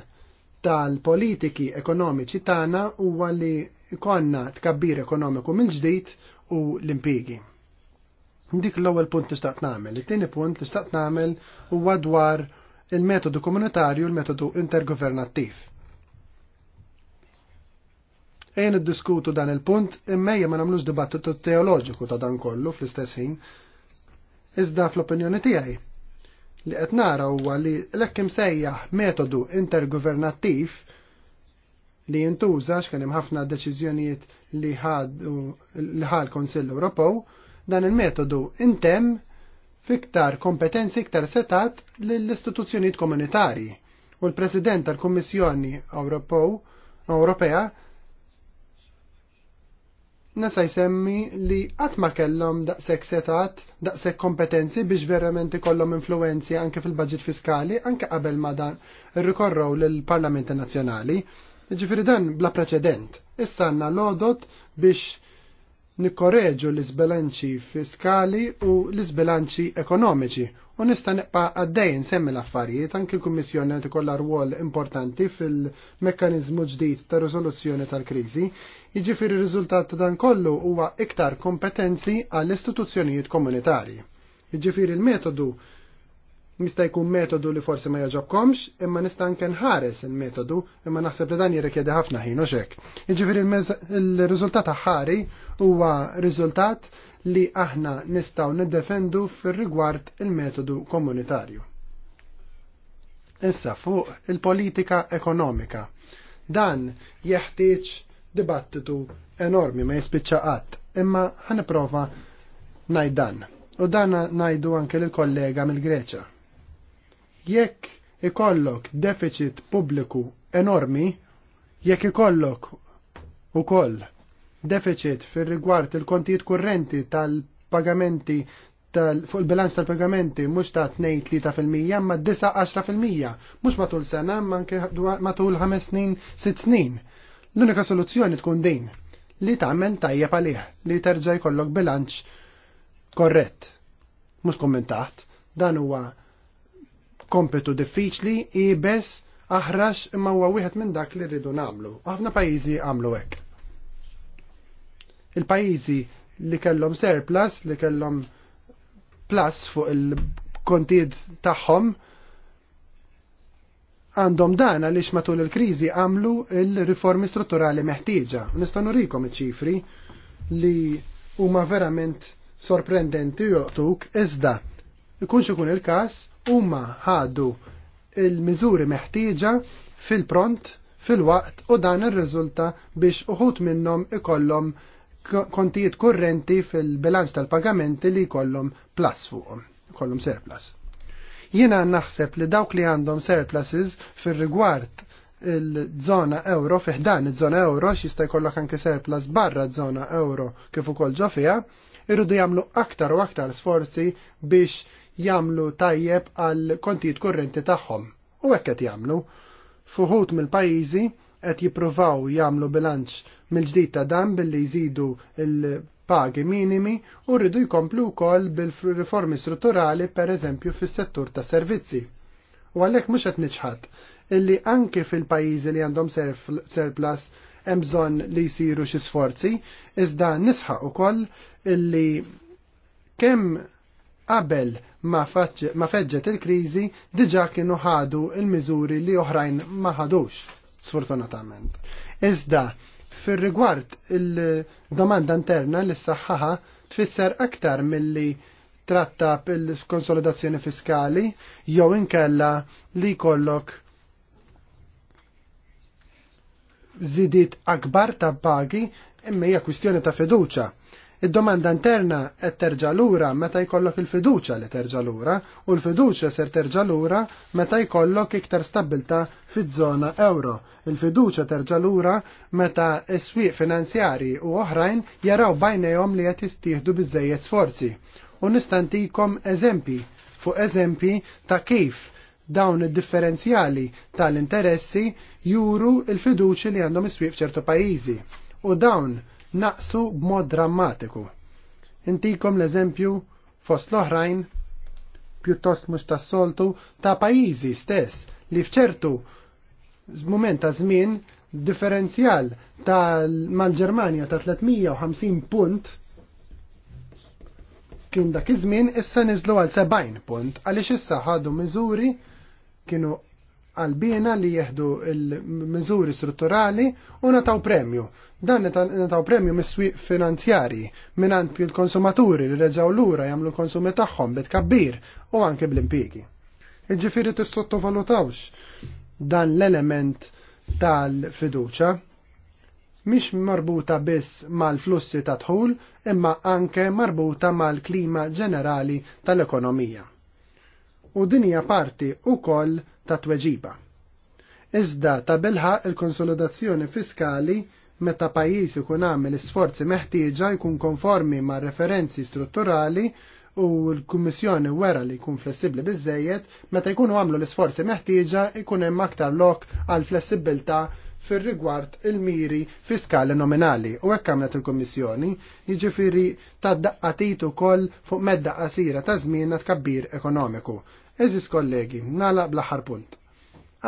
tal-politiki ekonomiċi tagħna huwa li ikonna tkabbir ekonomiku mill-ġdid u l impiegi Dik l-ewwel punt li staqt nagħmel. It-tieni punt li staqt nagħmel huwa dwar il-metodu komunitarju u l-metodu intergovernattiv. Ejn iddiskutu dan il-punt immejja ma nagħmlux dibattitu teoloġiku ta' dan kollu fl-istess ħin. Iżda fl-opinjoni tiegħi li qed nara huwa li l-ekkim sejjaħ metodu intergovernattiv li jintuża x'kien hemm ħafna deċiżjonijiet li ħadu li ħal Konsill Ewropew, dan il-metodu intemm fiktar kompetenzi iktar setat lill-istituzzjonijiet komunitarji u l-President tal-Kummissjoni Ewropew Ewropea nesa jsemmi li qatt ma kellhom daqshekk setat, daqshekk kompetenzi biex verament ikollhom influenzi anke fil-budget fiskali anke qabel ma dan irrikorrow lill-Parlamenti Nazzjonali. Ġifiri dan bla preċedent. Issa għanna lodot biex nikkorreġu l-izbilanċi fiskali u l-izbilanċi ekonomiċi u nista' neqpa għaddejn semmi l-affarijiet anki l-Kummissjoni għet ikollha rwol importanti fil-mekkaniżmu ġdid ta' riżoluzzjoni tal-kriżi, jiġifieri r-riżultat ta' dan kollu huwa iktar kompetenzi għall istituzzjonijiet komunitarji. Jiġifieri l-metodu Nista' jkun metodu li forsi ma jaġobkomx, imma nista' anke nħares il-metodu, imma naħseb li dan jirrikjedi ħafna ħin u xek. Jiġifieri il-riżultat ħari huwa riżultat li aħna nistgħu niddefendu fir-rigward il-metodu komunitarju. Issa fuq il-politika ekonomika. Dan jeħtieġ dibattitu enormi ma jispiċċa qatt, imma ħaniprofa ngħid dan. U dan ngħidu anke lill kollega mill-Greċja. Jekk ikollok deficit pubbliku enormi, jekk ikollok ukoll deficit fir rigward il-kontijiet kurrenti tal-pagamenti tal fuq il-bilanċ tal-pagamenti mhux ta' 2-3% ma' 9-10% mhux matul sena ma' matul 5 snin 6 snin. L-unika soluzzjoni tkun din li tagħmel tajjeb għalih li terġa' jkollok bilanċ korrett. Mhux kommentat, dan huwa kompetu diffiċli, ibes, aħrax imma huwa wieħed minn dak li rridu nagħmlu. Ħafna pajjiżi għamlu hekk. Il-pajjiżi li kellhom surplus, li kellhom plus fuq il kontid tagħhom, għandhom dan għaliex matul il-kriżi għamlu il-riformi strutturali meħtieġa. Nistgħu nurikom iċ-ċifri li huma verament sorprendenti joqtuk iżda ikunx ikun il-każ huma ħadu il-miżuri meħtieġa fil-pront fil-waqt u dan ir-riżulta biex uħut minnhom ikollhom kontijiet kurrenti fil-bilanċ tal-pagamenti li jkollhom plus fuqhom, jkollhom surplus. Jiena naħseb li dawk li għandhom surpluses fir-rigward il-żona euro, fiħdan il-żona euro, xista jkollok anke surplus barra żona euro kif ukoll ġo fiha, irridu jagħmlu aktar u aktar sforzi biex jagħmlu tajjeb għal kontijiet kurrenti tagħhom. U hekk qed jagħmlu. Fuħut mill-pajjiżi qed jippruvaw jagħmlu bilanċ mill-ġdid ta' dan billi jżidu il-pagi minimi u rridu jkomplu wkoll bil-riformi strutturali pereżempju fis-settur ta' servizzi. U għalhekk mhux qed niċħad illi anke fil-pajjiżi li għandhom surplus hemm bżonn li jsiru xi sforzi, iżda nisħaq ukoll illi kemm qabel ma feġġet il-kriżi diġa kienu ħadu il-miżuri li oħrajn ma ħadux, sfortunatament. Iżda, fir-rigward il-domanda interna li s-saħħaħa tfisser aktar milli tratta il-konsolidazzjoni fiskali jew inkella li kollok zidit akbar ta' pagi imma hija kwistjoni ta' fiduċa Id-domanda interna qed terġa' lura meta jkollok il-fiduċa li terġa' lura u l-fiduċa ser terġa' lura meta jkollok iktar stabilta fiż-żona euro. Il-fiduċa terġa' lura meta s-swieq finanzjari u oħrajn jaraw bajnejhom li qed jistieħdu biżejjed sforzi. U nistantikom eżempi fuq eżempi ta' kif dawn id-differenzjali tal-interessi juru il-fiduċi li għandhom iswieq f'ċertu pajjiżi. U dawn naqsu b'mod drammatiku. Intikom l-eżempju fost l-oħrajn pjuttost mhux tas-soltu ta' pajjiżi stess li fċertu moment ta' żmien differenzjal ta' mal-Ġermanja ta' 350 punt kien dak iż-żmien issa niżlu għal 70 punt għaliex issa ħadu miżuri kienu għalbina li jieħdu il-mizuri strutturali u nataw premju. Dan nataw premju mis-swiq finanzjari minant il-konsumaturi li reġaw lura jamlu konsumi tagħhom bitkabbir u anke bl-impiegi. Iġifiri t-sottovalutawx dan l-element tal-fiduċa mhix marbuta biss mal-flussi ta' dħul imma anke marbuta mal-klima ġenerali tal-ekonomija. U dinija parti u koll ta' tweġiba. Iżda ta' bilħa il-konsolidazzjoni fiskali meta pajjiż ikun għamil isforzi meħtieġa jkun konformi ma' referenzi strutturali u l-Kummissjoni wera li jkun flessibli biżejjed meta jkunu għamlu l-isforzi meħtieġa jkun hemm aktar lok għal flessibilta' fir rigward il-miri fiskali nominali u hekk għamlet il kummissjoni jiġifieri ta' daqqatit ukoll fuq medda qasira ta' żmien tkabbir ekonomiku. Eżis kollegi, nalaq aħħar punt.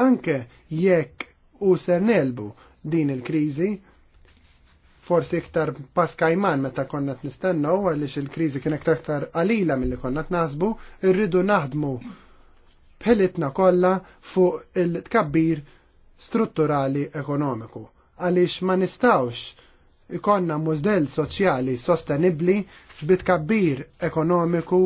Anke jekk u ser nelbu din il-krizi, forsi iktar paskajman meta konna t-nistennaw għalix il-krizi kien iktar għalila mill-li konna nasbu irridu naħdmu bħelitna kollha fuq il-tkabbir strutturali ekonomiku. Għalix ma nistawx ikonna mużdel soċjali sostenibli bitkabbir ekonomiku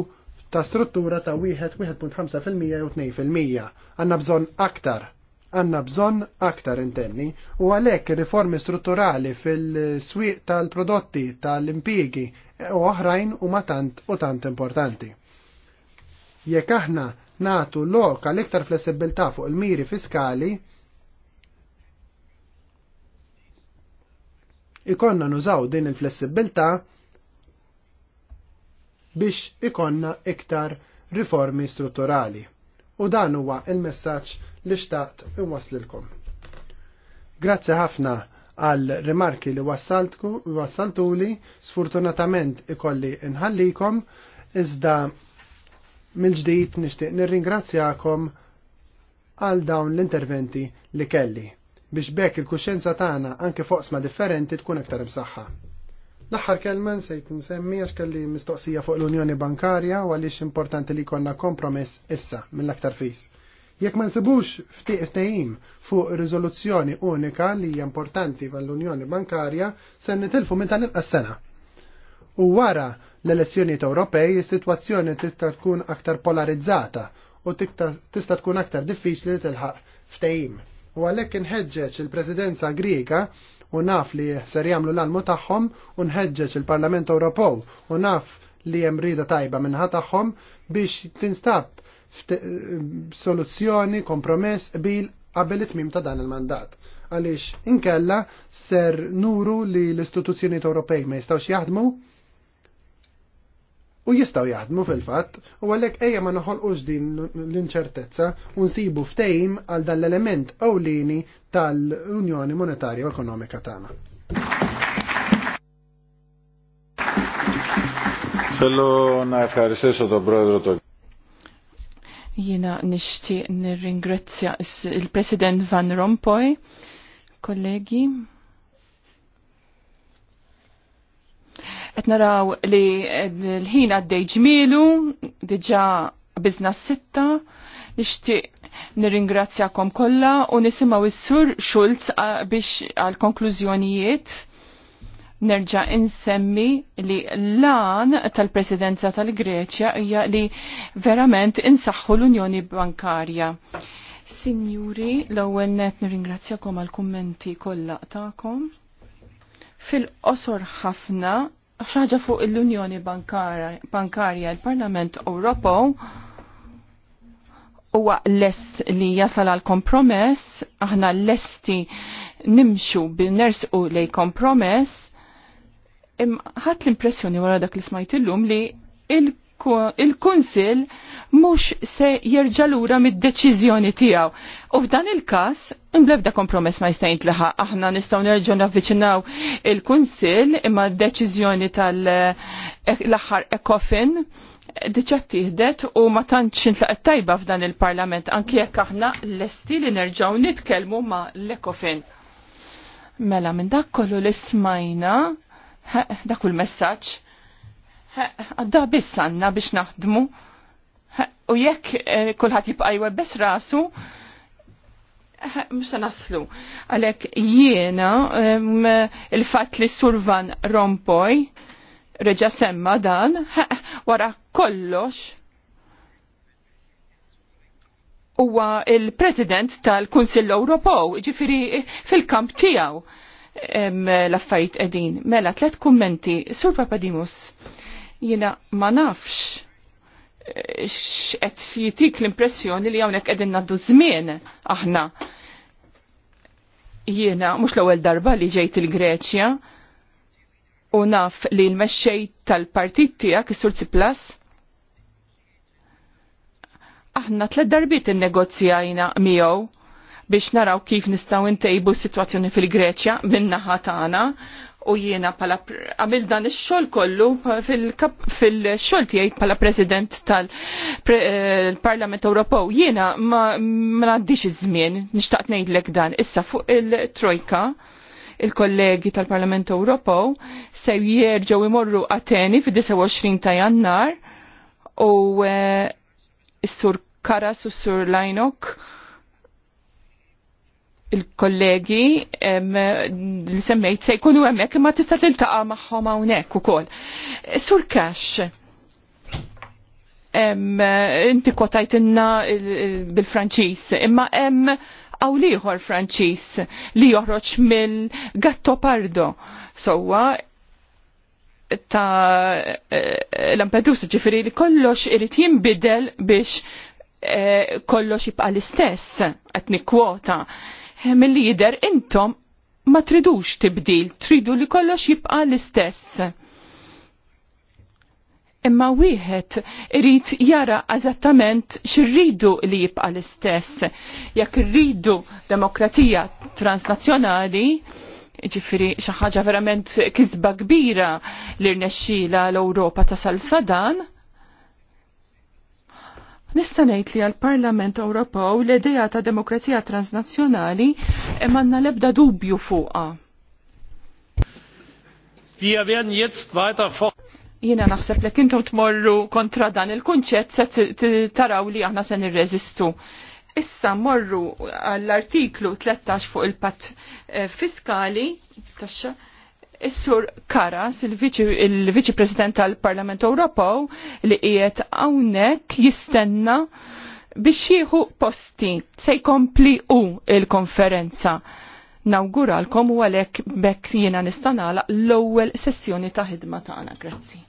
ta' struttura ta' 1-1.5% u 2%. Għanna bżon aktar. Għanna bżon aktar intenni u għalhekk riformi strutturali fil-swieq tal-prodotti tal-impjiegi u oħrajn u tant u tant importanti. Jekk aħna natu lok għal iktar flessibilità fuq il-miri fiskali, ikonna nużaw din il-flessibilità biex ikonna iktar riformi strutturali. U dan huwa il-messaġġ li xtaqt inwaslilkom. Grazzi ħafna għal rimarki li wassaltuli, sfortunatament ikolli inħallikom, iżda mill-ġdijt nishtiq nirringrazzjakom għal dawn l-interventi li kelli biex bekk il-kuxenza tagħna anke foqsma differenti tkun aktar imsaħħa. L-aħħar kelma nsejt nsemmi għax kelli mistoqsija fuq l-Unjoni Bankarja u għaliex importanti li konna kompromess issa mill-aktar fis. Jekk ma nsibux ftehim fuq riżoluzzjoni unika li hija importanti għall-Unjoni Bankarja, se nitilfu minn tal sena. U wara l-elezzjonijiet Ewropej, is-sitwazzjoni tista' tkun aktar polarizzata u tista' tkun aktar diffiċli li tilħaq ftehim. U għalhekk inħeġġeġ il-Presidenza Griega u naf li ser jagħmlu l-almu tagħhom u nħeġġeġ il-Parlament Ewropew u naf li hemm rida tajba minnħa tagħhom biex tinstab soluzzjoni, kompromess bil qabel it-tmim ta' dan il-mandat. Għaliex inkella ser nuru li l-istituzzjonijiet Ewropej ma jistgħux jaħdmu u jistaw jaħdmu fil-fatt u għalek eja ma noħolqux din l-inċertezza u nsibu ftejm għal dan l-element ewlieni tal-Unjoni Monetarja u Ekonomika tagħna. Sello na ευχαριστήσω τον πρόεδρο to. Jina nishtiq nirringrazzja il-President Van Rompuy, kollegi, Qed naraw li l-ħin għaddej ġmilu, diġa bizna sitta, nixtieq nirringrazzjakom kollha u nisimgħu is-sur Schulz biex għal konklużjonijiet nerġa' insemmi li lan tal-Presidenza tal-Greċja hija li verament insaħħu l-Unjoni Bankarja. Signuri, l-ewwel net nirringrazzjakom għall kummenti kollha tagħkom. Fil-qosor ħafna ħaġa fuq l-Unjoni Bankarja, il-Parlament Ewropew huwa lest li jasal għal kompromess, aħna lesti nimxu bil-nersqu lej kompromess, ħadd l-impressjoni wara dak li smajt illum li il il-Kunsil mhux se jerġa' lura mid-deċiżjoni tiegħu. U f'dan il-każ imblebda kompromess ma jista' jintlaħa aħna nistgħu nerġgħu naffiċinaw il-Kunsil imma d-deċiżjoni tal-aħħar eh, ECOFIN diċa tiħdet u ma tantx intlaqet tajba f'dan il-Parlament anki jekk aħna lesti li nerġgħu nitkellmu ma l-ECOFIN. Mela minn dak kollu li smajna dak il messaġġ għadda biss għanna biex naħdmu. U jekk eh, kulħadd jibqa' jwebbes rasu, mux naslu. Għalek jiena il-fat li Survan Rompoj reġa semma dan wara kollox huwa il-President tal-Kunsill Ewropew, ġifiri fil-kamp tiegħu l-affarijiet qegħdin. Mela tlet kummenti, Sur Papadimus Jina ma nafx eh, x'qed jitik l-impressjoni li hawnhekk qegħdin nagħdu żmien aħna. Jiena mhux l-ewwel darba li ġejt il-Greċja u naf li l-mexxej tal-partit tiegħek is-Sur aħna tliet darbiet innegozjajna miegħu biex naraw kif nistgħu ntejbu s-sitwazzjoni fil-Greċja min-naħa tagħna u jiena pala għamil dan ix-xogħol kollu fil-xogħol tiegħi pala President tal-Parlament eh, Ewropew. Jiena ma għandix iż-żmien nixtaqt ngħidlek dan. Issa fuq il-Trojka il-kollegi tal-Parlament Ewropew se jerġgħu imorru Ateni fid-29 ta' Jannar u eh, s-sur Karas u s-sur Lajnok il-kollegi li semmejt se jkunu hemmhekk imma tista' tiltaqa' magħhom hawnhekk ukoll. Sur Cash, inti kotajtinna bil franċiż imma hemm għaw liħor li joħroġ mill-Gatto Pardo. Sowa, ta' Lampedusa ġifiri li kollox irid jinbidel biex eh, kollox jibqa l-istess, qed kwota mill-lider intom ma tridux tibdil, tridu li kollox jibqa l-istess. Imma wieħed irid jara eżattament xirridu li jibqa l-istess. Jekk irridu demokratija transnazzjonali, ġifiri xi ħaġa verament kisba kbira li rnexxila l-Ewropa ta' sal-Sadan, Nista' ngħid li għall-Parlament Ewropew l-idea ta' demokrazija transnazzjonali emanna lebda dubju fuqha. Wir werden jetzt weiter fort. Jiena naħseb li kintu tmorru kontra dan il-kunċett se taraw li aħna se nirreżistu. Issa morru għall-artiklu 13 fuq il-pat eh, fiskali, taxxa, Is-sur Karas, il-Viċi President tal-Parlament Ewropew li qiegħed hawnhekk jistenna biex jieħu posti se jkompli hu il-konferenza. Nawguralkom u għalhekk bekk jiena nistanala l-ewwel sessjoni ta' ħidma tagħna. Grazzi.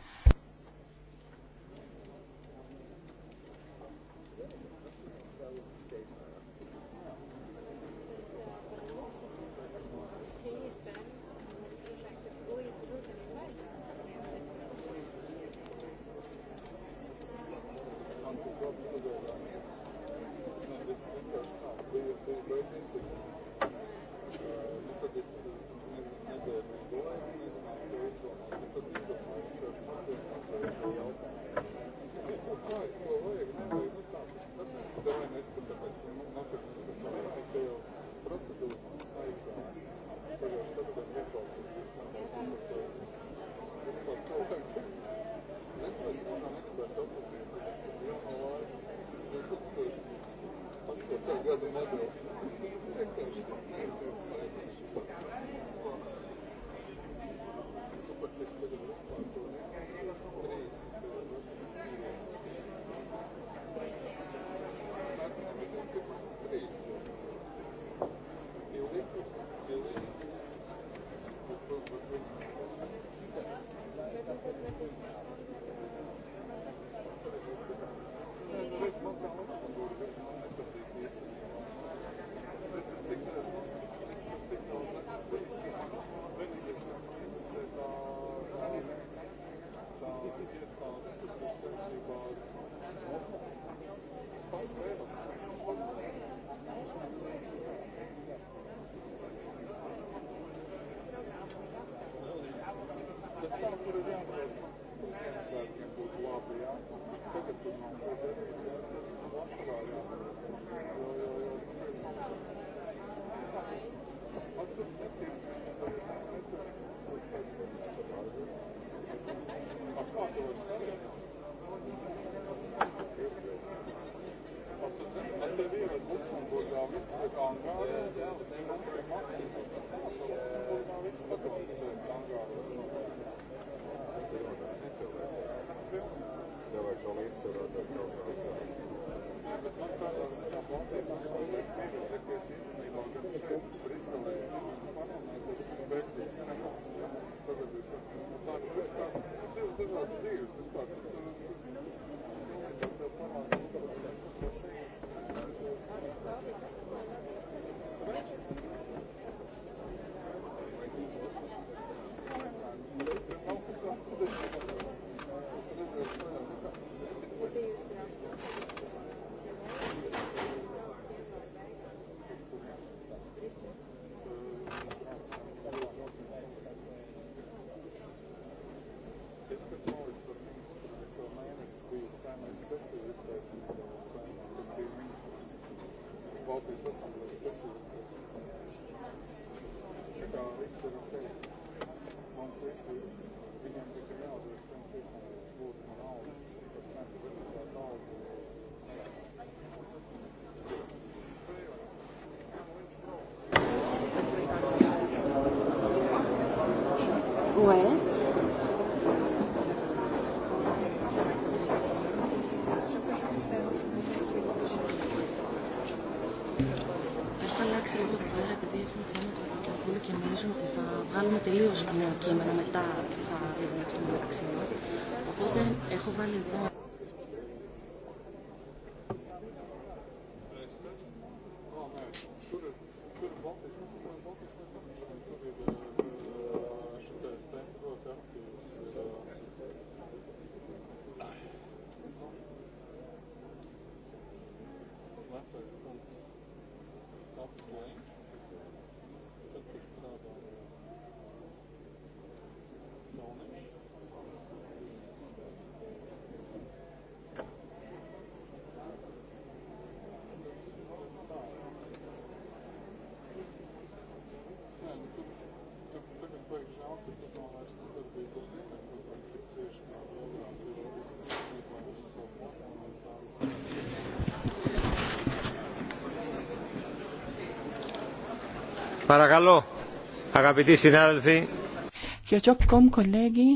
Ξέρω εγώ ότι πάρα επειδή έχουμε θέματα του Παπαδόπουλου και νομίζουν ότι θα βγάλουμε τελείω νέο κείμενο μετά θα διαδραματιστούμε μεταξύ μα. Οπότε έχω βάλει λοιπόν. Παρακαλώ, αγαπητοί συνάδελφοι. Kjoċobkom, kollegi.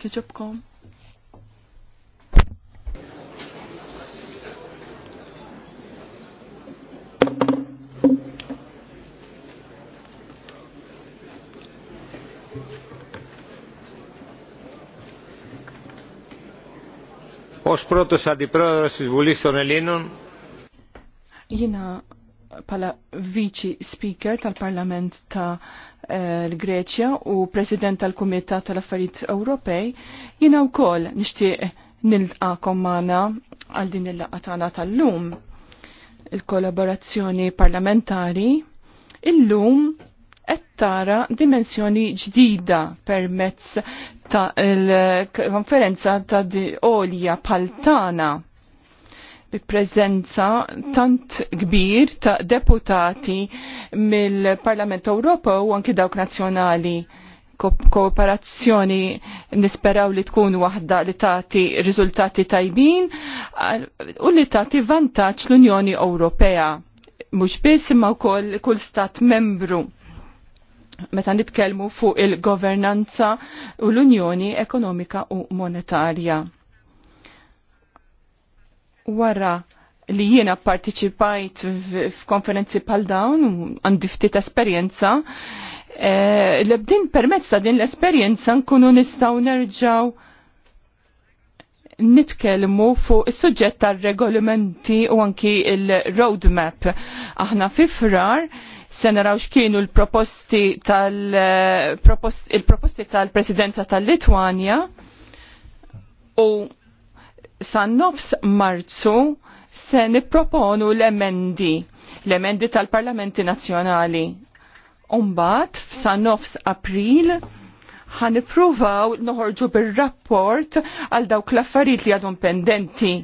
Kjoċobkom. Ως πρώτος αντιπρόεδρος Jina pala vici speaker tal-Parlament ta' eh, l-Greċja u President tal-Kumitat tal-Affarijiet Ewropej, jina wkoll nixtieq nilqakom magħna għal din il-laqgħa tal-lum. Il-kollaborazzjoni parlamentari illum qed tara dimensjoni ġdida permezz ta' il-konferenza ta' di olja paltana bi prezenza tant kbir ta' deputati mill-Parlament Ewropew u anki dawk nazzjonali kooperazzjoni nisperaw li tkun waħda li tagħti riżultati tajbin u li tagħti vantaġġ l-Unjoni Ewropea mhux biss imma wkoll kull stat membru meta nitkellmu fuq il-governanza u l-Unjoni Ekonomika u Monetarja. Wara li jiena partiċipajt f'konferenzi pal dawn u għandi ftit esperjenza, eh, l-ebdin permezz ta' din l-esperjenza nkunu nistgħu nerġaw nitkellmu fuq is-suġġett tar-regolamenti u anki il-roadmap. Aħna fi frar se naraw x'kienu l-proposti tal-proposti eh, tal-Presidenza tal-Litwanja u sa nofs Marzu se nipproponu l-emendi l-emendi tal-Parlamenti Nazzjonali. Umbat sa nofs April ħanipruvaw noħorġu bir-rapport għal dawk l-affarijiet li għadhom pendenti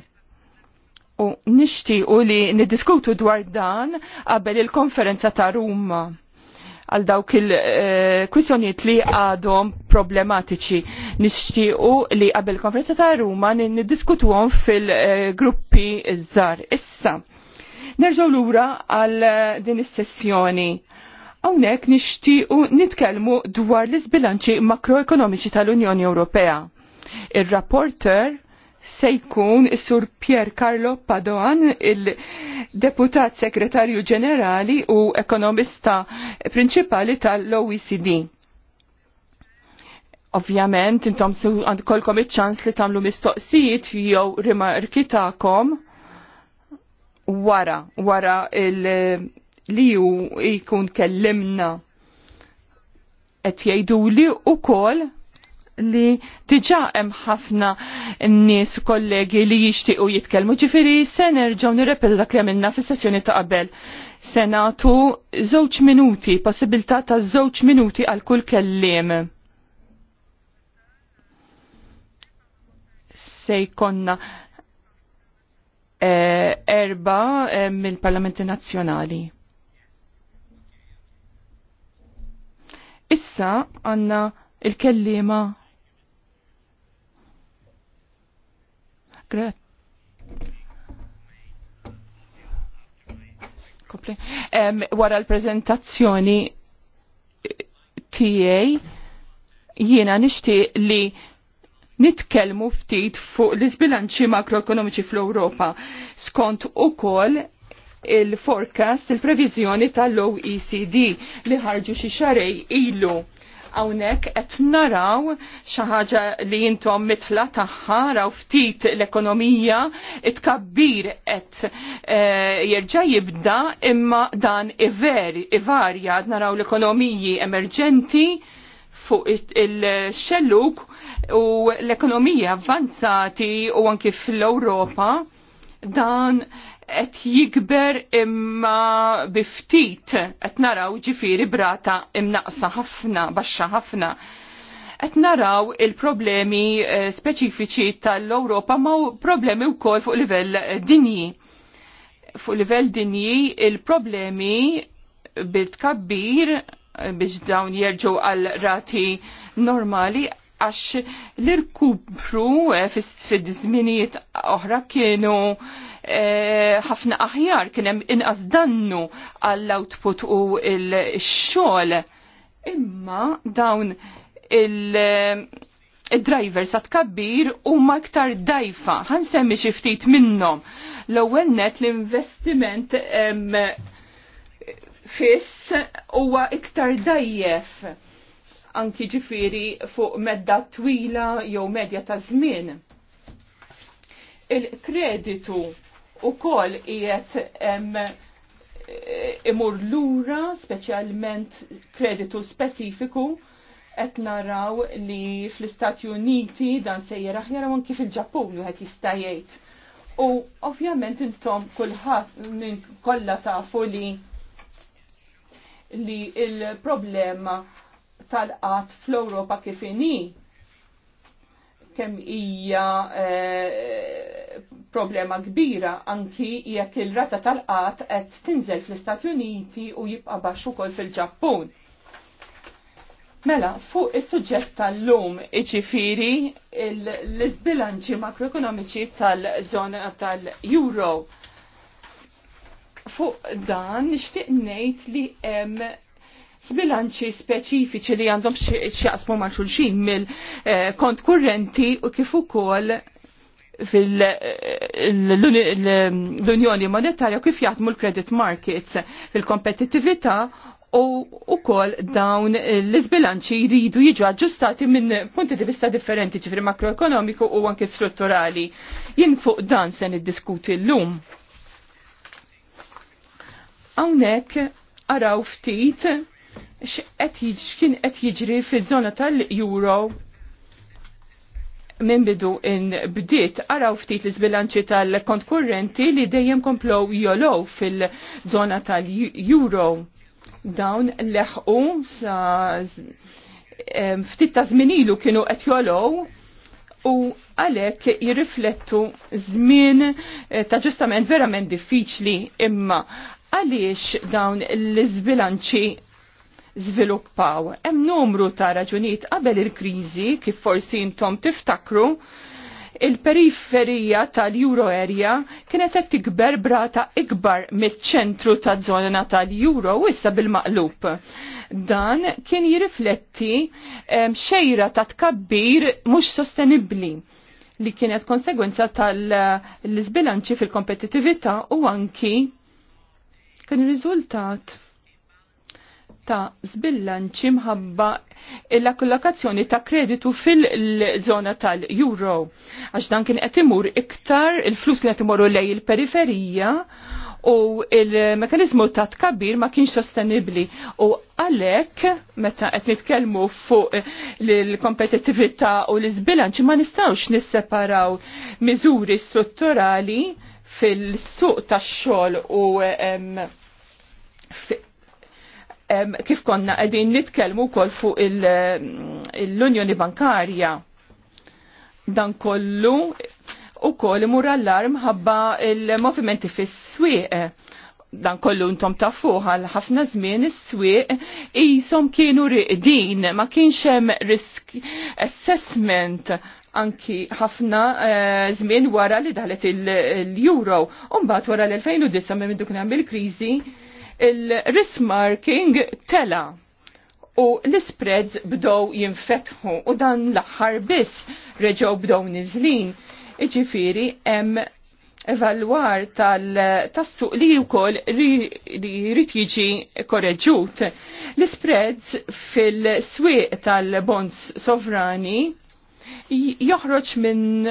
U nixtiequ li niddiskutu dwar dan qabel il-konferenza ta' Ruma għal dawk il-kwissjoniet eh, li għadhom problematiċi. Nixtiequ li qabel konferenza ta' Ruma niddiskutuhom fil-gruppi iż-żar. Issa, nerġgħu lura għal eh, din is-sessjoni. Hawnhekk nixtiequ nitkellmu dwar l-isbilanċi makroekonomiċi tal-Unjoni Ewropea. Ir-rapporter se jkun is-sur Pier Carlo Padoan, il-deputat segretarju ġenerali u ekonomista prinċipali tal-OECD. Ovvjament, intom kolkom iċ-ċans li tamlu mistoqsijiet jew rimarki ta'kom wara, wara il-li jkun kellimna. Et jajdu li u kol li diġa hemm ħafna nies kollegi li jixtiequ jitkellmu. Ġifieri se nerġgħu nirrepeta dak li għamilna fis-sessjoni ta' qabel. se nagħtu żewġ minuti, possibilità ta' żewġ minuti għal kull kelliem. Se jkollna eh, erba eh, mill-Parlamenti Nazzjonali. Issa għanna il-kellima Grat. Kompli. Um, wara l-prezentazzjoni eh, tiegħi jiena nixtieq li nitkellmu ftit fuq l izbilanċi makroekonomiċi fl-Ewropa skont ukoll il-forecast, il-previżjoni tal-OECD li ħarġu xi xarej ilu hawnhekk qed naraw xi ħaġa li intom mitla tagħha raw ftit l-ekonomija it-kabbir qed eh, jerġa' jibda imma dan ivarja naraw l-ekonomiji emerġenti fuq il-xelluk u l-ekonomija avvanzati u anki fl-Ewropa dan qed jikber imma biftit qed naraw ġifiri brata imnaqsa ħafna, baxxa ħafna. Qed naraw il-problemi eh, speċifiċi tal-Ewropa ma problemi wkoll fuq livell eh, dinji. Fuq livell dinji il-problemi bil-tkabbir eh, biex dawn jerġu għal rati normali għax l-irkupru fid-żminijiet oħra kienu Eh, ħafna aħjar kien hemm inqas dannu għall-output u l-xogħol. Imma dawn il-drivers għat kabbir u ma dajfa. Għan semmi xiftit minnom. L-ewwel net l-investiment fiss huwa iktar dajjef anki ġifiri fuq medda twila jew medja ta' żmien. Il-kreditu u kol jiet imur lura specialment kreditu specifiku qed naraw li fl-Istati Uniti dan sejjer aħjar kif il ġappun wieħed jista' jgħid. U ovvjament intom kulħadd minn kollha tafu li li il-problema tal qat fl-Ewropa kif ini, kemm hija eh, problema kbira anki jekk il-rata tal-qat qed tinżel fl-Istati Uniti u jibqa' baxx ukoll fil-Ġappun. Mela, fuq is-suġġett tal-lum iċifiri l-isbilanċi makroekonomiċi tal-żona tal-Euro. Fuq dan nixtieq ngħid li hemm sbilanċi speċifiċi li għandhom x'jaqsmu ma' xulxin mill-kont eh, kurrenti u kif ukoll fil-Unjoni Monetarja kif jaħdmu l-credit markets fil-kompetittività u ukoll dawn l-izbilanċi jridu jiġu aġġustati minn punti di vista differenti ġifri makroekonomiku u anke strutturali. Jien fuq dan se niddiskuti l-lum. Hawnhekk araw ftit x'qed jiġri fiż-żona tal-Euro minn bidu in bdiet araw ftit l-isbilanċi tal-kont kurrenti li dejjem komplow jolow fil-zona tal-euro. Dawn leħqu sa ftit ta' zminilu kienu qed jolow u għalek jirriflettu żmien eh, ta' ġustament verament diffiċli imma għaliex dawn l-izbilanċi żviluppaw. Hemm numru ta' raġunijiet qabel il-kriżi kif forsi intom tiftakru il-periferija tal-Euro area kienet qed tikber brata ikbar miċ-ċentru taż-żona tal-Euro u issa bil-maqlub. Dan kien jirrifletti xejra ta' tkabbir mhux sostenibbli li kienet konsegwenza tal-sbilanċi fil-kompetitività u anki kien riżultat ta' zbilanċi ċimħabba l-akkollokazzjoni ta' kreditu fil-zona tal-euro. Għax dan kien qed imur iktar, il-flus kien għetimur imorru lej il-periferija u il-mekanizmu ta' tkabbir ma kienx sostenibli. U għalhekk meta qed nitkellmu fuq l kompetitivita u l-iżbilanċ ma nistgħux nisseparaw miżuri strutturali fil-suq tax-xogħol u kif konna qegħdin nitkellmu wkoll fuq l-Unjoni Bankarja. Dan kollu u koll imur allarm ħabba il-movimenti fis-swieq dan kollu ntom tafuħ għal ħafna żmien is-swieq ishom kienu riqdin, ma kienx hemm risk assessment anki ħafna eh, żmien wara li daħlet il-euro. mbagħad wara l-2009 minn dukna mill-kriżi il-risk marking tela u l-spreads bdow jinfetħu u dan l-aħħar biss reġgħu bdow niżlin. Iġifieri hemm evalwar tal-suq li wkoll li jrid jiġi korreġut. L-spreads fil-swieq tal-bonds sovrani joħroġ minn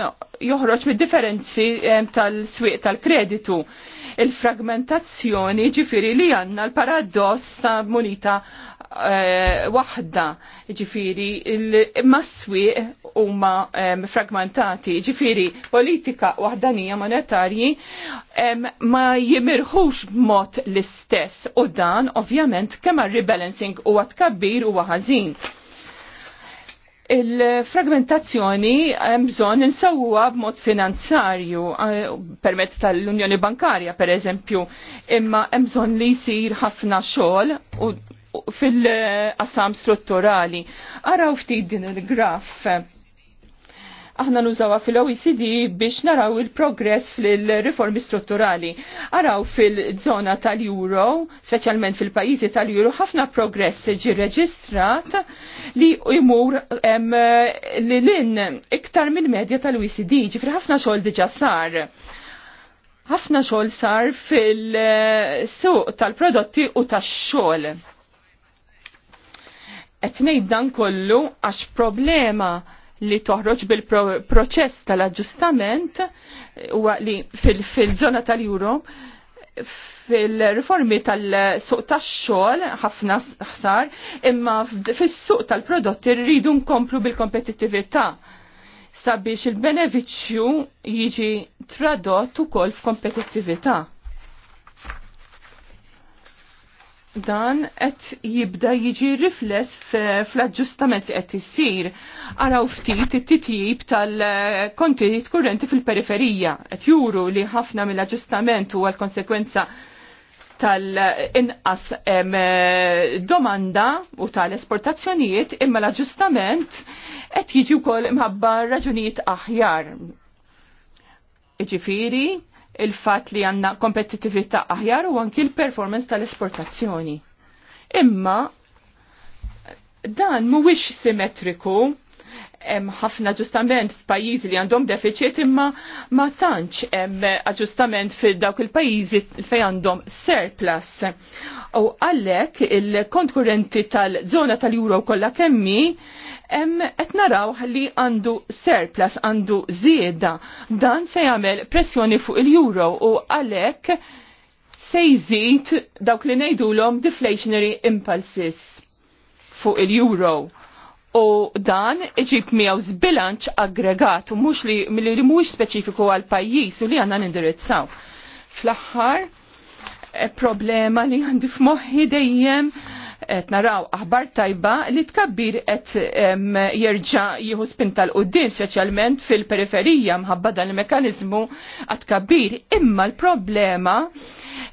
joħroġ minn differenzi eh, tal-swieq tal-kreditu il-fragmentazzjoni ġifiri li għanna l-paradoss ta' munita eh, wahda ġifiri il-maswi huma eh, fragmentati ġifiri politika wahdanija monetarji eh, ma jimirħux b'mod l-istess u dan ovvjament kemm rebalancing u għat kabbir u għazin Il-fragmentazzjoni hemm bżonn insawwa b'mod finanzarju eh, permezz tal-Unjoni Bankarja pereżempju, imma hemm bżonn li jsir ħafna xogħol fil-qassam eh, strutturali. Araw ftit din il-graf aħna nużawa fil-OECD biex naraw il-progress fil-riformi strutturali. Araw fil-zona tal-Euro, specialment fil-pajizi tal-Euro, ħafna progress ġi reġistrat li imur em, li l-in iktar mill-medja tal-OECD, ġifri ħafna xogħol diġa sar ħafna xogħol sar fil-suq tal-prodotti u tax-xogħol. Qed ngħid dan kollu għax problema li toħroġ bil-proċess tal-aġġustament huwa li fil-żona fil tal-Euro fil-riformi tal-suq tax-xogħol ħafna ħsar, imma fis-suq tal-prodotti rridu nkomplu bil-kompetittività sabiex il-benefiċċju jiġi tradott ukoll f'kompetittività. dan qed jibda jiġi rifles fl-aġġustament li qed issir Araw ftit it-titjib tal-kontijiet kurrenti fil-periferija qed juru li ħafna mill-aġġustament huwa l-konsekwenza tal-inqas domanda u tal-esportazzjonijiet imma l-aġġustament qed jiġi wkoll imħabba raġunijiet aħjar. Iġifiri, il-fat li għanna kompetitivita aħjar u anki l-performance tal-esportazzjoni. Imma dan mhuwiex simmetriku hemm ħafna aġġustament f'pajjiżi li għandhom deficit imma ma tantx hemm aġġustament f'dawk dawk il-pajjiżi fejn għandhom surplus. U għalhekk il-konkurrenti tal-żona tal-Euro kollha kemmi qed naraw li għandu surplus, għandu zieda. Dan se jagħmel pressjoni fuq il-euro u għalhekk se jżid dawk li ngħidulhom deflationary impulses fuq il-euro u dan iġib miegħu zbilanċ aggregat u mhux li li mhux speċifiku għal pajjiż u li għandna nindirizzaw. Fl-aħħar eh, problema li għandi f'moħħi dejjem et naraw aħbar tajba li tkabbir qed jerġa' jieħu spinta l qudiem specialment fil-periferija mħabba dan il-mekkaniżmu għat tkabbir. Imma l-problema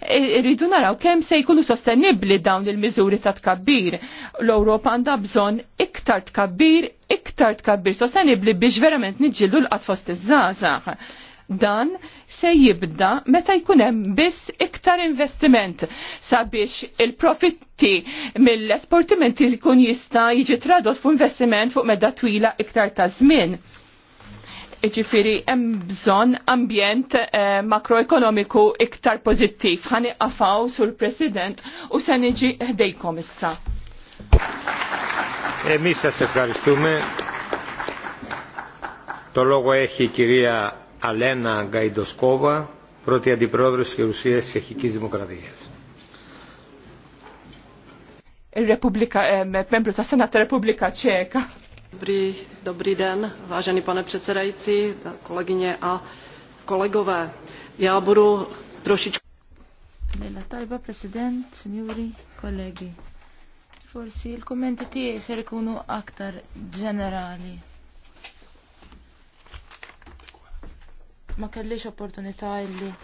rridu naraw kemm se jkunu sostenibbli dawn il-miżuri ta' tkabbir. L-Ewropa għandha bżonn iktar tkabbir, iktar tkabbir sostenibbli biex verament niġġieldu l qatfost fost iż żazax Dan se jibda meta jkun hemm biss iktar investiment sabiex il-profitti mill-esportimenti jkun jista' jiġi tradot fuq investiment fuq medda twila iktar ta' żmien. Iġifiri hemm bżonn ambjent eh, makroekonomiku iktar pożittiv. Ħani qafaw sur President u se niġi ħdejkom issa. Εμείς σας ευχαριστούμε. Το λόγο έχει η κυρία Alena Γκαϊντοσκόβα, πρώτη αντιπρόεδρος της Γερουσίας της Εχικής Δημοκρατίας. Republika, membru ta' Senat Republika Ċeka. Dobrý, dobrý den, vážený pane předsedající, kolegyně a kolegové. Já budu trošičku... Lejla tajba, prezident, signori, kolegy. Forsi il-kommenti tiegħi ser ikunu aktar ġenerali. ma kellix opportunità illi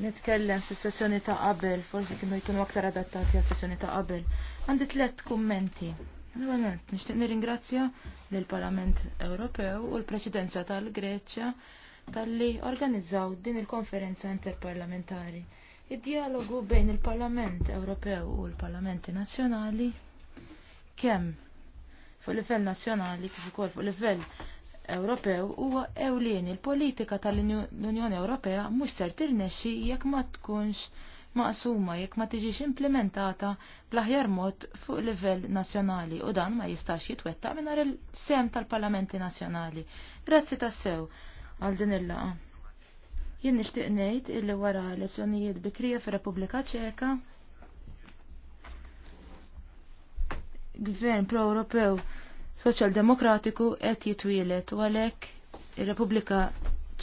nitkellem fis sessjoni ta' qabel, forsi kienu jkunu aktar adattati għas sessjoni ta' qabel. Għandi tlet kummenti. Normalment, nishtiq nirringrazzja l-Parlament Ewropew u l-Presidenza tal-Greċja tal-li organizzaw din il-konferenza interparlamentari. Id-dialogu bejn il-Parlament Ewropew u l-Parlamenti Nazzjonali kemm fuq livell nazzjonali kif ukoll fuq l-level Ewropew huwa ewlien il-politika tal-Unjoni Ewropea mhux ser tirnexxi jekk ma tkunx maqsuma jekk ma tiġix implementata bl-aħjar mod fuq livell nazzjonali u dan ma jistax jitwettaq mingħajr il-sem tal-Parlamenti Nazzjonali. Grazzi tassew għal din il-laqa. Jien nixtieq ngħid illi wara elezzjonijiet bikrija fir-Repubblika Ċeka gvern pro-Ewropew Demokratiku qed jitwielet u għalhekk ir-Repubblika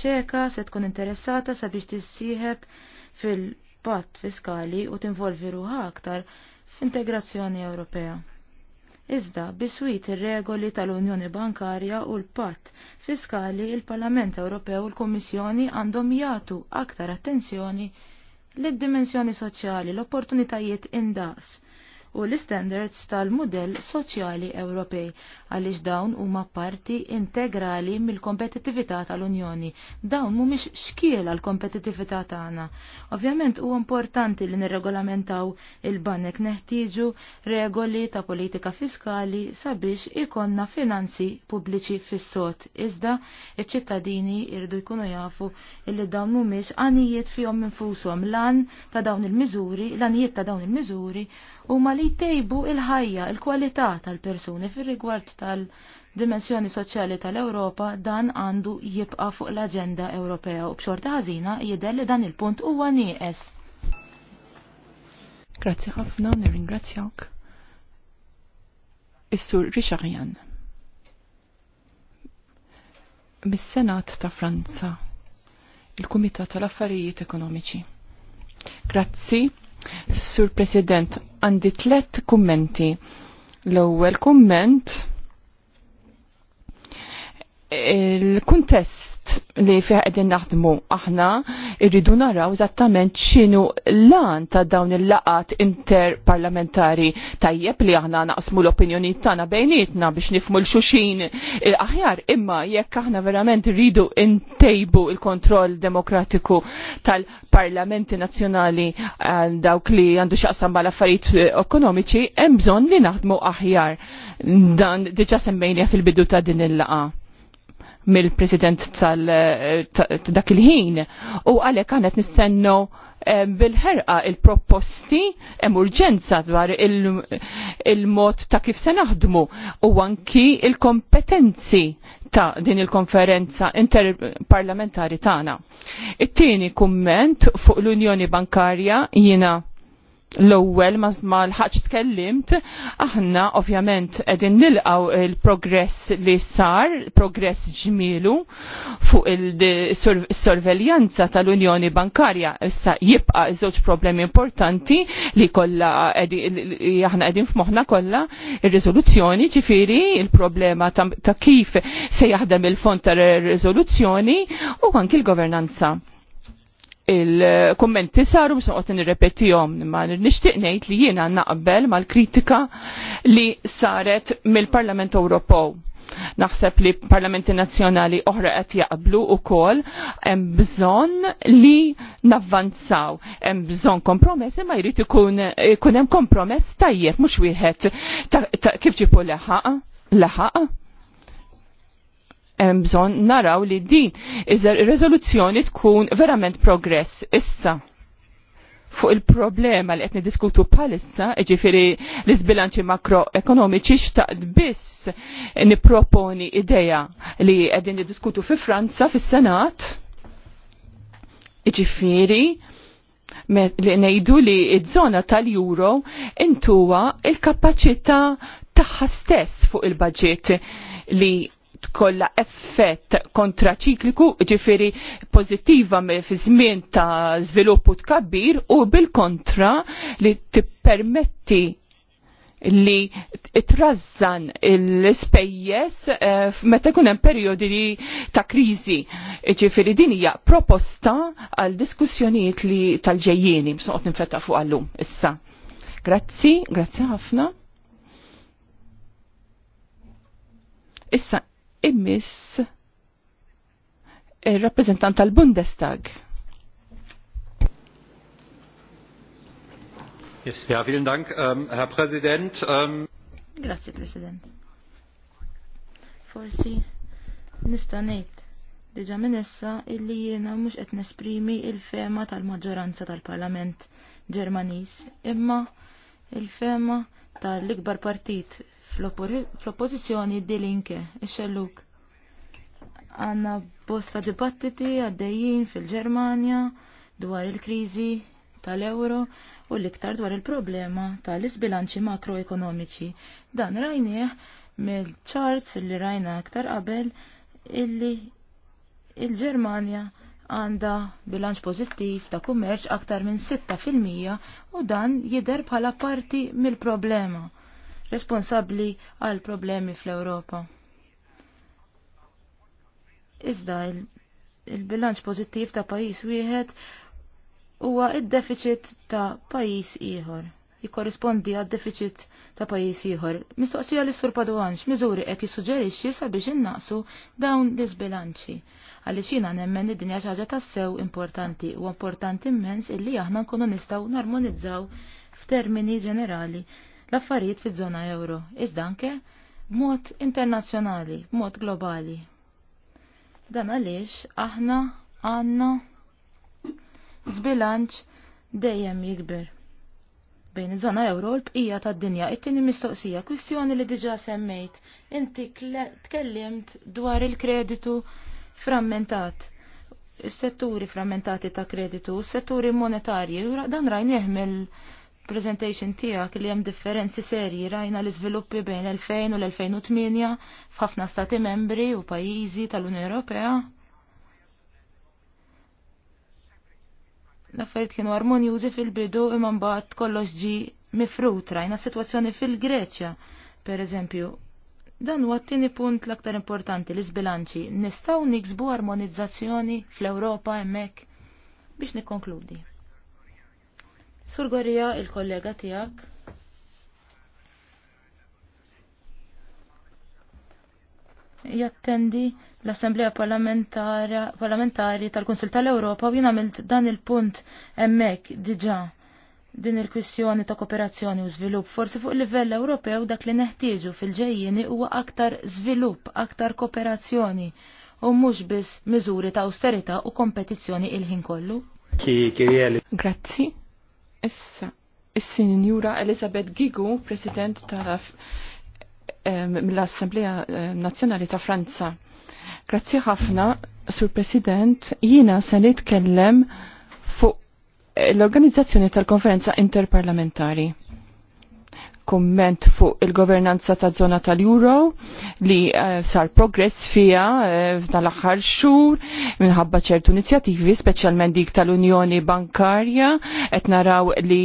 Ċeka se tkun interessata sabiex tissieħeb fil-patt fiskali u tinvolvi ruħa aktar f'integrazzjoni Ewropea. Iżda biswit ir-regoli tal-Unjoni Bankarja u l-Patt fiskali il-Parlament Ewropew u l-Kummissjoni għandhom jagħtu aktar attenzjoni lid-dimensjoni soċjali, l-opportunitajiet indaqs u l-standards tal-modell soċjali Ewropej għaliex dawn huma parti integrali mill-kompetittività tal-Unjoni. Dawn mhumiex xkiel għal kompetittività tagħna. Ovvjament huwa importanti li nirregolamentaw il-banek neħtieġu regoli ta' politika fiskali sabiex ikonna finanzi pubbliċi fis-sot. Iżda iċ-ċittadini jridu jkunu jafu illi dawn mhumiex għanijiet fihom infushom lan ta' dawn il-miżuri, l-għanijiet ta' dawn il-miżuri ma li tejbu il-ħajja, il-kwalità tal-persuni fir-rigward tal-dimensjoni soċjali tal-Ewropa dan għandu jibqa' fuq l-aġenda Ewropea u b'xorta ħażina jidher li dan il-punt huwa nieqes. Grazzi ħafna, nirringrazzjawk. Is-sur Rixaħjan. Mis-Senat ta' Franza, il-Kumitat tal-Affarijiet Ekonomiċi. Grazzi Sur President, għandi tlet kummenti. L-ewwel kumment il-kuntest li fih qegħdin naħdmu aħna irridu naraw eżattament x'inhu lan ta' dawn il-laqat interparlamentari tajjeb li aħna naqsmu l opinjoni tagħna bejnietna biex nifmu l-xuxin aħjar imma jekk aħna verament rridu intejbu il-kontroll demokratiku tal-parlamenti nazzjonali eh, dawk li għandu xaqsam mal-affarijiet eh, ekonomiċi hemm bżonn li naħdmu aħjar dan diġa semmejnija fil-bidu ta' din il-laqa mill-president tal-dak il-ħin u għalek għanet nistennu eh, bil-ħerqa il-proposti emurġenza dwar il-mod ta' kif se naħdmu u anki il-kompetenzi ta' din il-konferenza interparlamentari tagħna. It-tieni kumment fuq l-Unjoni Bankarja jiena l-ewwel ma l-ħaġ tkellimt, aħna ovvjament qegħdin nilqgħu il-progress li sar, progress ġmielu fuq il-sorveljanza tal-Unjoni Bankarja issa jibqa' żewġ problemi importanti li kollha aħna qegħdin f'moħħna kollha ir-riżoluzzjoni ġifieri il-problema ta' kif se jaħdem il-fond tar riżoluzzjoni u anki l-governanza il-kommenti saru biex noqgħod nirrepetihom imma nixtieq ngħid li jiena naqbel mal-kritika li saret mill-Parlament Ewropew. Naħseb li parlamenti nazzjonali oħra qed jaqblu wkoll hemm bżonn li navvanzaw, hemm bżonn kompromess imma jrid ikun ikun hemm kompromess tajjeb mhux wieħed kif ġipu leħaq leħaq hemm bżonn naraw li din iżer ir-riżoluzzjoni tkun verament progress issa fuq il-problema li qed niddiskutu bħalissa, ġifiri l-isbilanċi makroekonomiċi xtaqt biss nipproponi idea li qegħdin niddiskutu fi Franza fis-Senat. Ġifiri li ngħidu li ż-żona tal-euro intuwa il-kapaċità tagħha stess fuq il-budget li tkolla effett kontraċikliku, ġifiri pozittiva fi żmien ta' żviluppu tkabbir u bil-kontra li tippermetti li trazzan l-spejjes eh, meta jkun hemm li ta' kriżi. Ġifieri din hija proposta għal diskussjonijiet li tal-ġejjieni msoqgħod nifetta fuq għallum issa. Grazzi, grazzi ħafna. Issa immiss il-rappresentant tal-Bundestag. Yes, ja, vielen Dank, um, Herr Präsident. Um... Grazie, President. Forsi nista' ngħid diġa minn issa illi jiena mhux qed nesprimi il-fema tal-maġġoranza tal-Parlament Ġermaniż, imma il-fema tal-ikbar partit fl-oppozizjoni dilinke, ixxelluk. Għanna bosta dibattiti għaddejjin fil-Germania dwar il-krizi tal-euro u l-iktar dwar il-problema tal-isbilanċi makroekonomiċi. Dan rajnieħ mill-charts li rajna aktar qabel illi il-Germania għanda bilanċ pozittiv ta' kummerċ aktar minn 6% u dan jider bħala parti mill-problema responsabbli għal problemi fl-Ewropa. Iżda il-bilanċ pozittiv pożittiv ta' pajjiż wieħed huwa id-deficit ta' pajjiż ieħor. Jikorrispondi għad deficit ta' pajjiż ieħor. Mistoqsija li sur Padwanx miżuri qed jissuġġerixxi sabiex innaqsu dawn l-isbilanċi. Għaliex jiena nemmen id-dinja xi ħaġa tassew importanti u importanti immens illi aħna nkunu nistgħu narmonizzaw f'termini ġenerali l-affarijiet fiż-żona euro, iżda anke b'mod internazzjonali, b'mod globali. Dan għaliex aħna għandna zbilanċ dejjem jikber bejn iż-żona euro l bqija tad-dinja. It-tieni mistoqsija, kwistjoni li diġà semmejt. Inti tkellimt dwar il-kreditu frammentat. Is-setturi frammentati ta' kreditu, s-setturi monetarji, dan rajn jeħmel presentation tijak li jem differenzi serji rajna l iżviluppi bejn l-2000 u l-2008 f'ħafna stati membri u pajizi tal-Unjoni Ewropea. L-affarijiet kienu armonjużi fil-bidu imma mbagħad kollox ġi mifrut rajna situazzjoni fil-Greċja, per eżempju. Dan huwa t-tieni punt l-aktar importanti l sbilanċi nistgħu niksbu armonizzazzjoni fl-Ewropa hemmhekk biex nikkonkludi. Sur Gorija, il-kollega tijak. Jattendi l-Assemblea Parlamentari tal-Konsil tal-Europa u jina dan il-punt emmek diġa din il-kwissjoni ta' kooperazzjoni u żvilupp forsi fuq livell Ewropew dak li neħtieġu fil-ġejjieni huwa aktar żvilupp, aktar kooperazzjoni u mhux biss miżuri ta' austerità u kompetizzjoni il-ħin kollu. Grazzi. Issa, il sinjura Elizabeth Gigu, President tal-Assemblea Nazzjonali ta' Franza. Grazzi ħafna, Sur President, jiena se nitkellem fuq l-organizzazzjoni tal-konferenza interparlamentari kumment fuq il-governanza ta' zona tal-Euro li uh, sar progress fija uh, eh, tal axar xhur minħabba ċertu inizjattivi, speċjalment dik tal-Unjoni Bankarja, qed naraw li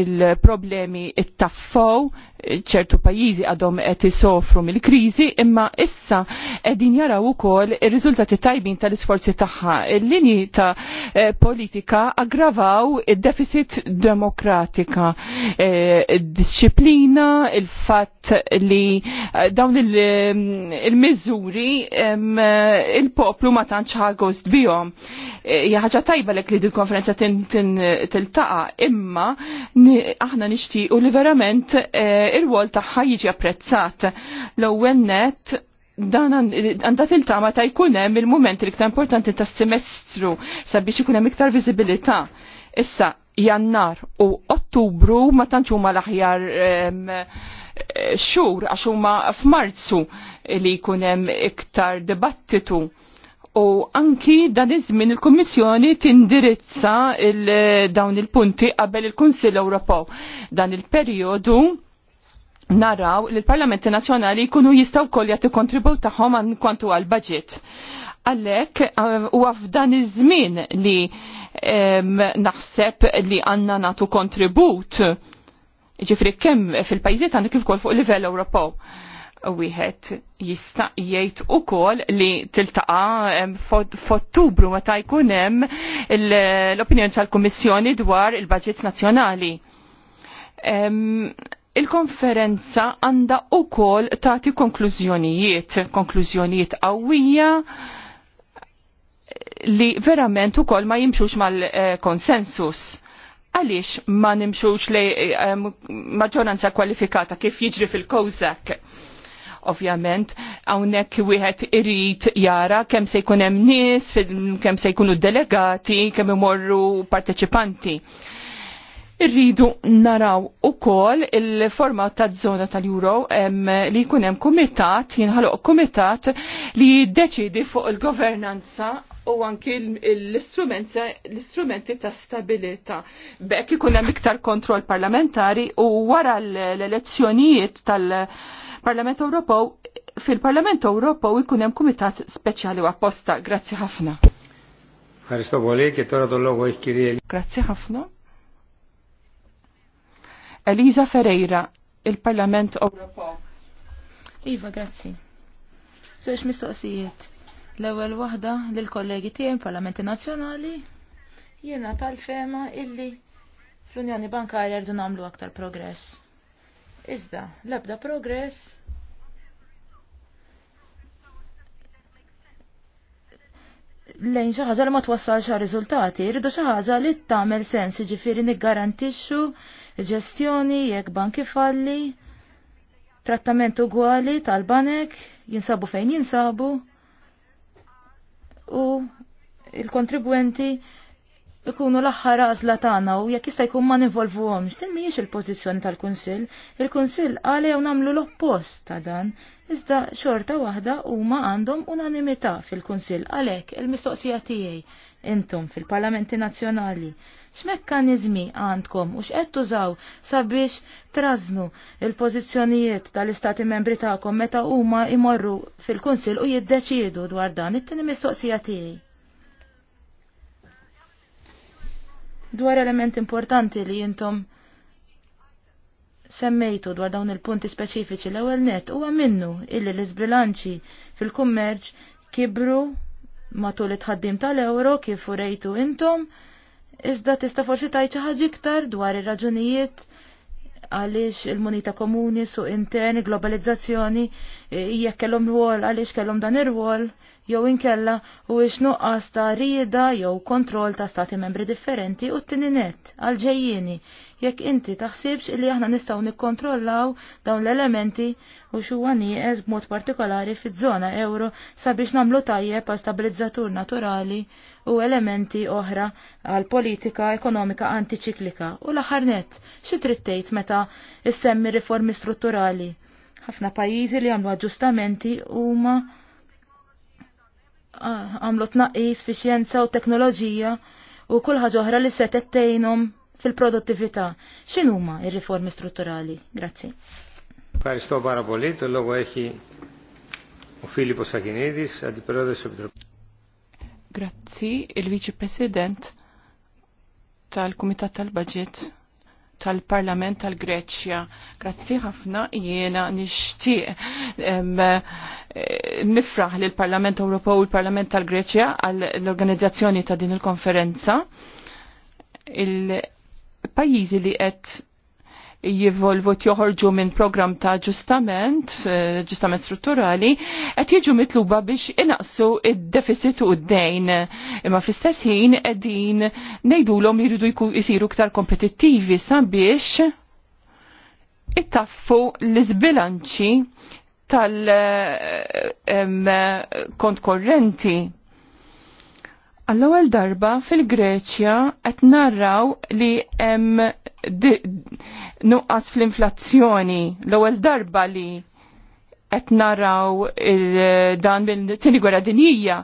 il-problemi it-taffow ċertu pajjiżi għadhom qed isofru mill-kriżi, imma issa qegħdin jaraw ukoll ir-riżultati tajbin tal-isforzi tagħha. Il-linji ta' eh, politika aggravaw id-deficit demokratika, eh, disċiplina, il-fatt li eh, dawn il-miżuri il-poplu ma tantx ħagost bihom jaħġa tajba lek li din konferenza tiltaqa imma aħna nixtiequ li verament eh, il wol tagħha jiġi apprezzat. L-ewwel net dan għandha tiltama ta' jkun hemm il-mument li iktar importanti ta' semestru sabiex ikun hemm iktar viżibilità. Issa jannar u ottubru ma tantx huma l-aħjar eh, xhur għax huma f'Marzu li jkun hemm iktar dibattitu U anki dan iż-żmien il-Kummissjoni tindirizza il eh, dawn il-punti qabel il-Kunsill Ewropew. Dan il-perjodu naraw li l-Parlamenti Nazzjonali jkunu jistgħu wkoll jagħti kontribut tagħhom kwantu għal budget. Għalhekk huwa eh, f'dan iż-żmien li naħseb li għandna nagħtu kontribut ġifri kemm fil-pajjiet għanna kif kol fuq livell Ewropew wieħed jista' jgħid ukoll li tiltaqa' f'Ottubru meta jkun hemm l-opinjoni tal-Kummissjoni dwar il-Baġit Nazzjonali. Il-konferenza għandha ukoll tagħti konklużjonijiet, konklużjonijiet qawwija li verament ukoll ma jimxux mal-konsensus għaliex ma nimxux li maġġoranza kwalifikata kif jiġri fil-Kozak Ovvjament, hawnhekk wieħed irid jara kemm se jkun hemm nies, kemm se jkunu delegati, kemm imorru parteċipanti. Irridu naraw ukoll il-format ta' zona tal-Euro li jkun hemm kumitat, jinħaloq kumitat li jiddeċidi fuq il-governanza u anki l-istrumenti ta' stabilita. Bekk ikun hemm iktar kontroll parlamentari u wara l-elezzjonijiet tal- Parlament Ewropew fil-Parlament Ewropew ikun hemm kumitat speċjali apposta. Grazzi ħafna. Grazzi ħafna. Eliza Ferreira, il-Parlament Ewropew. Iva, grazzi. Sirx mistoqsijiet. L-ewwel waħda lill-kollegi tiegħi parlamenti Nazzjonali jiena tal-fema illi fl-Unjoni Bankarja rridu nagħmlu aktar progress Iżda, l-ebda progress lejn xi ħaġa li ma twassalx riżultati, irridu xi ħaġa li tagħmel sens, jiġifieri niggarantixxu ġestjoni jekk banki falli, trattament ugwali tal-banek jinsabu fejn jinsabu u il-kontribwenti ikunu l-aħħar għażla tagħna u jekk jista' jkun ma nivolvuhomx, din mhijiex il-pożizzjoni tal-Kunsill. Il-Kunsill għalhom nagħmlu l-oppost ta' dan, iżda xorta waħda huma għandhom unanimità fil-Kunsill għalhekk il-mistoqsija tiegħi intom fil-Parlamenti Nazzjonali. X'mekkaniżmi għandkom u x'qed tużaw sabiex trażnu il-pożizzjonijiet tal-Istati Membri tagħkom meta huma jmorru fil-Kunsill u jiddeċiedu dwar dan it-tieni mistoqsija tiegħi dwar element importanti li jintom semmejtu dwar dawn il-punti speċifiċi l-ewwel net huwa minnu illi l izbilanċi fil-kummerċ kibru matul it-ħaddim tal-euro kif rejtu intom iżda tista' forsi tajċa xi ħaġa iktar dwar ir-raġunijiet għaliex il-munita komuni, su intern, globalizzazzjoni, eh, jekk kellhom rwol, għaliex kellhom dan ir-rwol jew inkella u nuqqas ta' rieda jew kontroll ta' stati membri differenti u t-tini net għal-ġejjieni jekk inti taħsibx li aħna nistgħu nikkontrollaw dawn l-elementi u xuwa nieqes b'mod partikolari fiż-żona euro sabiex nagħmlu tajjeb għal stabilizzatur naturali u elementi oħra għal politika ekonomika antiċiklika u l-aħħar net xi trittejt meta issemmi riformi strutturali ħafna pajjiżi li għamlu aġġustamenti huma għamlu tnaqqis fi xjenza u teknoloġija u kull ħaġa oħra li se tettejnhom fil-produttività. X'inhuma ir-riformi strutturali? Grazzi. Ευχαριστώ πάρα πολύ. Το eħi u Filippo Sakinidis, għaddi Αντιπρόεδρος της Επιτροπής. Grazzi, il-Viċi President tal-Kumitat tal-Budget tal-Parlament tal-Greċja. Grazzi ħafna jiena nixtieq eh, nifraħ li l-Parlament Ewropew u l-Parlament tal-Greċja għall l-organizzazzjoni ta' din il-konferenza. Il-pajjiżi li qed jivolvu joħorġu minn program ta' ġustament, eh, ġustament strutturali, qed jiġu mitluba biex inaqsu id-deficit u d-dejn. Imma fl-istess ħin qegħdin ngħidulhom jridu jsiru iktar kompetittivi sabiex ittaffu l-iżbilanċi tal-kont eh, korrenti. Għall-ewwel darba fil-Greċja qed narraw li hemm nuqqas fl-inflazzjoni l-ewwel darba li qed naraw dan mill-tieni gwerra dinjija.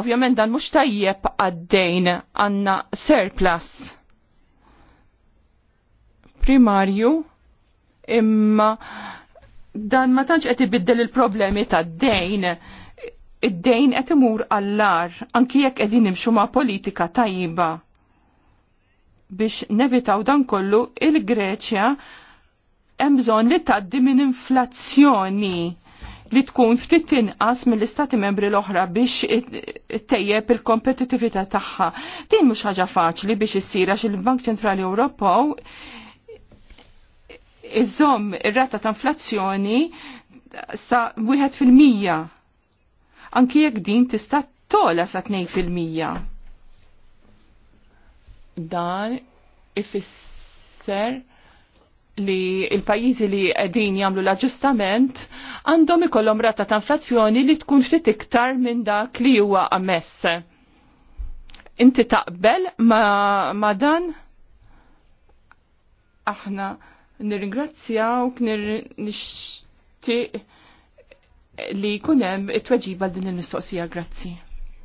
Ovvjament dan mhux tajjeb għaddejn għandna surplus primarju imma dan ma tantx qed ibiddel il-problemi tad-dejn. Id-dejn qed imur għall-lar anki jekk qegħdin nimxu ma' politika tajba biex nevitaw dan kollu il-Greċja hemm bżonn li tgħaddi minn inflazzjoni li tkun ftit tinqas mill-istati membri l-oħra biex tejjeb il-kompetitività tagħha. Din mhux ħaġa faċli biex issir għax il-Bank Ċentrali Ewropew iżomm ir-rata ta' inflazzjoni sa wieħed fil-mija. Anki jekk din tista' tola sa tnejn fil-mija Dan ifisser li il-pajizi li għedin jamlu l-aġustament għandhom ikollhom rata ta' inflazzjoni li tkun ftit iktar minn dak li huwa ammess. Inti taqbel ma, ma dan? Aħna nirringrazzjawk nirnixtieq li kunem it-tweġiba din il-mistoqsija, grazzi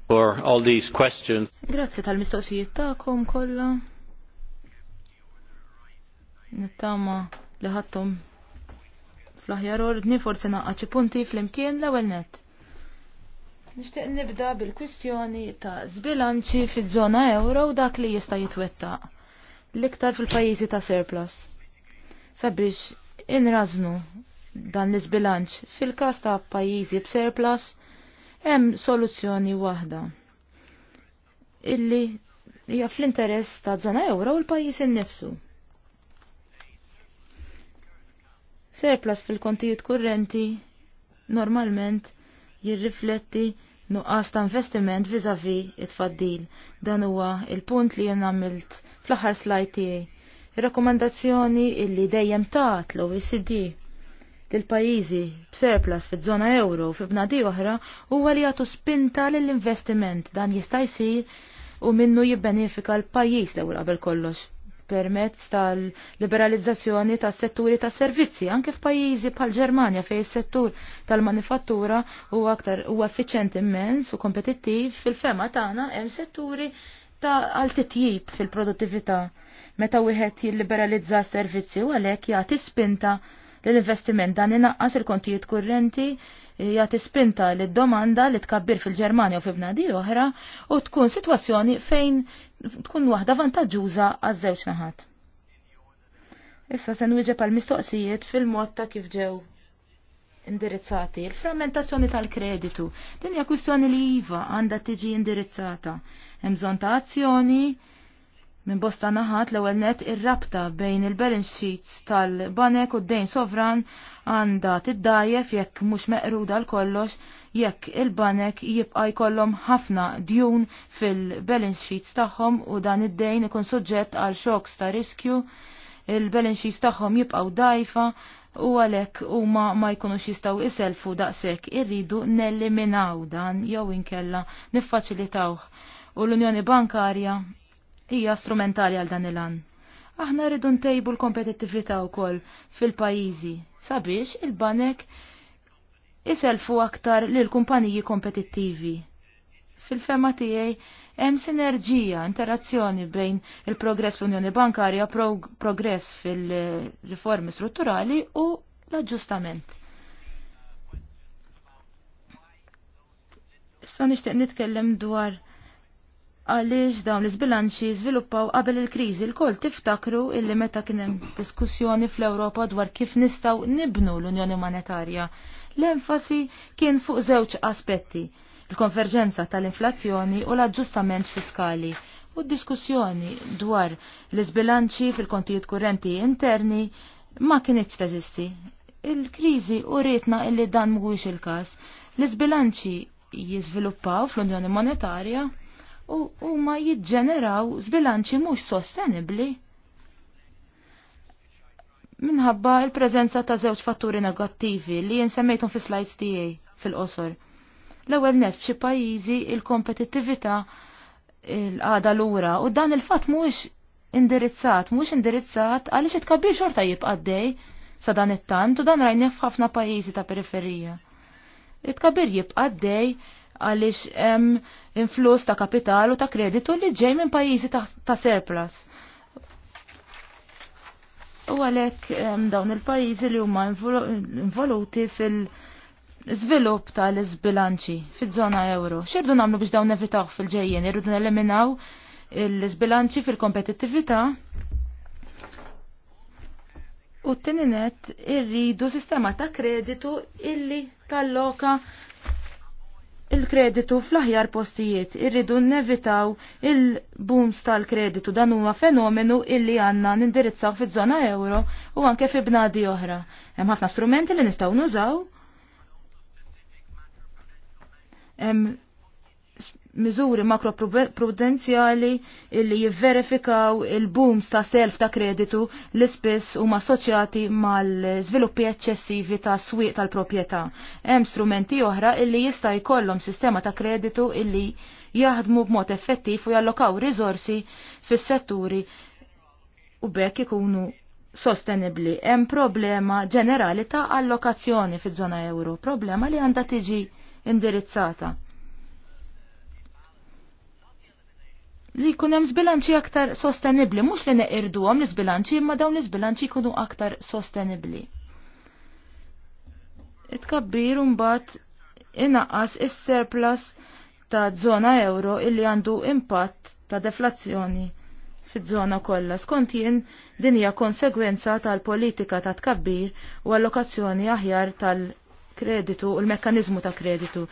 for all these questions. Grazzi tal-mistoqsijiet tagħkom kollha. Nittama li ħadtom fl-aħjar ordni forsi naqqa' xi punti flimkien l-ewwel nett. Nixtieq nibda bil-kwistjoni ta' zbilanċi fiż-żona euro u dak li jista' jitwettaq l-iktar fil-pajjiżi ta' surplus. Sabiex inrażnu dan l iżbilanċ fil-każ ta' pajjiżi b'surplus hemm soluzzjoni waħda illi hija fl-interess ta' żona ewra u l-pajjiż innifsu. Surplus fil-kontijiet kurrenti normalment jirrifletti nuqqas ta' investiment vizavi it-faddil. Dan huwa il-punt li jien għamilt fl-aħħar slajd tiegħi. Ir-rakkomandazzjoni illi dejjem tat l OECD dil-pajizi b'surplus fiż-żona euro fi bnadi oħra huwa li jagħtu spinta lill-investiment dan jista' jsir u minnu jibbenefika l-pajjiż l-ewwel qabel kollox permezz tal-liberalizzazzjoni tas-setturi tas-servizzi anke f'pajjiżi bħal Ġermanja fejn is-settur tal-manifattura huwa aktar huwa effiċjenti immens u kompetittiv fil-fema tagħna hemm setturi ta' għal titjib fil-produttività meta wieħed jilliberalizza s-servizzi u għalhekk jagħti spinta l-investiment dan inaqqas il-kontijiet kurrenti jagħti spinta lid domanda li tkabbir fil-Ġermanja u fi bnadi oħra u tkun sitwazzjoni fejn tkun waħda vantaġġuża għaż-żewġ naħat. Issa se nwieġeb għal mistoqsijiet fil-mod ta' kif ġew indirizzati. Il-frammentazzjoni tal-kreditu. Din hija kwistjoni li iva għandha tiġi indirizzata. Hemm bżonn ta' azzjoni, Minn bosta naħat l-ewwel net ir-rabta bejn il-balance sheets tal-banek u d-dejn sovran għandha tiddajjef jekk mhux meqruda l kollox jekk il-banek jibqa' jkollhom ħafna djun fil-balance sheets tagħhom u dan id-dejn ikun suġġett għal xoks ta' riskju, il-balance sheets tagħhom jibqgħu dajfa u għalhekk huma ma jkunux jistgħu iselfu daqshekk irridu neliminaw dan jew inkella niffaċilitawh u l-Unjoni Bankarja hija strumentali għal dan il-an. Aħna rridu ntejbu l-kompetittività wkoll fil-pajjiżi sabiex il-banek iselfu aktar lil kumpaniji kompetittivi. Fil-fema tiegħi hemm sinerġija, interazzjoni bejn il-progress l unjoni Bankarja, progress fil-riformi strutturali u l-aġġustament. Issa nixtieq nitkellem dwar għaliex dawn l-izbilanċi żviluppaw qabel il-kriżi l-kol tiftakru illi meta kien hemm diskussjoni fl-Ewropa dwar kif nistgħu nibnu l-Unjoni Monetarja. L-enfasi kien fuq żewġ aspetti: il-konverġenza tal-inflazzjoni u l-aġġustament fiskali u d-diskussjoni dwar l-izbilanċi fil-kontijiet kurrenti interni ma kienieċ teżisti. Il-kriżi u rietna illi dan mhuwiex il-każ. L-izbilanċi jiżviluppaw fl-Unjoni Monetarja u huma jiġġeneraw zbilanċi mhux sostenibbli minħabba il-preżenza ta' żewġ fatturi negattivi li jinsemmejtum fi slides tiegħi fil-qosor. L-ewwel nes f'xi pajjiżi il-kompetittività l-għada lura u dan il-fatt mux indirizzat, mhux indirizzat għaliex itkabbir xorta jibqaddej sa dan it-tant u dan rajni f'ħafna pajjiżi ta' periferija. Itkabbir jibqaddej għaliex hemm influss ta' kapitalu ta' kreditu li ġej minn pajjiżi ta', ta surplus. U għalhekk hemm dawn il-pajjiżi li huma involuti fil- Zvilup tal-izbilanċi fiż-żona euro. ċerdu nagħmlu biex dawn nevitaw fil-ġejjien, irridu neliminaw l-izbilanċi fil-kompetittività U t-tininet irridu sistema ta' kreditu illi tal-loka il-kreditu fl-aħjar postijiet, irridu nevitaw il-booms tal-kreditu dan huwa fenomenu illi għanna nindirizzaw fi żona euro u anke fi bnadi oħra. Hemm ħafna strumenti li nistgħu nużaw. Hemm miżuri makroprudenzjali illi jivverifikaw il-booms ta' self ta' kreditu li spiss huma assoċjati mal-żviluppi eċċessivi ta' swieq tal-proprjetà. Hemm strumenti oħra illi jista' jkollhom sistema ta' kreditu illi jaħdmu b'mod effettiv u jallokaw rizorsi fis-setturi u bekk ikunu sostenibli. Hemm problema ġenerali ta' allokazzjoni fiż-żona euro, problema li għandha tiġi indirizzata li jkun hemm żbilanċi aktar sostenibbli, mhux li neqirduhom l-iżbilanċi imma dawn l-iżbilanċi jkunu aktar sostenibbli. Itkabbir mbagħad inaqqas is-surplus ta' żona euro illi għandu impatt ta' deflazzjoni fiż-żona kollha skont jien din hija konsegwenza tal-politika ta' tkabbir u allokazzjoni aħjar tal-kreditu u l-mekkaniżmu ta' kreditu.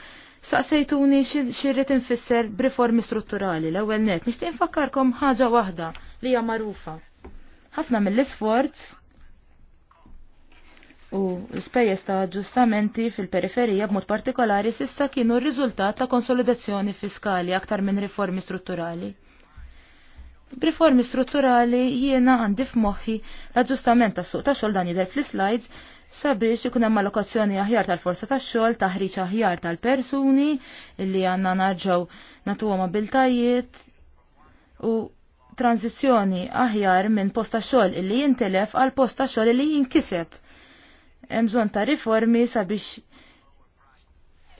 Saqsejtuni xirrit infisser b'riformi strutturali l ewwel net, nixtieq infakkarkom ħaġa waħda li hija magħrufa. Ħafna mill-isforz u l-spejjeż ta' ġustamenti fil-periferija b'mod partikolari sissa kienu r-riżultat ta' konsolidazzjoni fiskali aktar minn riformi strutturali. B'riformi strutturali jiena għandi f'moħħi l-aġġustament tas suq ta' xogħol dan jidher fl-slides sabiex ikun hemm allokazzjoni aħjar tal-forza tax-xogħol, taħriġ aħjar tal-persuni li għandna narġgħu nagħtuhom abiltajiet u tranzizzjoni aħjar minn posta xogħol illi jintelef għal posta xogħol illi jinkiseb. Hemm bżonn ta' riformi sabiex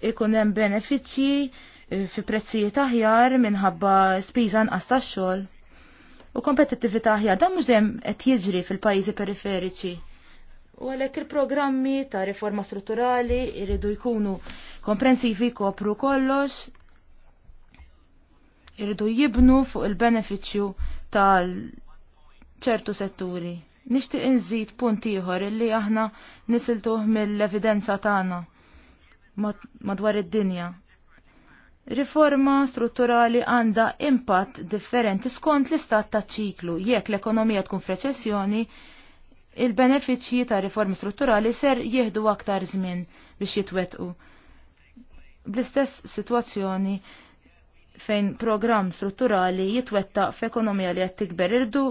ikun hemm benefiċċji eh, fi prezzijiet aħjar minħabba spiża nqas tax-xogħol u kompetittività aħjar dan mhux dejjem qed jiġri fil-pajjiżi periferiċi. U għalhekk il-programmi ta' riforma strutturali jridu jkunu komprensivi kopru kollox, irridu jibnu fuq il-benefiċċju tal ċertu setturi. Nixtieq inżid punt ieħor illi aħna nisiltuh mill-evidenza tagħna madwar id-dinja Riforma strutturali għanda impatt differenti skont l-istat ta' ċiklu. Jekk l-ekonomija tkun f'reċessjoni, il-benefiċċji ta' riformi strutturali ser jieħdu aktar żmien biex jitwetqu. Bl-istess situazzjoni fejn programm strutturali jitwettaq f'ekonomija li qed tikber irdu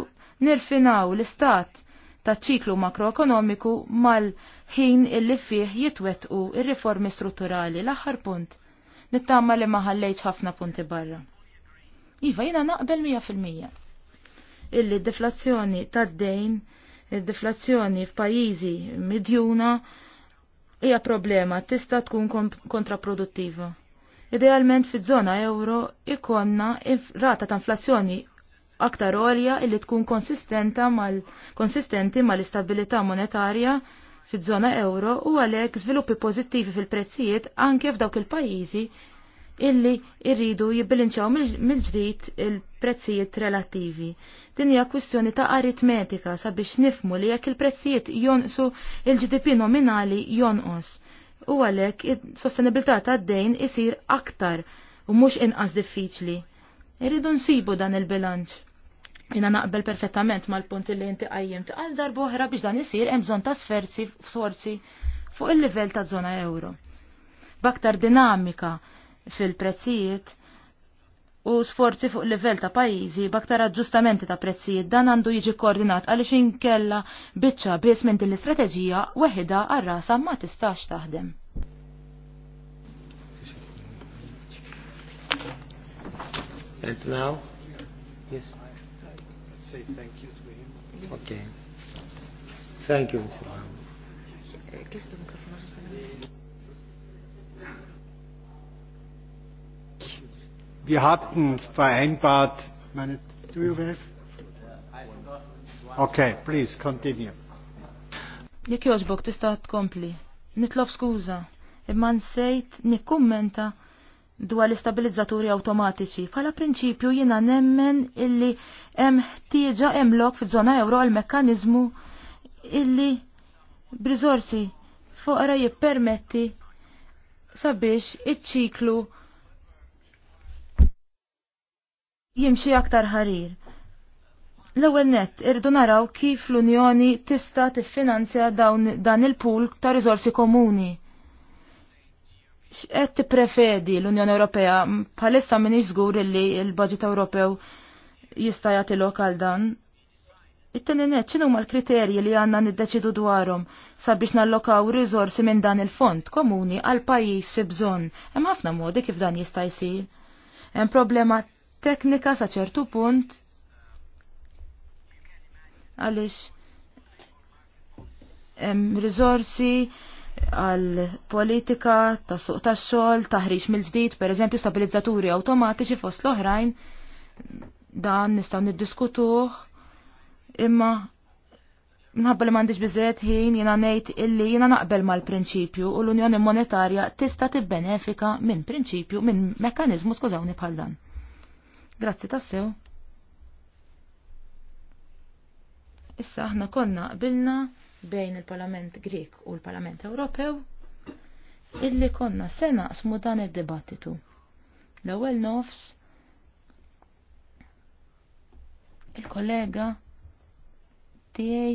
nirfinaw l-istat ta' ċiklu makroekonomiku mal-ħin illi fih jitwetqu ir-riformi strutturali l-aħħar punt nittama li maħallejt ħafna punti barra. Iva, jina naqbel 100%. Illi deflazzjoni tad dejn, deflazzjoni f'pajjiżi midjuna, hija problema tista' tkun kontraproduttiva. Idealment fiż-żona euro ikonna rata ta' inflazzjoni aktar għolja illi tkun konsistenta mal konsistenti mal-istabilità monetarja fiż-żona euro u għalhekk żviluppi pożittivi fil-prezzijiet anke f'dawk il-pajjiżi illi irridu jibbilinċaw mill-ġdid il-prezzijiet relattivi. Din hija kwistjoni ta' aritmetika sabiex nifmu li jekk il-prezzijiet jonqsu il-GDP nominali jonqos. U għalhekk sostenibilità tad-dejn isir aktar u mhux inqas diffiċli. Irridu nsibu dan il-bilanċ. Jina naqbel perfettament mal-punt li inti ta' għal boħra biex dan isir hemm bżonn ta' sferzi f'sorzi fuq il-livell ta' zona euro. Baktar dinamika fil-prezzijiet u sforzi fuq livell ta' pajjiżi baktar aġġustamenti ta' prezzijiet dan għandu jiġi koordinat għaliex kella biċċa biss minn din l-istrateġija weħida għar-rasa ma tistax taħdem. And now? Yes say thank you to him. Okay. Thank you, Mr. Wir hatten vereinbart, meine, do you have? Okay, please continue. Jek joġbok tista' tkompli. Nitlob skuża, imma nsejt nikkummenta dwar l-istabilizzaturi automatiċi. Fala prinċipju jiena nemmen illi hemm ħtieġa hemm lok fiż euro għal mekkaniżmu illi b'riżorsi foqra jippermetti sabiex iċ-ċiklu jimxi aktar ħarir. L-ewwel nett irdu naraw kif l-Unjoni tista' tiffinanzja dan il-pool ta' riżorsi komuni x'qed tipprefedi l-Unjoni Ewropea bħalissa m'iniex żgur li l-Baġit Ewropew jista' jagħtilok għal dan. It-tieni net x'inhu l-kriterji li għandna niddeċidu dwarhom sabiex nallokaw riżorsi minn dan il-fond komuni għal pajjiż fi bżonn. Hemm ħafna modi kif dan jista' jsir. Hemm problema teknika sa ċertu punt għaliex hemm riżorsi għal politika ta' suq ta' xol, taħriġ mill-ġdid, per eżempju stabilizzaturi automatiċi fost l-oħrajn, dan nistaw niddiskutuh, imma minħabba li m'għandix biżejjed ħin jiena ngħid illi jiena naqbel mal-prinċipju u l-Unjoni Monetarja tista' tibbenefika minn prinċipju minn mekkaniżmu skużawni bħal dan. Grazzi tassew. Issa aħna konna qbilna bejn il-Parlament Grek u l-Parlament Ewropew illi konna sena smu dan id-dibattitu. L-ewwel nofs il-kollega tiegħi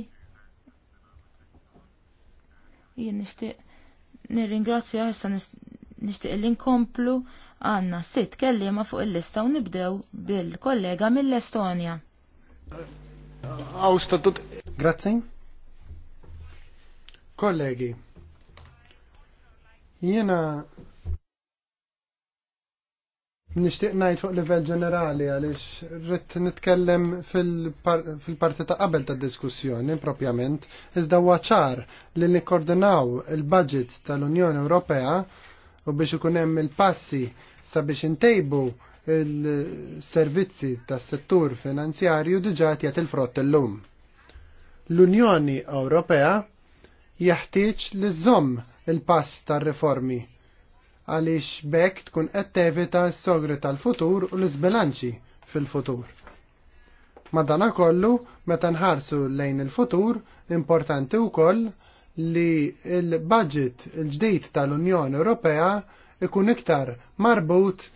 jien nixtieq nirringrazzja issa nixtieq li nkomplu għandna sitt kelliema fuq il-lista u nibdew bil-kollega mill-Estonja. Għaw statut. Grazie. Kollegi, jiena Nishtiq najt fuq livell ġenerali għaliex rrit nitkellem fil-parti ta' qabel ta' diskussjoni propjament, iżda waċar li nikordinaw il-budgets tal-Unjoni Ewropea u biex ikun hemm il-passi sabiex intejbu il-servizzi tas settur finanzjarju diġa qed il-frott illum. L-Unjoni Ewropea jeħtieġ li żomm il-pass tar-riformi għaliex bekk tkun qed tevita s-sogri tal-futur u l-iżbilanċi fil-futur. Madana kollu, meta nħarsu lejn il-futur, importanti wkoll li il-budget il-ġdejt tal-Unjoni Ewropea ikun iktar marbut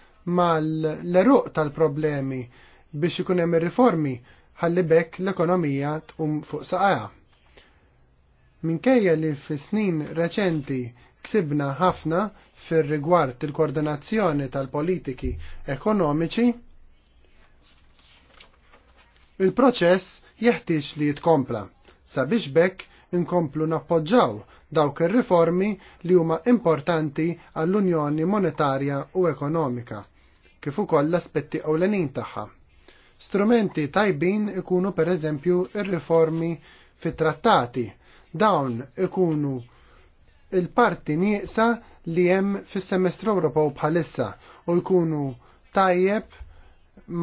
mal leruq tal-problemi biex ikun hemm ir-riformi ħalli bekk l-ekonomija tqum fuq saqajha. Minkejja li f snin reċenti ksibna ħafna fir rigward il-koordinazzjoni tal-politiki ekonomiċi, il-proċess jeħtieġ li jitkompla sabiex bekk inkomplu nappoġġaw dawk ir-riformi li huma importanti għall-Unjoni Monetarja u Ekonomika, kif ukoll l-aspetti ewlenin tagħha. Strumenti tajbin ikunu pereżempju ir-riformi fit-trattati Dawn ikunu il-parti nieqsa li hemm fis-semestru Ewropew bħalissa u jkunu tajjeb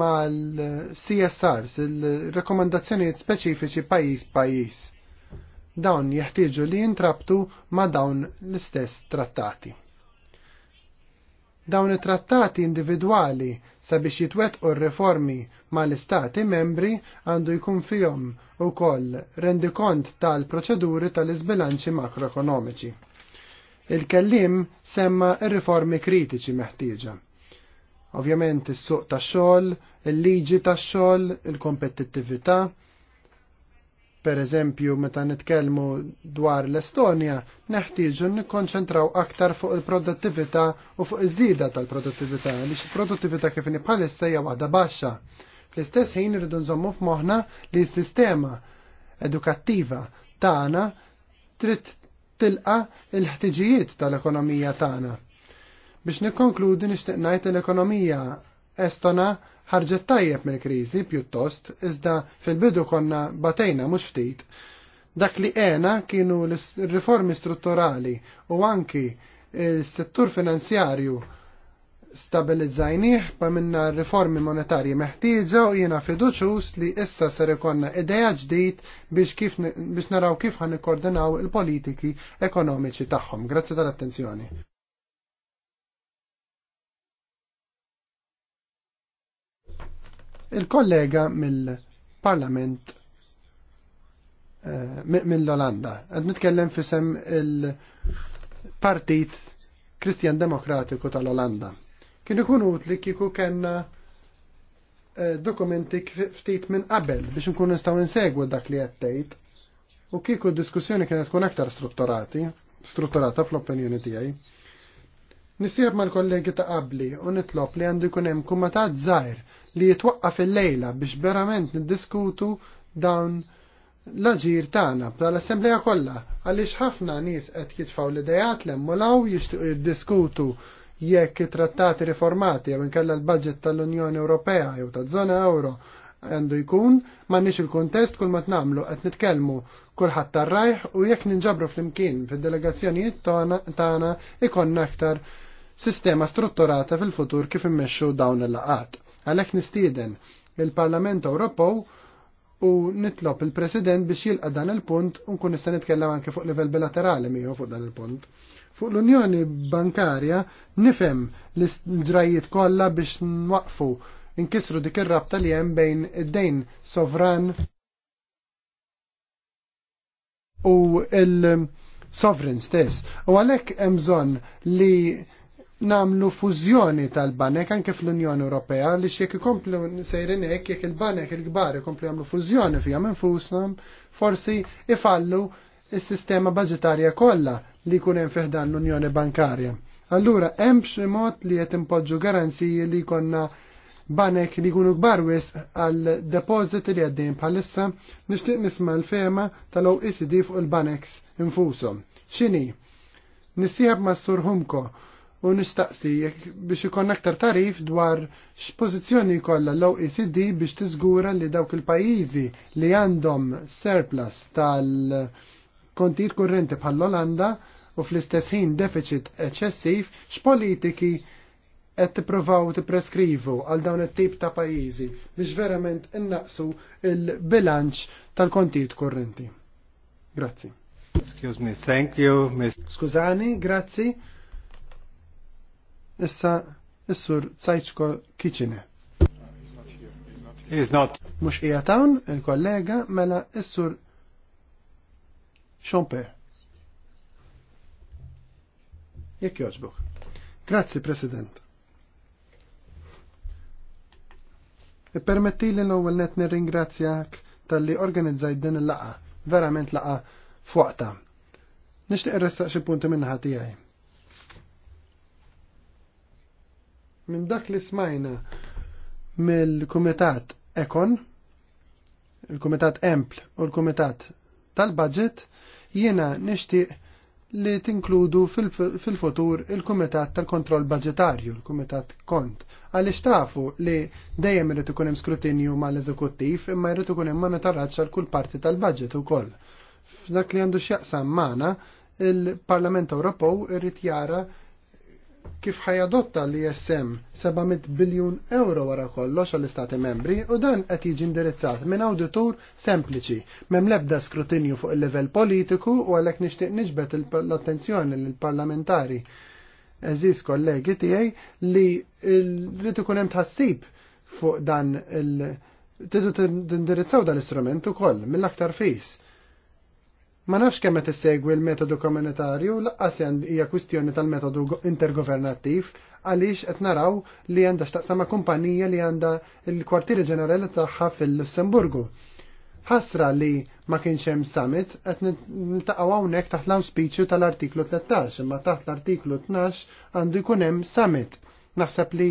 mal-CSRs, il-rekomandazzjonijiet speċifiċi pajis pajis. Dawn jeħtieġu li jintrabtu ma' dawn l-istess trattati. Dawn it-trattati individwali sabiex jitwetqu r-reformi mal-istati membri għandu jkun fihom ukoll rendikont tal-proċeduri tal iżbilanċi makroekonomiċi. Il-kellim semma r-riformi kritiċi meħtieġa. Ovvjament is-suq tax-xogħol, il-liġi tax-xogħol, il-kompetittività, il liġi tax xogħol il kompetittività per eżempju meta nitkellmu dwar l-Estonja, neħtieġu nikkonċentraw aktar fuq il-produttività u fuq iż-żieda tal-produttività għaliex il produttività kif inhi bħalissa hija waħda baxxa. Fl-istess ħin irridu nżommu f'moħħna li s-sistema edukattiva tagħna trid tilqa l-ħtiġijiet tal-ekonomija tagħna. Biex nikkonkludi nixtieq ngħid l-ekonomija Estona ħarġet tajjeb mill-kriżi pjuttost, iżda fil-bidu konna batejna mhux ftit. Dak li għena kienu l-riformi strutturali u anki il-settur finanzjarju stabilizzajnih pa minna riformi monetarji meħtieġa u jiena fiduċus li issa ser ikonna ideja ġdid biex, kif, biex naraw kif ħan il-politiki ekonomiċi tagħhom. Grazzi tal-attenzjoni. il-kollega mill-Parlament eh, mill-Olanda. Għad nitkellem fisem il-Partit Kristjan Demokratiku tal-Olanda. Kien ikun utli kieku kena eh, dokumenti ftit minn qabel biex nkun nistgħu insegwu dak li qed tgħid u kieku d-diskussjoni kienet tkun aktar strutturati, strutturata fl-opinjoni tiegħi. Nisieb mal-kollegi ta' qabli u nitlob li għandu jkun hemm kumatat żgħir li jitwaqqa fil-lejla biex verament niddiskutu dawn l-ġir tagħna bħal-assembleja kollha għaliex ħafna nies qed jitfgħu l-idejat l-emmulaw jixtiequ jiddiskutu jekk it trattati riformati jew inkella l-budget tal-Unjoni Ewropea jew taż-żona euro għandu jkun m'għandniex il-kuntest kull ma tnamlu qed nitkellmu kulħadd tar-rajħ u jekk ninġabru flimkien fid-delegazzjonijiet tagħna ikonna aktar sistema strutturata fil-futur kif immexxu dawn il-laqat. Għalhekk nistieden il-Parlament Ewropew u nitlob il-President biex jilqa' dan il-punt u nkun nista' nitkellem anke fuq livell bilaterali miegħu fuq dan il-punt. Fuq l-Unjoni Bankarja nifhem l-ġrajiet kollha biex nwaqfu inkisru dik ir-rabta li hemm bejn id-dejn sovran u il-sovereign stess. U għalhekk hemm bżonn li namlu fużjoni tal-banek anke fl-Unjoni Ewropea li xiek ikomplu sejrin hekk jekk il-banek il-kbar ikomplu jagħmlu fużjoni fija minn fusnhom forsi ifallu is-sistema budgetarja kollha li jkun hemm fih dan l-Unjoni Bankarja. Allura hemm xi mod li qed impoġġu garanziji li jkollna banek li jkunu kbar wis għal deposit li għaddejn bħalissa nixtieq nisma' l-fema tal-OECD fuq il banex infushom. X'inhi? Nissieħab ma' Sur u nistaqsi biex ikon aktar tarif dwar x'pożizzjoni kollha l-OECD biex tiżgura li dawk il-pajjiżi li għandhom surplus tal-kontijiet kurrenti bħall-Olanda u fl-istess ħin deficit eċessiv x'politiki qed tippruvaw tippreskrivu għal dawn it-tip ta' pajjiżi biex verament innaqsu il-bilanċ tal-kontijiet kurrenti. Grazzi. Excuse me, thank you, Miss. Skużani, grazzi. Issa is-sur Tsajċko Kiċine. He's not. Mux ija tawn, il-kollega, mela is-sur Xomper. Jekk joġbok. Grazzi, President. Ippermetti li l-ewwel net nirringrazzjak tal-li organizzajt din il-laqa, verament laqa fuqta. Nixtieq irressaq xi punti minna tiegħi. Minn dak li smajna mill-Kumitat Ekon, il-Kumitat Empl u l-Kumitat tal-Budget, jiena nixtieq li tinkludu fil-futur il-Kumitat tal-Kontroll Budgetarju, il-Kumitat Kont, għaliex tafu li dejjem irid ikun hemm skrutinju mal-eżekuttiv imma jrid ikun hemm monitoraġġ għal kull parti tal-budget ukoll. F'dak li għandu x'jaqsam magħna, il-Parlament Ewropew irrid jara kif ħajadotta li jessem 700 biljun euro wara kollox għall-istati membri u dan qed jiġi indirizzat minn awditur sempliċi mem l-ebda skrutinju fuq il-livell politiku u għalhekk nixtieq niġbet l-attenzjoni lill-parlamentari eżis kollegi tiegħi li rrid ikun hemm tħassib fuq dan il- tidu tindirizzaw dan l-istrument ukoll mill-aktar fis Ma nafx kemm qed issegwi l-metodu komunitarju laqqas hija kwistjoni tal-metodu intergovernattiv għaliex qed naraw li għandha x'taqsama kumpanija li għandha l-kwartieri ġenerali tagħha fil-Lussemburgu. Ħasra li ma kienx hemm summit qed niltaqgħu hawnhekk taħt l-awspiċju tal-artiklu 13, imma taħt l-artiklu 12 għandu jkun hemm summit. Naħseb li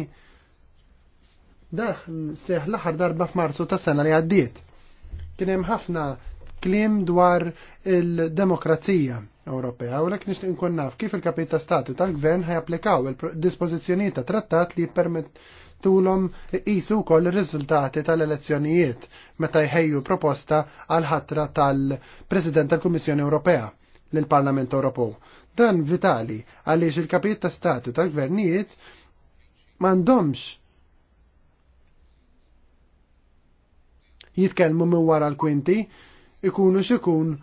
daħ seħ l-aħħar darba f'Marzu ta' sena li għaddiet. Kien hemm ħafna kliem dwar il-demokrazija Ewropea. U lek nixtieq nkun naf kif il kapita statu tal-gvern applikaw il-dispożizzjonijiet ta' trattat li jippermettulhom jisu wkoll ir-riżultati tal-elezzjonijiet meta jħejju proposta għal ħatra tal-President tal-Kummissjoni Ewropea lill-Parlament Ewropew. Dan vitali għaliex il kapita ta' statu tal-gvernijiet m'għandhomx jitkellmu minn wara l-kwinti ikunu xikun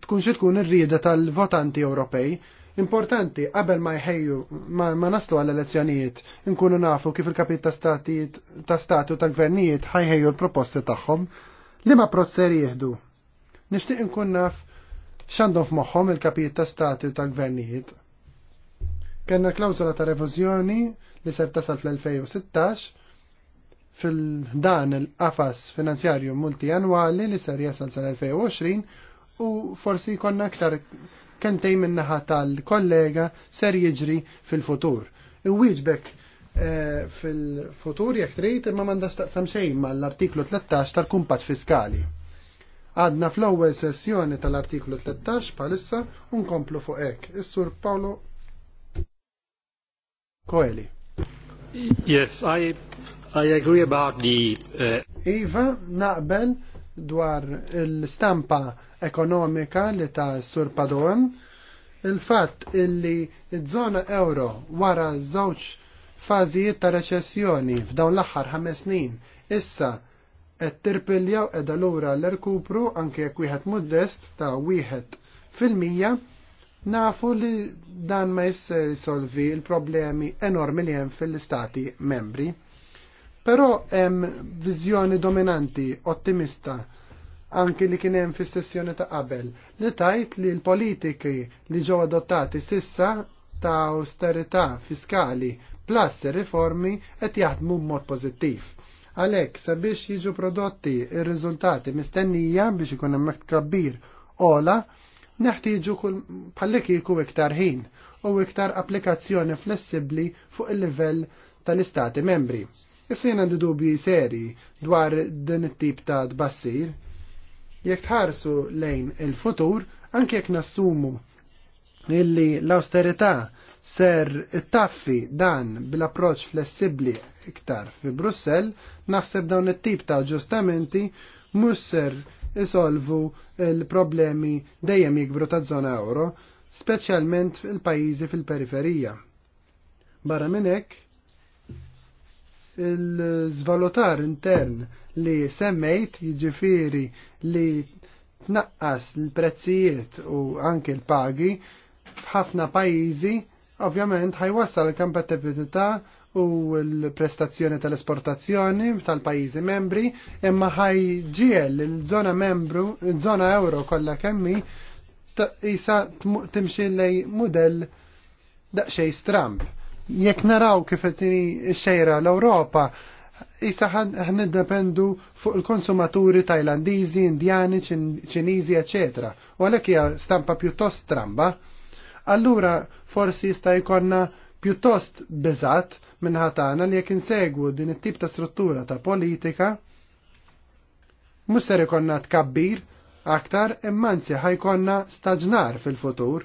tkun xi ir-rieda tal-votanti Ewropej. Importanti, qabel ma jħejju ma, ma naslu għall elezzjonijiet nkunu nafu kif il-kapit ta' Stati ta' statu ta' gvernijiet ħajħejju l-proposti tagħhom li ma prozzer jieħdu. Nixtieq nkun naf x'għandhom f'moħħhom il-kapit ta' stati u ta' gvernijiet. Kenna klawzola ta' revużjoni li ser tasal fl-2016 fil-dan il-qafas finanzjarju multijanwali li ser jasal sal-2020 u forsi konna aktar kentej minnaħa tal-kollega ser jiġri fil-futur. Iwieġbek eh, fil-futur jek trid imma mandax taqsam xejn mal-artiklu 13 tal-kumpat fiskali. Għadna fl-ewwel sessjoni tal-artiklu 13 palissa unkomplu fuq hekk. Is-Sur Paolo Coeli. Yes, I I agree about the... Uh, iva, naqbel dwar il-stampa ekonomika li ta' Sur Padon, il-fatt illi il żona euro wara żewġ fażijiet ta' recessjoni f'dawn l-aħħar ħames snin issa qed tirpiljaw ed lura l-irkupru anke jekk wieħed modest ta' wieħed fil-mija nafu li dan ma jissolvi l-problemi enormi li hemm fil istati membri. Però hemm viżjoni dominanti, ottimista, anki li kien hemm fis-sessjoni ta' qabel, li tajt li l-politiki li ġew adottati sissa ta' austerità fiskali plus riformi qed jaħdmu b'mod pożittiv. Għalhekk sabiex jiġu prodotti r riżultati mistennija biex ikun hemm kabbir ola, neħtieġu bħallek jiku iktar ħin u iktar applikazzjoni flessibbli fuq il-livell tal-istati membri jessina di għandi dubji seri dwar din it-tip ta' tbassir. Jekk tħarsu lejn il-futur, anke jekk nassumu illi l-austerità ser taffi dan bil-approċ flessibli iktar fi Brussel, naħseb dawn it-tip ta' ġustamenti musser isolvu il-problemi dejjem jikbru ta' zona euro, speċjalment fil-pajjiżi fil-periferija. Barra minn hekk, il-zvalutar intern li semmejt jiġifieri li tnaqqas l-prezzijiet u anke l-pagi f'ħafna pajjiżi ovvjament ħajwassal il-kompetitività u l-prestazzjoni tal-esportazzjoni tal-pajjiżi membri, imma ħajġiel il-żona membru, il-żona euro kollha kemmi jisa timxi lej mudell daqsxejn stramb Jekk naraw kif qed xejra l-Ewropa, issa ħniddependu fuq il-konsumaturi tajlandiżi, indjani, ċiniżi, eċetera. U għalhekk hija stampa pjuttost stramba, allura forsi jista' jkollna pjuttost beżat ħatana li jekk insegwu din it-tip ta' struttura ta' politika, mhux ser ikonna tkabbir aktar immanzi ħajkonna staġnar fil-futur.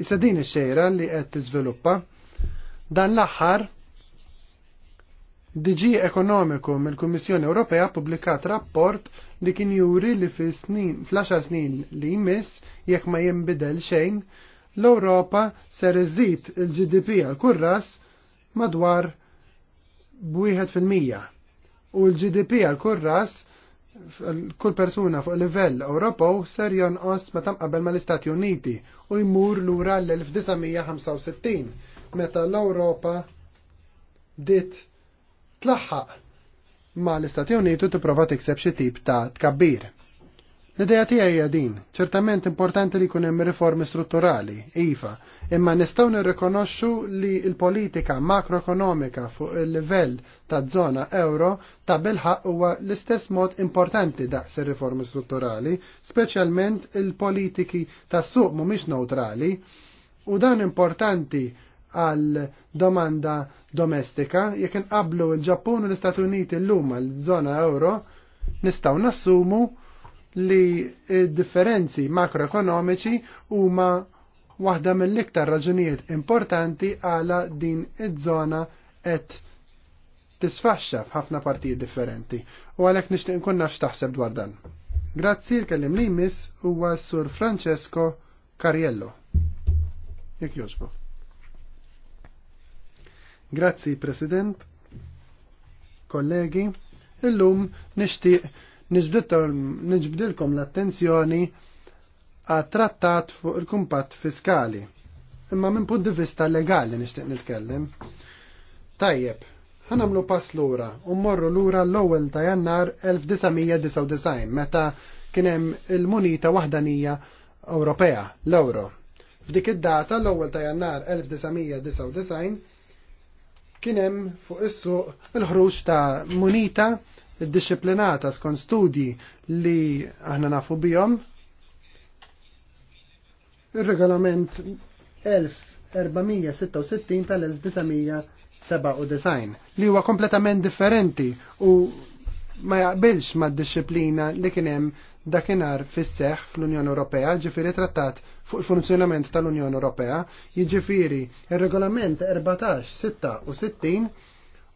Issa din xejra li qed tiżviluppa dan l-aħħar Diġi ekonomiku mill-Kummissjoni Ewropea pubblikat rapport li kien juri li fl snin, fl snin li jmiss jekk ma jinbidel xejn l-Ewropa ser iżid il-GDP għal kurras madwar b'wieħed fil-mija u l-GDP għal kurras kull persuna fuq livell Ewropew ser jonqos meta mqabel mal-Istati Uniti u jmur lura l-1965 meta l-Ewropa dit tlaħħaq mal istati Uniti u tipprova tikseb xi tip ta' tkabbir. L-ideja tiegħi hija din, ċertament importanti li jkun hemm riformi strutturali, iva, imma nistgħu nirrikonoxxu li l-politika makroekonomika fuq il-livell ta' żona euro ta' bilħaq huwa l-istess mod importanti daqs ir-riformi strutturali, speċjalment il-politiki ta' suq mhumiex neutrali, u dan importanti għal domanda domestika jekk inqablu l-Ġappun u l-Istati Uniti llum għal żona euro, nistgħu nassumu li differenzi makroekonomiċi huma waħda mill-iktar raġunijiet importanti għala din iż-żona qed tisfaxxa f'ħafna partijiet differenti. U għalhekk nixtieq nkun naf taħseb dwar dan. Grazzi l-kellim li miss huwa Sur Francesco Cariello. Jekk jogħġbok. Grazzi President, kollegi, illum nixtieq nġbdilkom l-attenzjoni għat trattat fuq il-kumpat fiskali. Imma minn punt di vista legali nixtieq nitkellem. Tajjeb, ħanamlu pass lura u morru lura l-ewwel ta' jannar 1999 meta kien hemm il-munita wahdanija Ewropea, l-euro. F'dik id-data l-ewwel ta' jannar 1999 kien hemm fuq is-suq il-ħruġ ta' munita disciplinata skont studji li aħna nafu bihom. Ir-regolament 1466 tal-1997 li huwa kompletament differenti u ma jaqbilx ma' disciplina li kien hemm dakinhar fis-seħħ fl-Unjoni Ewropea, ġifieri trattat fuq il-funzjonament tal-Unjoni Ewropea, jiġifieri ir-regolament 1466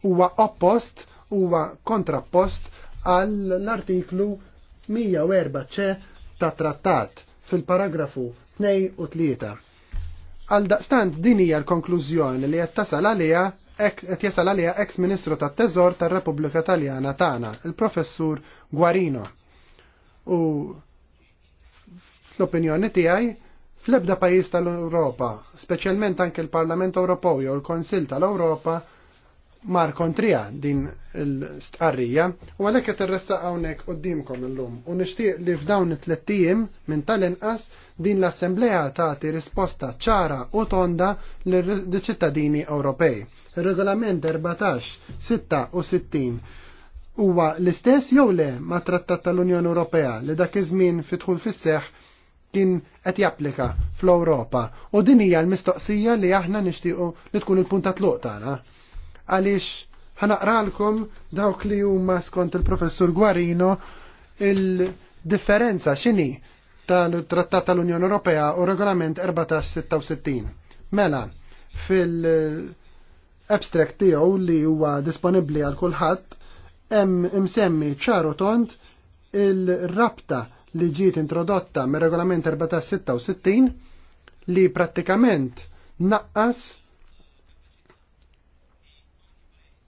huwa oppost huwa kontrappost għall-artiklu 104 c ta' trattat fil-paragrafu 2 u 3. Għal daqstant din hija l-konklużjoni li qed tasal għaliha qed jasal ex Ministru tat-Teżor tar-Repubblika Taljana tagħna, il-Professur Guarino. U l-opinjoni tiegħi fl-ebda pajjiż tal-Ewropa, speċjalment anke l-Parlament Ewropew jew l-Konsil tal-Ewropa, mar kontrija din l-stqarrija u għalhekk qed irressa hawnhekk qudiemkom illum u nixtieq li f'dawn it-tlettijiem minn tal-inqas din l-Assembleja tagħti risposta ċara u tonda lill-ċittadini Ewropej. Ir-Regolament 14-66 huwa l-istess jew le ma' Trattat tal-Unjoni Ewropea li dak iż-żmien fitħul fis-seħħ kien qed japplika fl-Ewropa. U din hija l-mistoqsija li aħna nixtiequ li tkun il-punta tluq tagħna għaliex ħanaqralkom dawk li huma skont il-professur Guarino il-differenza xini tal-Trattat tal-Unjoni Ewropea u Regolament 1466. Mela, fil-abstract tiegħu li huwa disponibbli għal kulħadd hemm imsemmi ċaru tont il-rabta li ġiet introdotta mir regolament 1466 li prattikament naqqas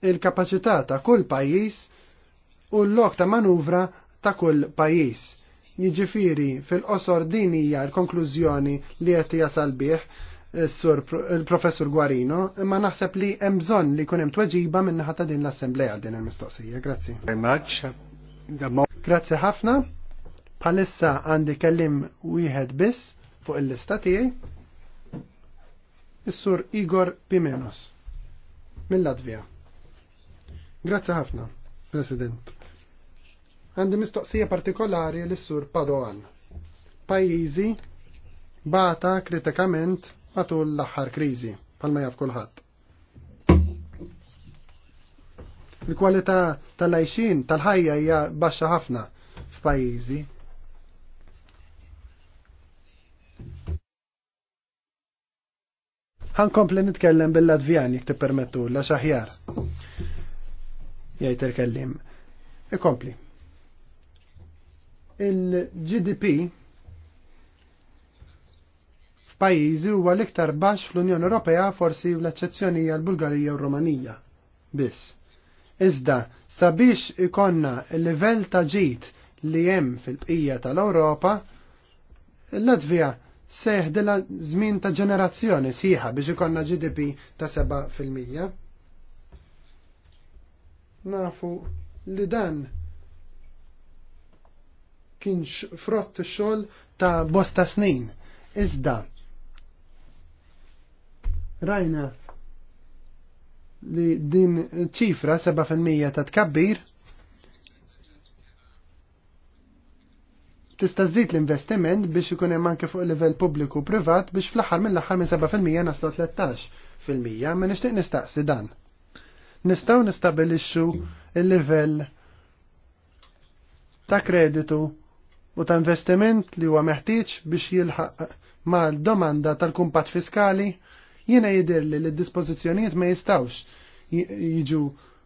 il-kapacità ta' kull pajjiż u l-lok ta' manuvra ta' kull pajjiż. Jiġifieri fil-qosor din hija l-konklużjoni li qed jasal bih il-professur Guarino, imma naħseb li hemm bżonn li jkun hemm tweġiba minn ta' din l-assembleja din il-mistoqsija. Grazzi. Grazzi ħafna. Palissa għandi kellim wieħed biss fuq il-lista tiegħi. Is-sur Igor Pimenos mill-Latvija. Grazzi ħafna, President. Għandi mistoqsija partikolari l sur Padoan. Pajizi bata kritikament matul l-aħħar kriżi, palma jaf kulħadd. Il-kwalità tal ajxin tal-ħajja hija baxxa ħafna f'pajjiżi ħankompli nitkellem bil-Latvjan jekk tippermettu l-axaħjar jgħid il-kellim. Ikompli. Il-GDP f'pajjiżi huwa l-iktar baxx fl-Unjoni Ewropea forsi l-eċċezzjoni għal bulgarija u Rumanija biss. Iżda sabiex ikonna l-livell ta' ġid li hemm fil-bqija tal-Ewropa, l-Latvija seħdilha żmien ta' ġenerazzjoni sieħa biex ikonna GDP ta' 7 fil-mija nafu li dan kien frott xogħol ta' bosta snin. Iżda rajna li din ċifra 7% ta' tkabbir tista' żżid l-investiment biex ikun hemm anke fuq livell pubbliku privat biex fl-aħħar mill-aħħar minn 7% naslu 13% fil-mija ma nixtieq nistaqsi dan nistaw nistabilixxu il-livell ta' kreditu u ta' investiment li huwa meħtieġ biex jilħaq ma' domanda tal-kumpat fiskali jiena jidirli li d-dispożizzjonijiet ma jistawx jiġu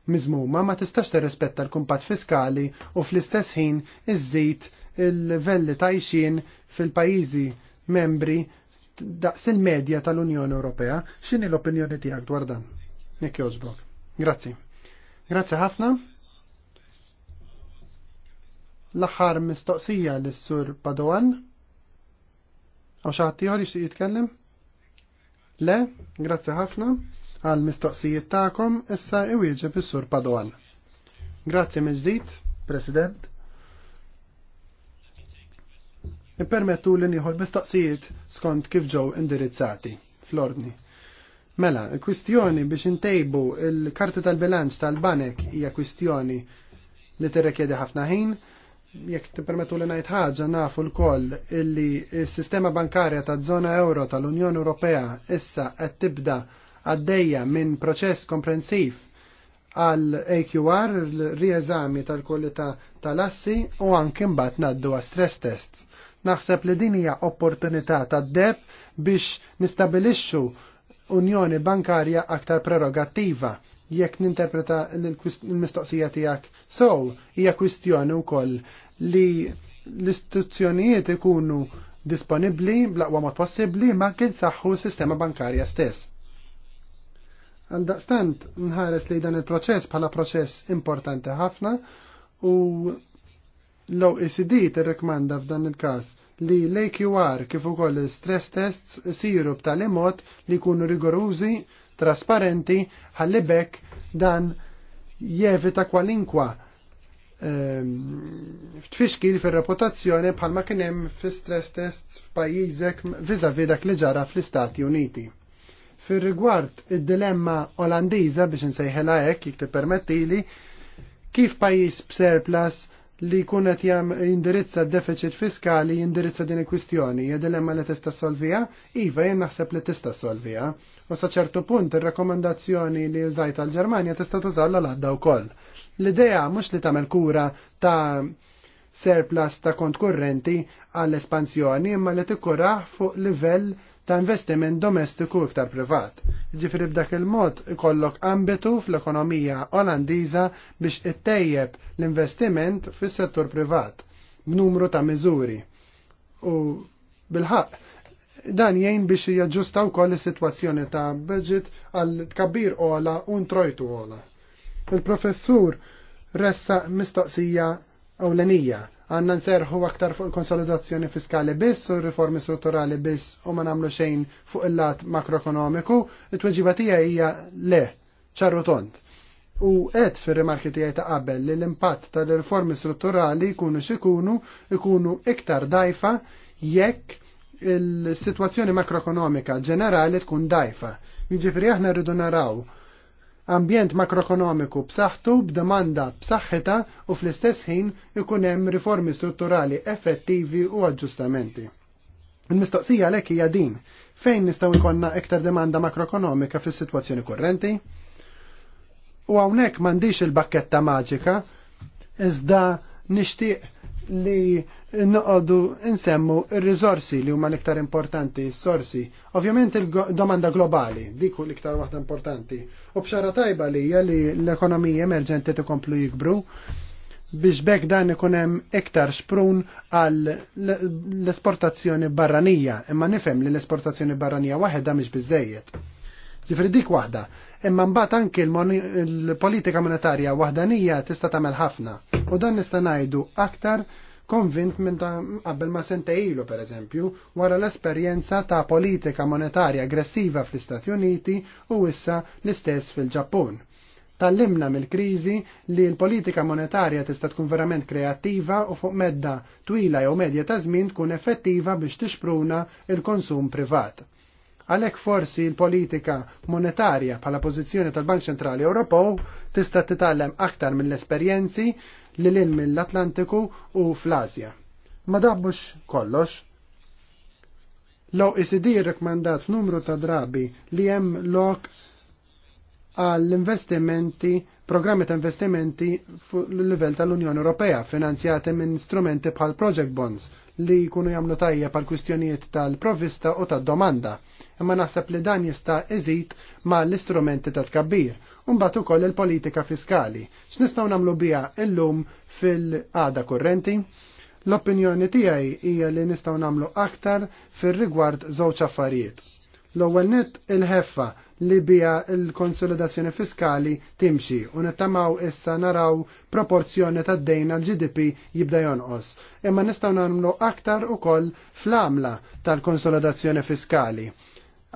mizmuma ma tistax tirrispetta l-kumpat fiskali u fl-istess ħin iżżid il-livelli ta' tajxin fil-pajjiżi membri daqs il-medja tal-Unjoni Ewropea. X'inhi l-opinjoni tiegħek dwar dan? Nick Josbrook. Grazzi. Grazzi ħafna. L-aħħar mistoqsija lis-Sur Padoan. Għaw xaħat tiħor jitkellem? Le, grazzi ħafna għal mistoqsijiet tagħkom issa iwieġeb is-Sur Padoan. Grazzi minn President. Ippermettu li nieħu mistoqsijiet skont kif ġew indirizzati fl-ordni. Mela, il-kwistjoni biex intejbu il-karti tal-bilanċ tal-banek hija kwistjoni li tirrekjedi ħafna ħin. Jekk tippermettu li ngħid ħaġa nafu l-koll illi s-sistema bankarja taż-żona euro tal-Unjoni Ewropea issa qed tibda għaddejja minn proċess komprensiv għal AQR, rieżami tal kollita tal-assi u anke mbagħad ngħaddu stress tests. Naħseb li din hija opportunità tad-deb biex nistabilixxu unjoni bankarja aktar prerogattiva jekk ninterpreta l-mistoqsija tiegħek. So, hija kwistjoni wkoll li l-istituzzjonijiet ikunu disponibli blaqwa mod possibbli ma kien saħħu s-sistema bankarja stess. Għaldaqstant nħares li dan il-proċess bħala proċess importanti ħafna u l-OECD tirrekmanda f'dan il-każ li l-AQR kif ukoll stress tests siru b'tali mod li jkunu rigorużi, trasparenti, ħalli bekk dan jevita kwalinkwa ehm, li fil-reputazzjoni bħalma kien hemm fi-stress tests f'pajjiżek viza vidak li ġara fl-Istati Uniti. fil rigward id-dilemma Olandiża biex insejħela hekk jek permettili, kif pajjiż b'surplus li jkun qed indirizza d-deficit fiskali indirizza din il-kwistjoni, hija dilemma li tista' solvija, iva jien naħseb li tista' solvija. U sa ċertu punt ir-rakkomandazzjoni li użajt għal-Ġermanja tista' tużalla l-għadda wkoll. L-idea mhux li tagħmel kura ta' surplus ta' kont kurrenti għall-espansjoni imma li tikkuraħ fuq livell ta' investiment domestiku iktar privat. Ġifri b'dak il-mod ikollok ambitu fl-ekonomija olandiża biex ittejjeb l-investiment fis-settur privat b'numru ta' miżuri. U bil-ħaq, dan jgħin biex jaġġustaw koll is-sitwazzjoni ta' budget għal tkabbir ola u ntrojtu ola. Il-professur ressa mistoqsija ewlenija Għanna nserħu aktar fuq konsolidazzjoni fiskali biss u riformi strutturali biss u ma namlu xejn fuq il-lat makroekonomiku, it-tweġiba tiegħi hija le, ċarru tont. U għed fir-rimarki tiegħi ta' qabel li l-impatt tal-riformi strutturali jkunu xikunu ikunu iktar dajfa jekk il-situazzjoni makroekonomika ġenerali tkun dajfa. Miġifri aħna rridu naraw ambjent makroekonomiku b'saħħtu b'demanda b'saħħita u fl-istess ħin ikun hemm riformi strutturali effettivi u aġġustamenti. Il-mistoqsija lek hija din: fejn nistgħu jkollna iktar demanda makroekonomika fis-sitwazzjoni kurrenti? U hawnhekk m'għandix il-bakketta maġika, iżda nixtieq li noqodu nsemmu il-rizorsi li huma l-iktar importanti, s-sorsi. Ovvjament il-domanda globali, diku l-iktar waħda importanti. U bxara tajba li li l-ekonomija emerġenti tikomplu jikbru biex bekk dan ikun hemm iktar xprun għal l-esportazzjoni barranija, imma nifhem li l-esportazzjoni barranija waħda mhix biżejjed. Ġifri dik waħda, imma mbagħad anke l-politika monetarja waħdanija tista' tagħmel ħafna u dan nista' ngħidu aktar konvint minn ta' qabel ma sentejlu per eżempju wara l-esperjenza ta' politika monetarja aggressiva fl-Istati Uniti u issa l-istess fil-Ġappun Tallimna mill-krizi li l-politika monetarja tista' tkun verament kreattiva u fuq medda twila jew medja ta' żmien tkun effettiva biex tixpruna il-konsum privat. Għalek forsi l-politika monetarja bħala pożizzjoni tal-Bank Ċentrali Ewropew tista' titgħallem aktar mill-esperjenzi li lil mill-Atlantiku u fl-Asja. Ma dabbux kollox. L-OECD rrekmandat f'numru ta' drabi li hemm lok għall-investimenti, programmi ta' investimenti fuq l livell tal-Unjoni Ewropea finanzjati minn strumenti bħal project bonds li jkunu jagħmlu tajja pal kwistjonijiet tal-provista u tad-domanda, imma naħseb li dan jista' iżid ma l-istrumenti ta' tkabbir, u mbagħad ukoll il-politika fiskali. X'nistgħu nagħmlu biha illum fil qada kurrenti? L-opinjoni tiegħi hija li nistgħu nagħmlu aktar fir-rigward żewġ affarijiet L-ewwel nett il-ħeffa li bija l-konsolidazzjoni fiskali timxi u nittamaw issa naraw proporzjoni ta' dejna l-GDP jibda jonqos. Imma nistgħu nagħmlu aktar ukoll fl amla tal-konsolidazzjoni fiskali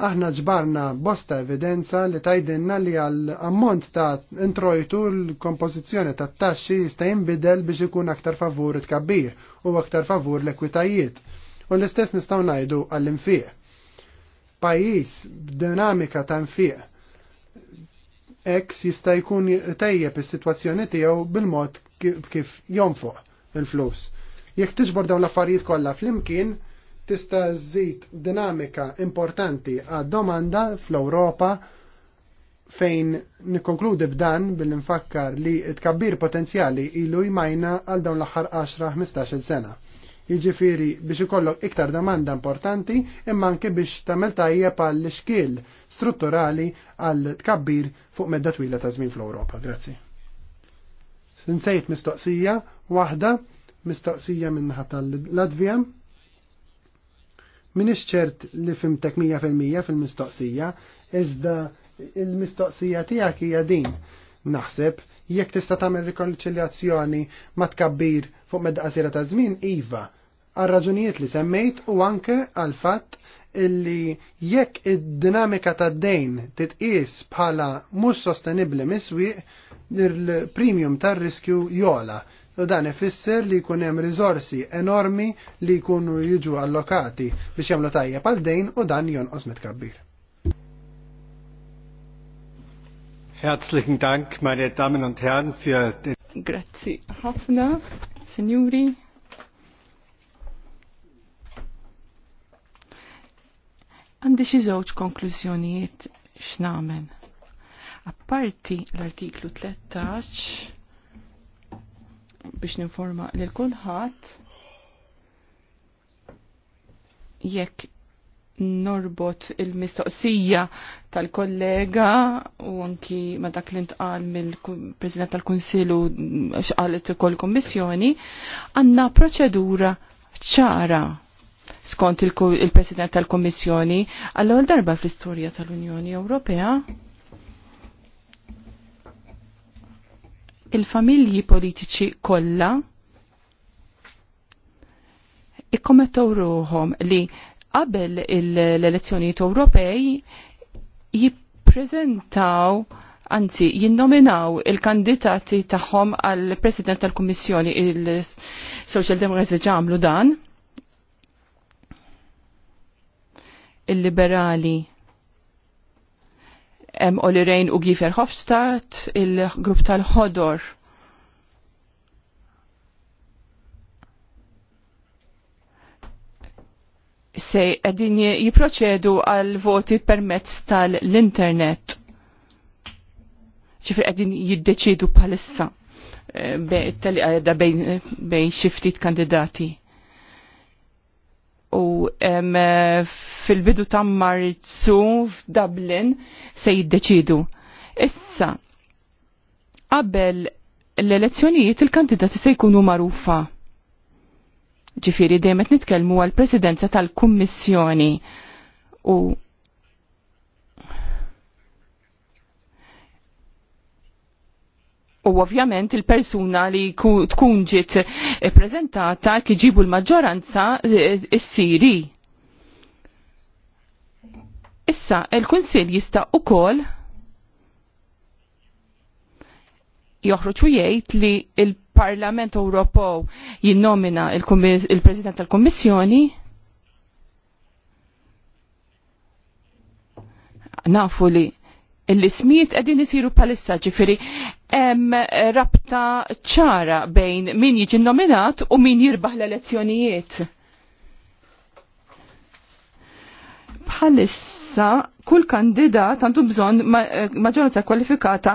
aħna ġbarna bosta evidenza li tajdinna li għal ammont ta' introjtu l-kompożizzjoni ta' taxxi jista' jinbidel biex ikun aktar favur it-kabbir u aktar favur l-ekwitajiet. U l-istess nistgħu ngħidu għall-infieq pajjiż b'dinamika ta' nfiq eks jista' jkun tajjeb is-sitwazzjoni tiegħu bil-mod kif jonfoq il-flus. Jekk tiġbor dawn l-affarijiet kollha flimkien, tista' żżid dinamika importanti għad domanda fl-Ewropa fejn nikkonkludi b'dan bil-infakkar li t tkabbir potenzjali ilu jmajna għal dawn l-aħħar 10-15 sena jiġifieri biex ikollok iktar domanda importanti imma anke biex tagħmel tajjeb għall xkiel strutturali għal tkabbir fuq medda twila ta' żmien fl-Ewropa. Grazzi. Sinsejt mistoqsija waħda mistoqsija minn tal-Latvija. M'in ċert li fimtek 100% fil-mistoqsija, iżda il-mistoqsija tiegħek hija din Naħseb jekk tista' tagħmel rikonċiljazzjoni ma tkabbir fuq medda ta' żmien iva għal raġunijiet li semmejt u anke għal fatt illi jekk id-dinamika tad dejn titqies bħala mhux sostenibbli miswieq il-premium tar-riskju jola u dan ifisser li jkun hemm riżorsi enormi li jkunu jiġu allokati biex jagħmlu tajjeb għal dejn u dan jonqos mitkabbir. Herzlichen Dank, meine Damen und Herren, für den Grazie, ħafna, Signori. Għandi xi żewġ konklużjonijiet x'namel. Apparti l-artiklu 13 biex ninforma lil kulħadd jekk norbot il-mistoqsija tal-kollega u anki ma dak li ntqal mill-President tal-Kunsilu xqalet ukoll kommissjoni, għandna proċedura ċara skont il-President tal-Kommissjoni għall-ewwel darba fl-istorja tal-Unjoni Ewropea il-familji politiċi kollha ikkommettaw ruhom li qabel l-elezzjonijiet Ewropej jippreżentaw anzi jinnominaw il-kandidati tagħhom għal President tal-Kummissjoni il-Social Democracy ġamlu dan. Il-Liberali hemm Olirejn u Gifer Hofstadt, il-grupp tal hodor se għedin jiproċedu għal voti permezz tal-internet. ċifri għedin jiddeċidu palissa eh, eh, bejn eh, xiftit kandidati. U fil-bidu ta' marzu f'Dublin se jiddeċidu. Issa, qabel l-elezzjonijiet il-kandidati se jkunu marufa ġifiri dejjem qed nitkellmu għal presidenza tal-Kummissjoni u U ovvjament il-persuna li tkun ġiet prezentata kiġibu l-maġġoranza eh, eh, s-siri. Issa, il-Kunsil jista' ukoll joħroġ u jgħid li il il-Parlament Ewropew jinnomina il-President il president tal kummissjoni nafu li l-ismijiet qegħdin isiru palissa ġifieri hemm rabta ċara bejn min jiġi nominat u min jirbaħ l-elezzjonijiet. Palissa issa kull kandidat għandu bżonn maġġoranza kwalifikata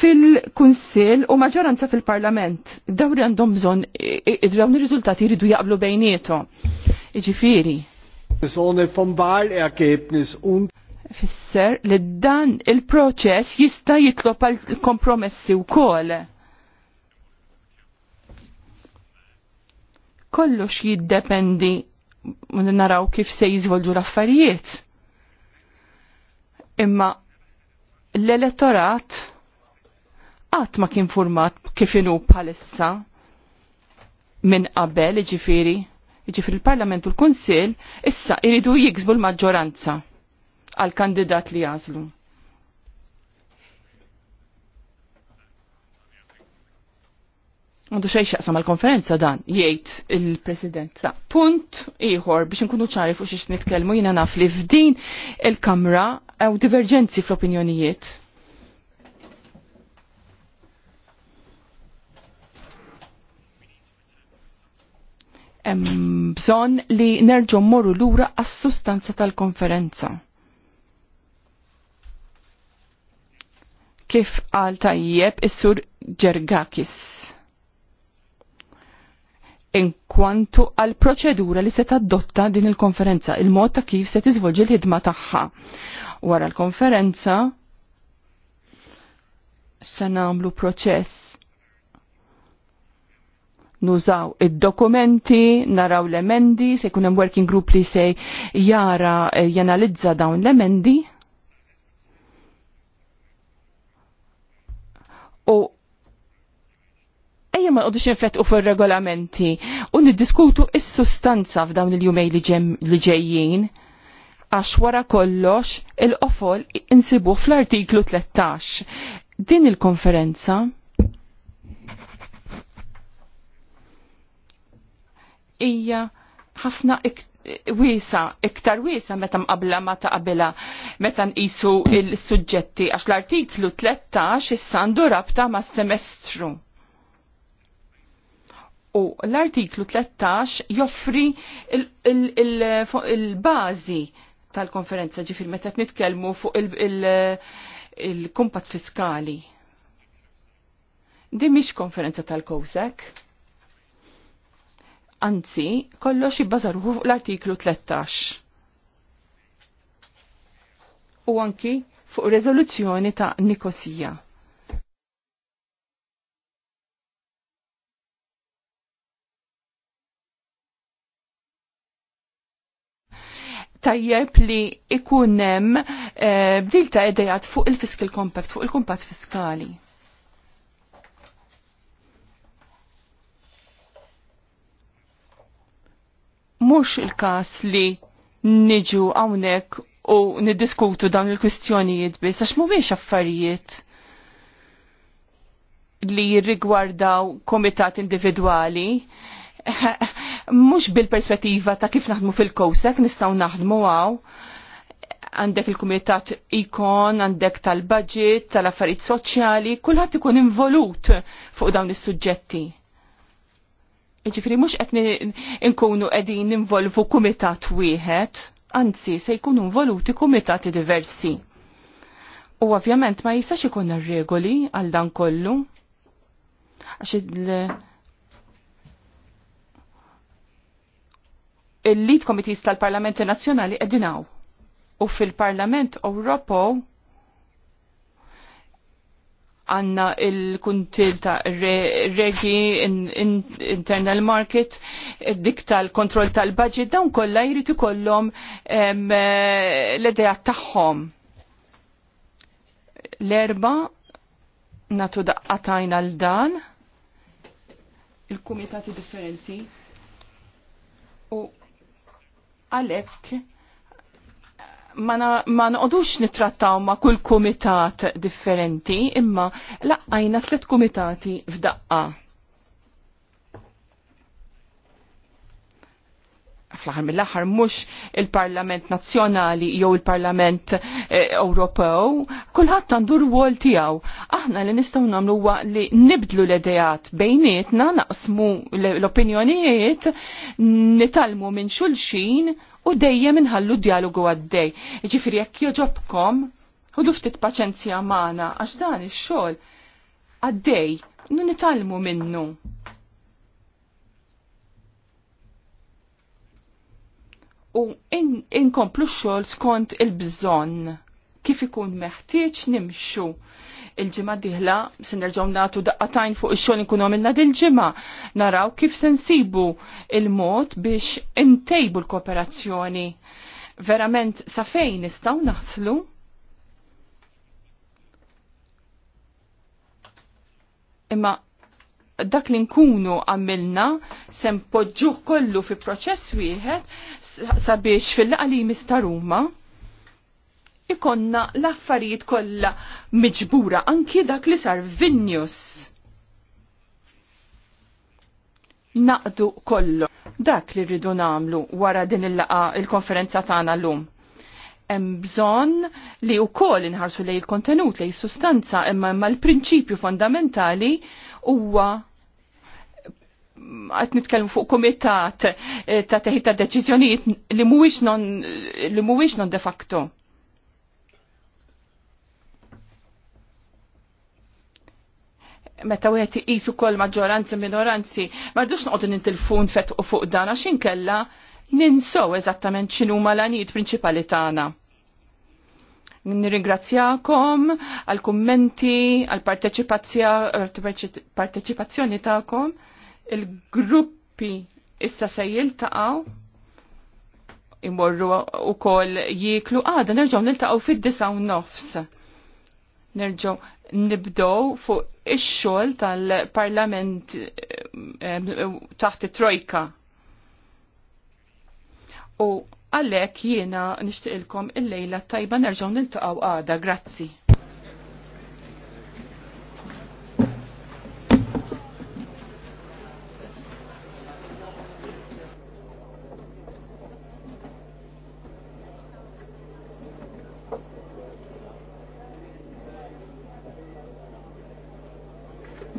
fil kunsil u maġġoranza fil-Parlament. Dawri għandhom bżonn dawn ir-riżultati jridu jaqblu bejnietom. Iġifieri. Zone Fisser li dan il-proċess jista' jitlob għal kompromessi wkoll. Kollox jiddependi naraw kif se jiżvolġu l-affarijiet. Imma l-elettorat għat ma kien format kif palissa bħalissa minn qabel, iġifiri, iġifiri l-Parlament u l konsil issa iridu jiksbu l-maġġoranza għal kandidat li jażlu. Għandu xej xaqsam għal konferenza dan, jgħid il-President. Punt ieħor biex nkunu ċari fuq xiex nitkellmu jina naf li f'din il-Kamra għaw divergenzi fl-opinjonijiet. Bżon li nerġu morru lura għas-sustanza tal-konferenza. Kif għal tajjeb is-sur Ġergakis kwantu għal proċedura li se tadotta din il-konferenza, il-mod ta' kif se tiżvolġi l-ħidma tagħha wara l-konferenza se nagħmlu proċess nużaw id-dokumenti, naraw l-emendi, se jkun hemm working group li se jara eh, janalizza dawn l-emendi. U ejja ma nqogħdux u fir-regolamenti u niddiskutu is-sustanza f'dawn il-jumej li ġejjin għax wara kollox il-qofol insibu fl-artiklu 13. Din il-konferenza hija ħafna iktar wisa, iktar wisa meta mqabla ma taqabila meta nqisu il-suġġetti għax l-artiklu 13 issa għandu rabta ma' semestru. U l-artiklu 13 joffri il-bazi il il il tal-konferenza ġifir meta nitkellmu fuq il-kumpat fiskali. Di miex konferenza tal-Kowsek. Anzi, kollox jibbażaruhu fuq l-artiklu 13. U anki fuq rezoluzzjoni ta' Nikosija. tajjeb li ikunem eh, bdil ta' edajat fuq il fiskal compact, fuq il-kumpat fiskali. Mux il-kas li niġu għawnek u niddiskutu dawn il-kwistjonijiet biss, għax biex affarijiet li jirrigwardaw komitat individuali mhux bil-perspettiva ta' kif naħdmu fil-kowsek nistgħu naħdmu għaw għandek il-kumitat ikon, għandek tal-budget, tal-affarijiet soċjali, kulħadd ikun involut fuq dawn is-suġġetti. Ġifri mhux qed inkunu qegħdin involvu kumitat wieħed, anzi se jkunu involuti kumitati diversi. U ovvjament ma jistax ikun regoli għal dan kollu. Għax il-lead committees tal-Parlamenti Nazzjonali edinaw. U fil-Parlament Ewropo għanna il-kuntil ta' regi internal market, dik tal-kontroll tal-budget, dawn kollha jrid ikollhom l edja tagħhom. L-erba natu daqqatajn għal dan il-kumitati differenti u Għalhekk ma noqodux nitrattaw ma' kull kumitat differenti, imma laqajna tliet kumitati f'daqqa fl-aħħar mill-aħħar mhux il-Parlament Nazzjonali jew il-Parlament eh, Ewropew, kulħadd għandu rwol tiegħu. Aħna li nistgħu nagħmlu huwa li nibdlu l-idejat bejnietna, naqsmu l-opinjonijiet, nitalmu minn xulxin u dejjem inħallu dialogu għaddej. Ġifri jekk joġobkom, u ftit paċenzja magħna għax dan ix-xogħol għaddej, nu nitalmu minnu. u inkomplu in xogħol skont il-bżonn kif ikun meħtieġ nimxu il-ġimgħa diħla se nerġgħu nagħtu daqqatajn fuq ix-xogħol inkunu għamilna dil-ġimgħa naraw kif se nsibu il-mod biex intejbu l-kooperazzjoni verament sa fejn nistgħu naħslu imma dak li nkunu għamilna sempoġġuh kollu fi proċess wieħed sabiex fil-laqalim ta' Ruma ikonna l-affarijiet kollha miġbura anki dak li sar Vinjus. Naqdu kollu. Dak li rridu namlu wara din il-laqa il-konferenza tagħna llum. Hemm bżonn li wkoll inħarsu lej il-kontenut lej sustanza imma l-prinċipju fondamentali huwa għat nitkellmu fuq komitat eh, ta' teħid ta' deċiżjonijiet li mhuwiex non li mhuwiex non de facto. Meta wieħed iqisu kol maġġoranzi minoranzi, m'għadux noqogħdu nintilfun fet fuq dan għax inkella ninsow eżattament x'inhuma l-għanijiet prinċipali tagħna. Nirringrazzjakom għal kummenti, għal parteċipazzjoni tagħkom il-gruppi issa se jiltaqaw imorru u kol jiklu għada ah, nerġaw niltaqaw fid-disa u nofs. Nerġaw nibdow fuq ix-xogħol tal-Parlament eh, taħt it-Trojka. U għalhekk jiena nixtieqilkom il-lejla tajba nerġgħu niltaqgħu għada, grazzi.